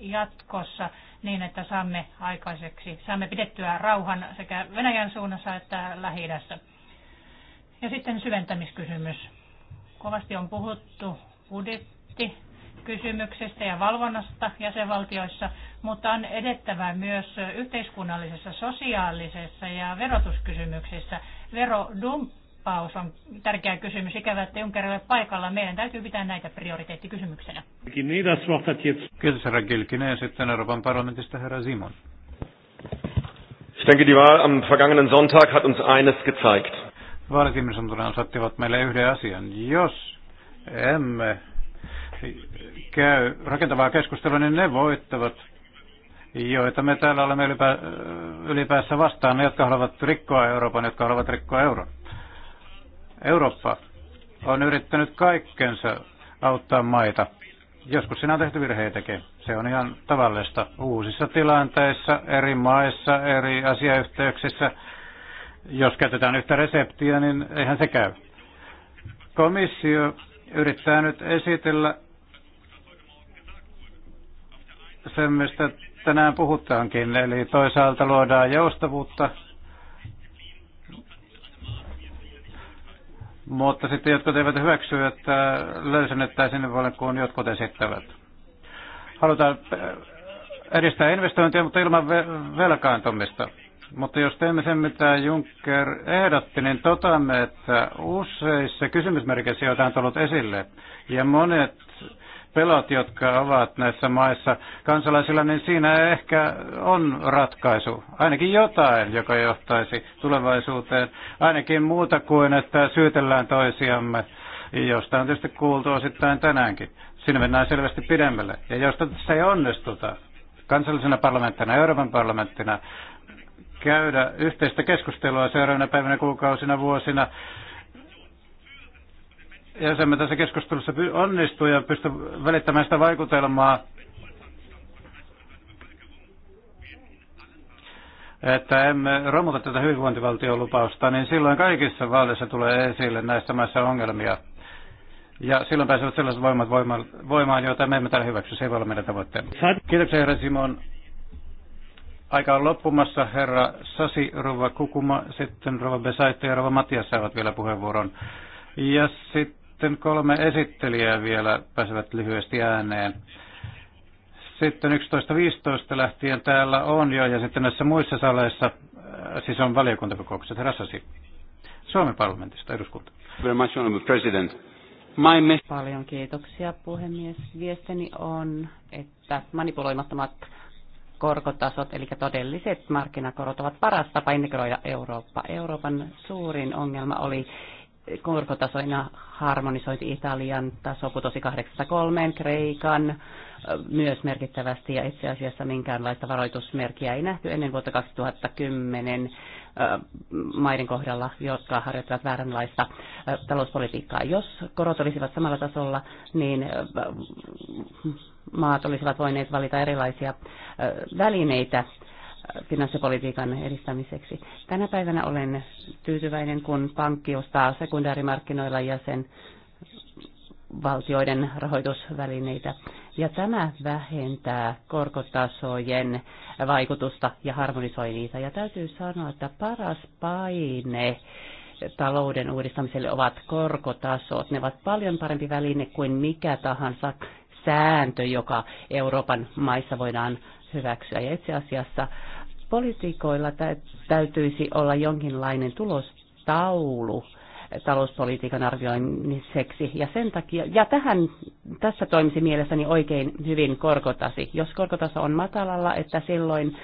jatkossa niin, että saamme aikaiseksi, saamme pidettyä rauhan sekä Venäjän suunnassa että lähi -idässä. Ja sitten syventämiskysymys. Kovasti on puhuttu budjetti kysymyksestä ja valvonnasta jäsenvaltioissa, mutta on edettävä myös yhteiskunnallisessa, sosiaalisessa ja verotuskysymyksessä Verodumppi Paus on tärkeä kysymys. Ikävä, että Juncker ole paikalla. Meidän täytyy pitää näitä prioriteettikysymyksenä. Niin, Kiitos herra Kilkinen ja sitten Euroopan parlamentista herra Simon. Ich denke, die Wahl am vergangenen Sonntag hat uns eines gezeigt. Vaalit osoittivat meille yhden asian. Jos emme käy rakentavaa keskustelua, niin ne voittavat joita me täällä olemme ylipä, ylipäässä vastaan, ne jotka haluavat rikkoa Euroopan, jotka haluavat rikkoa euron. Eurooppa on yrittänyt kaikkensa auttaa maita. Joskus siinä on tehty virheitäkin. Se on ihan tavallista. Uusissa tilanteissa, eri maissa, eri asiayhteyksissä, jos käytetään yhtä reseptiä, niin eihän se käy. Komissio yrittää nyt esitellä sen, mistä tänään puhutaankin. Eli toisaalta luodaan joustavuutta Mutta sitten jotkut eivät hyväksy, että löysennettäisiin paljon kuin jotkut esittävät. Halutaan eh, edistää investointia, mutta ilman velkaantumista. Mutta jos teemme sen, mitä Juncker ehdotti, niin totamme, että useissa kysymysmerkeissä, joita on tullut esille, ja monet pelot, jotka ovat näissä maissa kansalaisilla, niin siinä ehkä on ratkaisu. Ainakin jotain, joka johtaisi tulevaisuuteen. Ainakin muuta kuin, että syytellään toisiamme, josta on tietysti kuultu osittain tänäänkin. Siinä mennään selvästi pidemmälle. Ja josta tässä ei onnistuta kansallisena parlamenttina, Euroopan parlamenttina, käydä yhteistä keskustelua seuraavana päivänä, kuukausina, vuosina, jos tässä keskustelussa onnistuu ja pysty välittämään sitä vaikutelmaa, että emme romuta tätä lupausta, niin silloin kaikissa vaaleissa tulee esille näissä maissa ongelmia. Ja silloin pääsevät sellaiset voimat voimaan, voimaan joita me emme täällä hyväksy. Se ei voi olla meidän tavoitteemme. Kiitoksia herra Simon. Aika on loppumassa. Herra Sasi, Rova Kukuma, sitten Rova Besaitto ja Rova Matias saavat vielä puheenvuoron. Ja sitten sitten kolme esittelijää vielä pääsevät lyhyesti ääneen. Sitten 11.15 lähtien täällä on jo, ja sitten näissä muissa saleissa, äh, siis on valiokuntakokoukset, rassasi Suomen parlamentista eduskunta. Very much, President. My Paljon kiitoksia puhemies. Viestini on, että manipuloimattomat korkotasot, eli todelliset markkinakorot ovat paras tapa integroida Eurooppa. Euroopan suurin ongelma oli korkotasoina harmonisointi Italian taso putosi 83, Kreikan myös merkittävästi ja itse asiassa minkäänlaista varoitusmerkkiä ei nähty ennen vuotta 2010 maiden kohdalla, jotka harjoittavat vääränlaista talouspolitiikkaa. Jos korot olisivat samalla tasolla, niin maat olisivat voineet valita erilaisia välineitä finanssipolitiikan edistämiseksi. Tänä päivänä olen tyytyväinen, kun pankki ostaa sekundäärimarkkinoilla ja sen valtioiden rahoitusvälineitä. Ja tämä vähentää korkotasojen vaikutusta ja harmonisoi niitä. Ja täytyy sanoa, että paras paine talouden uudistamiselle ovat korkotasot. Ne ovat paljon parempi väline kuin mikä tahansa sääntö, joka Euroopan maissa voidaan hyväksyä. Ja itse asiassa Politiikoilla täytyisi olla jonkinlainen tulostaulu talouspolitiikan arvioimiseksi. Ja, sen takia, ja tähän, tässä toimisi mielestäni oikein hyvin korkotasi. Jos korkotaso on matalalla, että silloin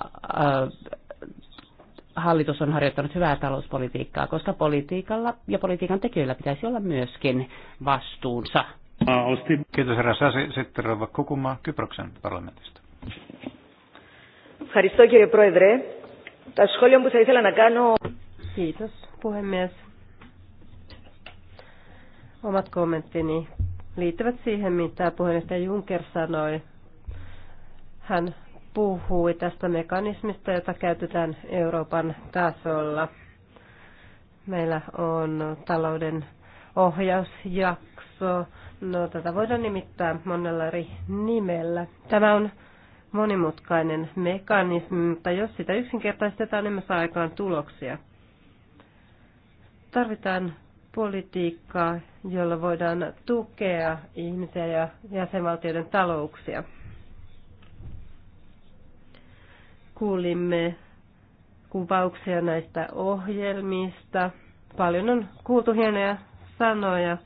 äh, hallitus on harjoittanut hyvää talouspolitiikkaa, koska politiikalla ja politiikan tekijöillä pitäisi olla myöskin vastuunsa. Kiitos herra Sasi. Sitten Rova Kukuma Kyproksen parlamentista. Ευχαριστώ κύριε Πρόεδρε. Τα σχόλια που θα ήθελα να κάνω... Omat kommenttini liittyvät siihen, mitä puheenjohtaja Juncker sanoi. Hän puhui tästä mekanismista, jota käytetään Euroopan tasolla. Meillä on talouden ohjausjakso. No, tätä voidaan nimittää monella eri nimellä. Tämä on monimutkainen mekanismi, mutta jos sitä yksinkertaistetaan, emme niin saa aikaan tuloksia. Tarvitaan politiikkaa, jolla voidaan tukea ihmisiä ja jäsenvaltioiden talouksia. Kuulimme kuvauksia näistä ohjelmista. Paljon on kuultu hienoja sanoja,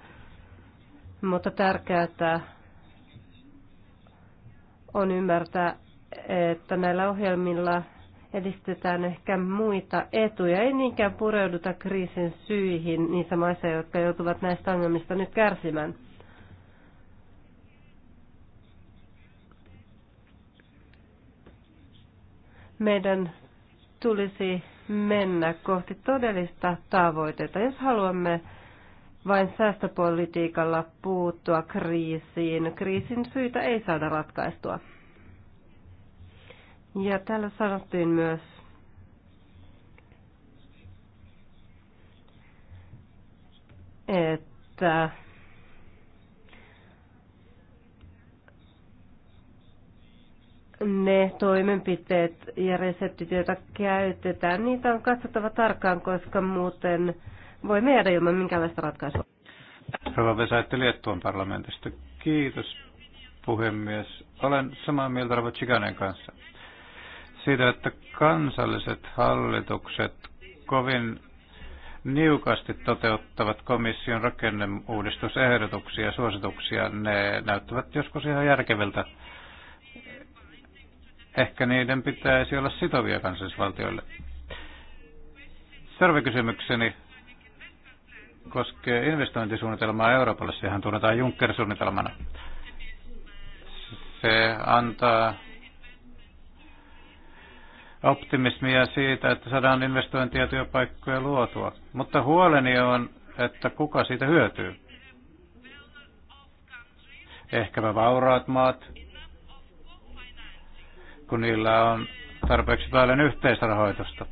mutta tärkeää on ymmärtää, että näillä ohjelmilla edistetään ehkä muita etuja. Ei niinkään pureuduta kriisin syihin niissä maissa, jotka joutuvat näistä ongelmista nyt kärsimään. Meidän tulisi mennä kohti todellista tavoitetta. Jos haluamme vain säästöpolitiikalla puuttua kriisiin. Kriisin syitä ei saada ratkaistua. Ja täällä sanottiin myös, että ne toimenpiteet ja reseptit, joita käytetään, niitä on katsottava tarkkaan, koska muuten – voimme jäädä ilman minkäänlaista ratkaisua. Rova Vesa, että Liettuan parlamentista. Kiitos, puhemies. Olen samaa mieltä Rova Chiganen kanssa siitä, että kansalliset hallitukset kovin niukasti toteuttavat komission rakenneuudistusehdotuksia ja suosituksia. Ne näyttävät joskus ihan järkeviltä. Ehkä niiden pitäisi olla sitovia kansallisvaltioille. Seuraava kysymykseni koskee investointisuunnitelmaa Euroopalle. Sehän tunnetaan Juncker-suunnitelmana. Se antaa optimismia siitä, että saadaan investointia ja työpaikkoja luotua. Mutta huoleni on, että kuka siitä hyötyy. Ehkäpä vauraat maat, kun niillä on tarpeeksi paljon yhteisrahoitusta.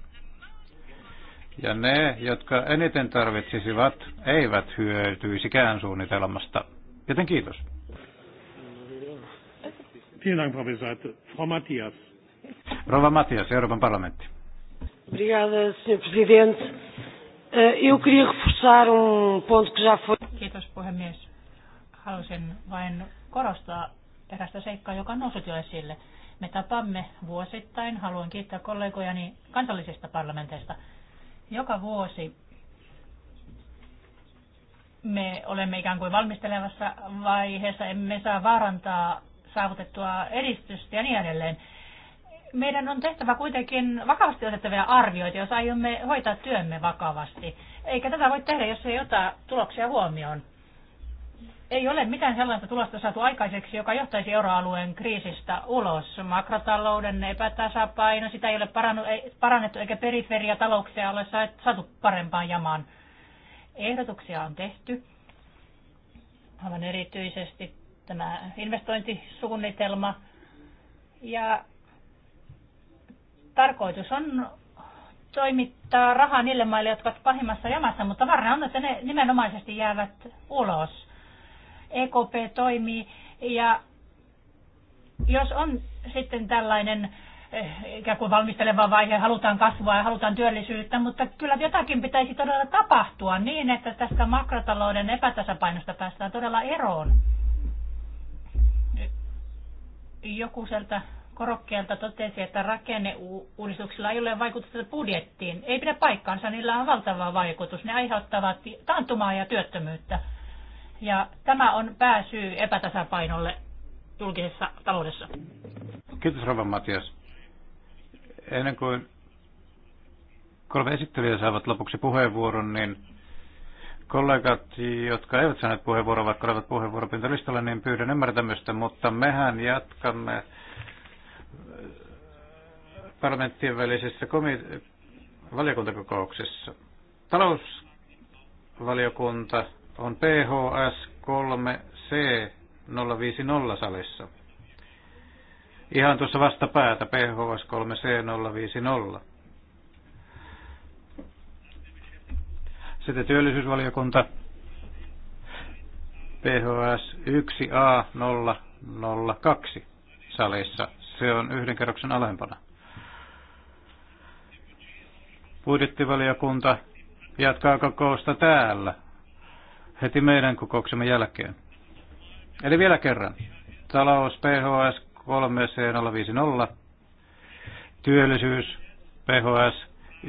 Ja ne, jotka eniten tarvitsisivat, eivät hyötyisikään suunnitelmasta. Joten kiitos. Vielen Dank, Frau Frau Matthias. Rova Matias, Euroopan parlamentti. Obrigada, Sr. Presidente. Eh, eu queria reforçar um ponto que já foi... Kiitos, puhemies. Halusin vain korostaa erästä seikkaa, joka on jo esille. Me tapamme vuosittain. Haluan kiittää kollegojani kansallisista parlamenteista. Joka vuosi me olemme ikään kuin valmistelevassa vaiheessa, emme saa vaarantaa saavutettua edistystä ja niin edelleen. Meidän on tehtävä kuitenkin vakavasti otettavia arvioita, jos aiomme hoitaa työmme vakavasti. Eikä tätä voi tehdä, jos ei ota tuloksia huomioon ei ole mitään sellaista tulosta saatu aikaiseksi, joka johtaisi euroalueen kriisistä ulos. Makrotalouden epätasapaino, sitä ei ole parannettu eikä periferiatalouksia ole saatu parempaan jamaan. Ehdotuksia on tehty, aivan erityisesti tämä investointisuunnitelma. Ja tarkoitus on toimittaa rahaa niille maille, jotka ovat pahimmassa jamassa, mutta varmaan on, että ne nimenomaisesti jäävät ulos. EKP toimii ja jos on sitten tällainen eh, ikään kuin valmisteleva vaihe, halutaan kasvua ja halutaan työllisyyttä, mutta kyllä jotakin pitäisi todella tapahtua niin, että tästä makrotalouden epätasapainosta päästään todella eroon. Joku sieltä korokkeelta totesi, että rakenneuudistuksilla ei ole vaikutusta budjettiin. Ei pidä paikkaansa, niillä on valtava vaikutus. Ne aiheuttavat taantumaa ja työttömyyttä. Ja tämä on pääsyy epätasapainolle julkisessa taloudessa. Kiitos Rova Matias. Ennen kuin kolme esittelijä saavat lopuksi puheenvuoron, niin kollegat, jotka eivät saaneet puheenvuoroa, vaikka olivat puheenvuoropintalistalla, niin pyydän ymmärtämystä, mutta mehän jatkamme parlamenttien välisessä komi- valiokuntakokouksessa. Talousvaliokunta on PHS 3C 050 salissa. Ihan tuossa vasta päätä PHS 3C050. Sitten työllisyysvaliokunta PHS 1A002 salissa. Se on yhden kerroksen alempana. Budjettivaliokunta jatkaa kokousta täällä heti meidän kokouksemme jälkeen. Eli vielä kerran. Talous PHS 3C050, työllisyys PHS 1A002,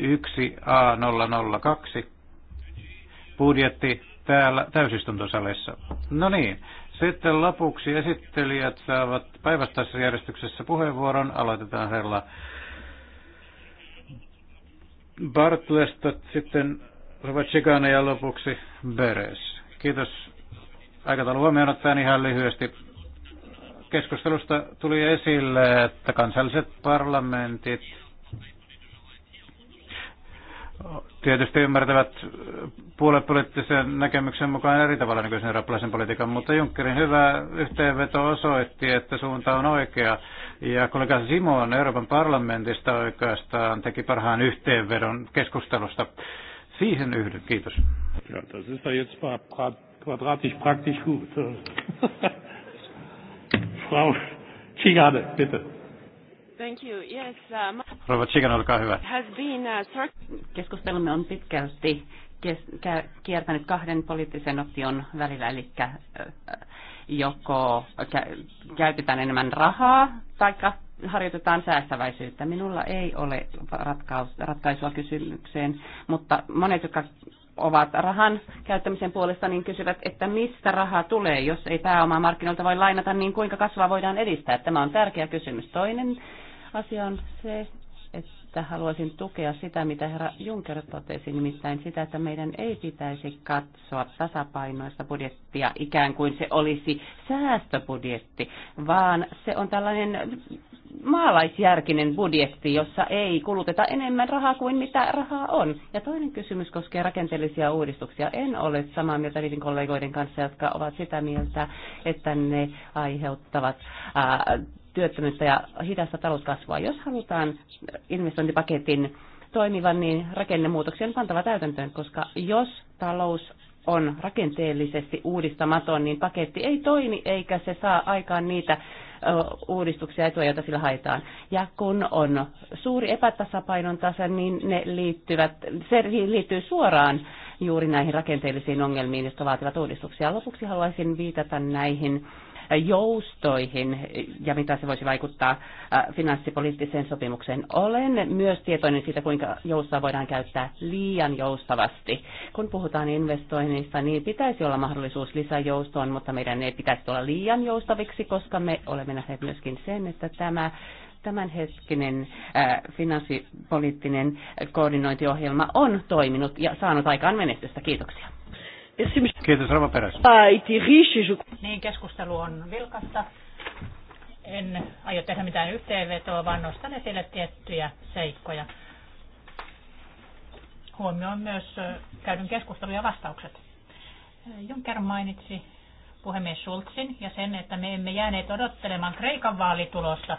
budjetti täällä täysistuntosalissa. No niin, sitten lopuksi esittelijät saavat päivästäisessä järjestyksessä puheenvuoron. Aloitetaan herra Bartlesta, sitten Rova ja lopuksi Beres. Kiitos. Aikataulu huomioon ottaen ihan lyhyesti. Keskustelusta tuli esille, että kansalliset parlamentit tietysti ymmärtävät puoluepoliittisen näkemyksen mukaan eri tavalla nykyisen eurooppalaisen politiikan, mutta Junckerin hyvä yhteenveto osoitti, että suunta on oikea. Ja kollega Simon Euroopan parlamentista oikeastaan teki parhaan yhteenvedon keskustelusta. Siihen yhdyn, kiitos. Ja, das ist ja jetzt quadratisch praktisch gut. Frau Chigade, bitte. Thank you. Yes, um, Rouva Chigan, olkaa hyvä. Has been, uh, Keskustelumme on pitkälti kes, kä, kiertänyt kahden poliittisen option välillä, eli äh, joko käytetään enemmän rahaa tai harjoitetaan säästäväisyyttä. Minulla ei ole ratkaisua kysymykseen, mutta monet, jotka ovat rahan käyttämisen puolesta, niin kysyvät, että mistä raha tulee, jos ei pääomaa markkinoilta voi lainata, niin kuinka kasvua voidaan edistää? Tämä on tärkeä kysymys. Toinen asia on se, että haluaisin tukea sitä, mitä herra Juncker totesi, nimittäin sitä, että meidän ei pitäisi katsoa tasapainoista budjettia ikään kuin se olisi säästöbudjetti, vaan se on tällainen maalaisjärkinen budjetti, jossa ei kuluteta enemmän rahaa kuin mitä rahaa on. Ja toinen kysymys koskee rakenteellisia uudistuksia. En ole samaa mieltä niiden kollegoiden kanssa, jotka ovat sitä mieltä, että ne aiheuttavat ää, työttömyyttä ja hidasta talouskasvua. Jos halutaan investointipaketin toimivan, niin rakennemuutoksia on pantava täytäntöön, koska jos talous on rakenteellisesti uudistamaton, niin paketti ei toimi eikä se saa aikaan niitä uudistuksia ja joita sillä haetaan. Ja kun on suuri epätasapainon tasa, niin ne liittyvät, se liittyy suoraan juuri näihin rakenteellisiin ongelmiin, jotka vaativat uudistuksia. Lopuksi haluaisin viitata näihin joustoihin ja mitä se voisi vaikuttaa finanssipoliittiseen sopimukseen. Olen myös tietoinen siitä, kuinka joustoa voidaan käyttää liian joustavasti. Kun puhutaan investoinnista, niin pitäisi olla mahdollisuus lisäjoustoon, mutta meidän ei pitäisi olla liian joustaviksi, koska me olemme nähneet myöskin sen, että tämä tämänhetkinen äh, finanssipoliittinen koordinointiohjelma on toiminut ja saanut aikaan menestystä. Kiitoksia. Kiitos, Rova Peräs. Ah, niin, keskustelu on vilkasta. En aio tehdä mitään yhteenvetoa, vaan nostan esille tiettyjä seikkoja. Huomioon myös käydyn keskustelun ja vastaukset. Juncker mainitsi puhemies Schulzin ja sen, että me emme jääneet odottelemaan Kreikan vaalitulosta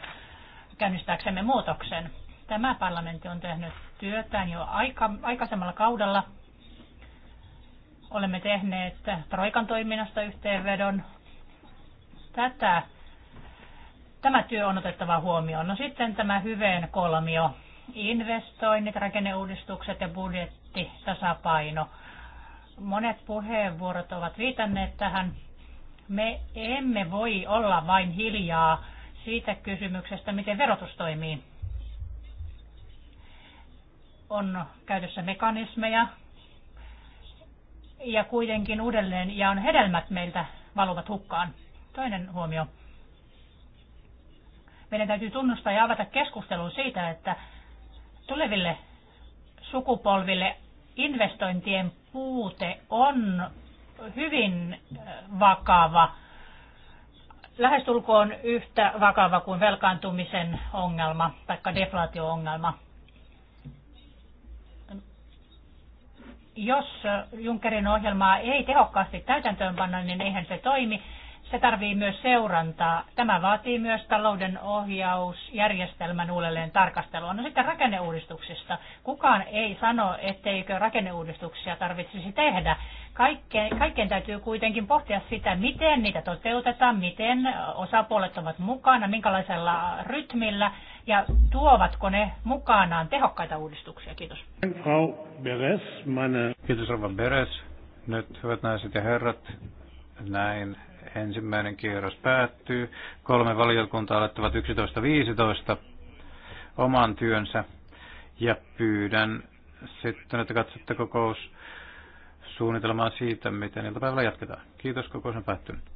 käynnistääksemme muutoksen. Tämä parlamentti on tehnyt työtään jo aika, aikaisemmalla kaudella Olemme tehneet Troikan toiminnasta yhteenvedon. Tätä, tämä työ on otettava huomioon. No sitten tämä hyveen kolmio. Investoinnit, rakenneuudistukset ja budjetti, tasapaino. Monet puheenvuorot ovat viitanneet tähän. Me emme voi olla vain hiljaa siitä kysymyksestä, miten verotus toimii on käytössä mekanismeja, ja kuitenkin uudelleen ja on hedelmät meiltä valuvat hukkaan. Toinen huomio. Meidän täytyy tunnustaa ja avata keskustelua siitä, että tuleville sukupolville investointien puute on hyvin äh, vakava, lähestulkoon yhtä vakava kuin velkaantumisen ongelma tai deflaatio-ongelma. Jos äh, Junckerin ohjelmaa ei tehokkaasti täytäntöönpanna, niin eihän se toimi. Se tarvii myös seurantaa. Tämä vaatii myös talouden ohjausjärjestelmän uudelleen tarkastelua. No sitten rakenneuudistuksista. Kukaan ei sano, etteikö rakenneuudistuksia tarvitsisi tehdä. Kaikkeen, kaikkeen täytyy kuitenkin pohtia sitä, miten niitä toteutetaan, miten osapuolet ovat mukana, minkälaisella rytmillä ja tuovatko ne mukanaan tehokkaita uudistuksia. Kiitos. Kiitos Rova Beres. Nyt hyvät naiset ja herrat, näin Ensimmäinen kierros päättyy. Kolme valiokuntaa aloittavat 11.15 oman työnsä. Ja pyydän sitten, että katsotte suunnitelmaa siitä, miten iltapäivällä jatketaan. Kiitos, kokous on päättynyt.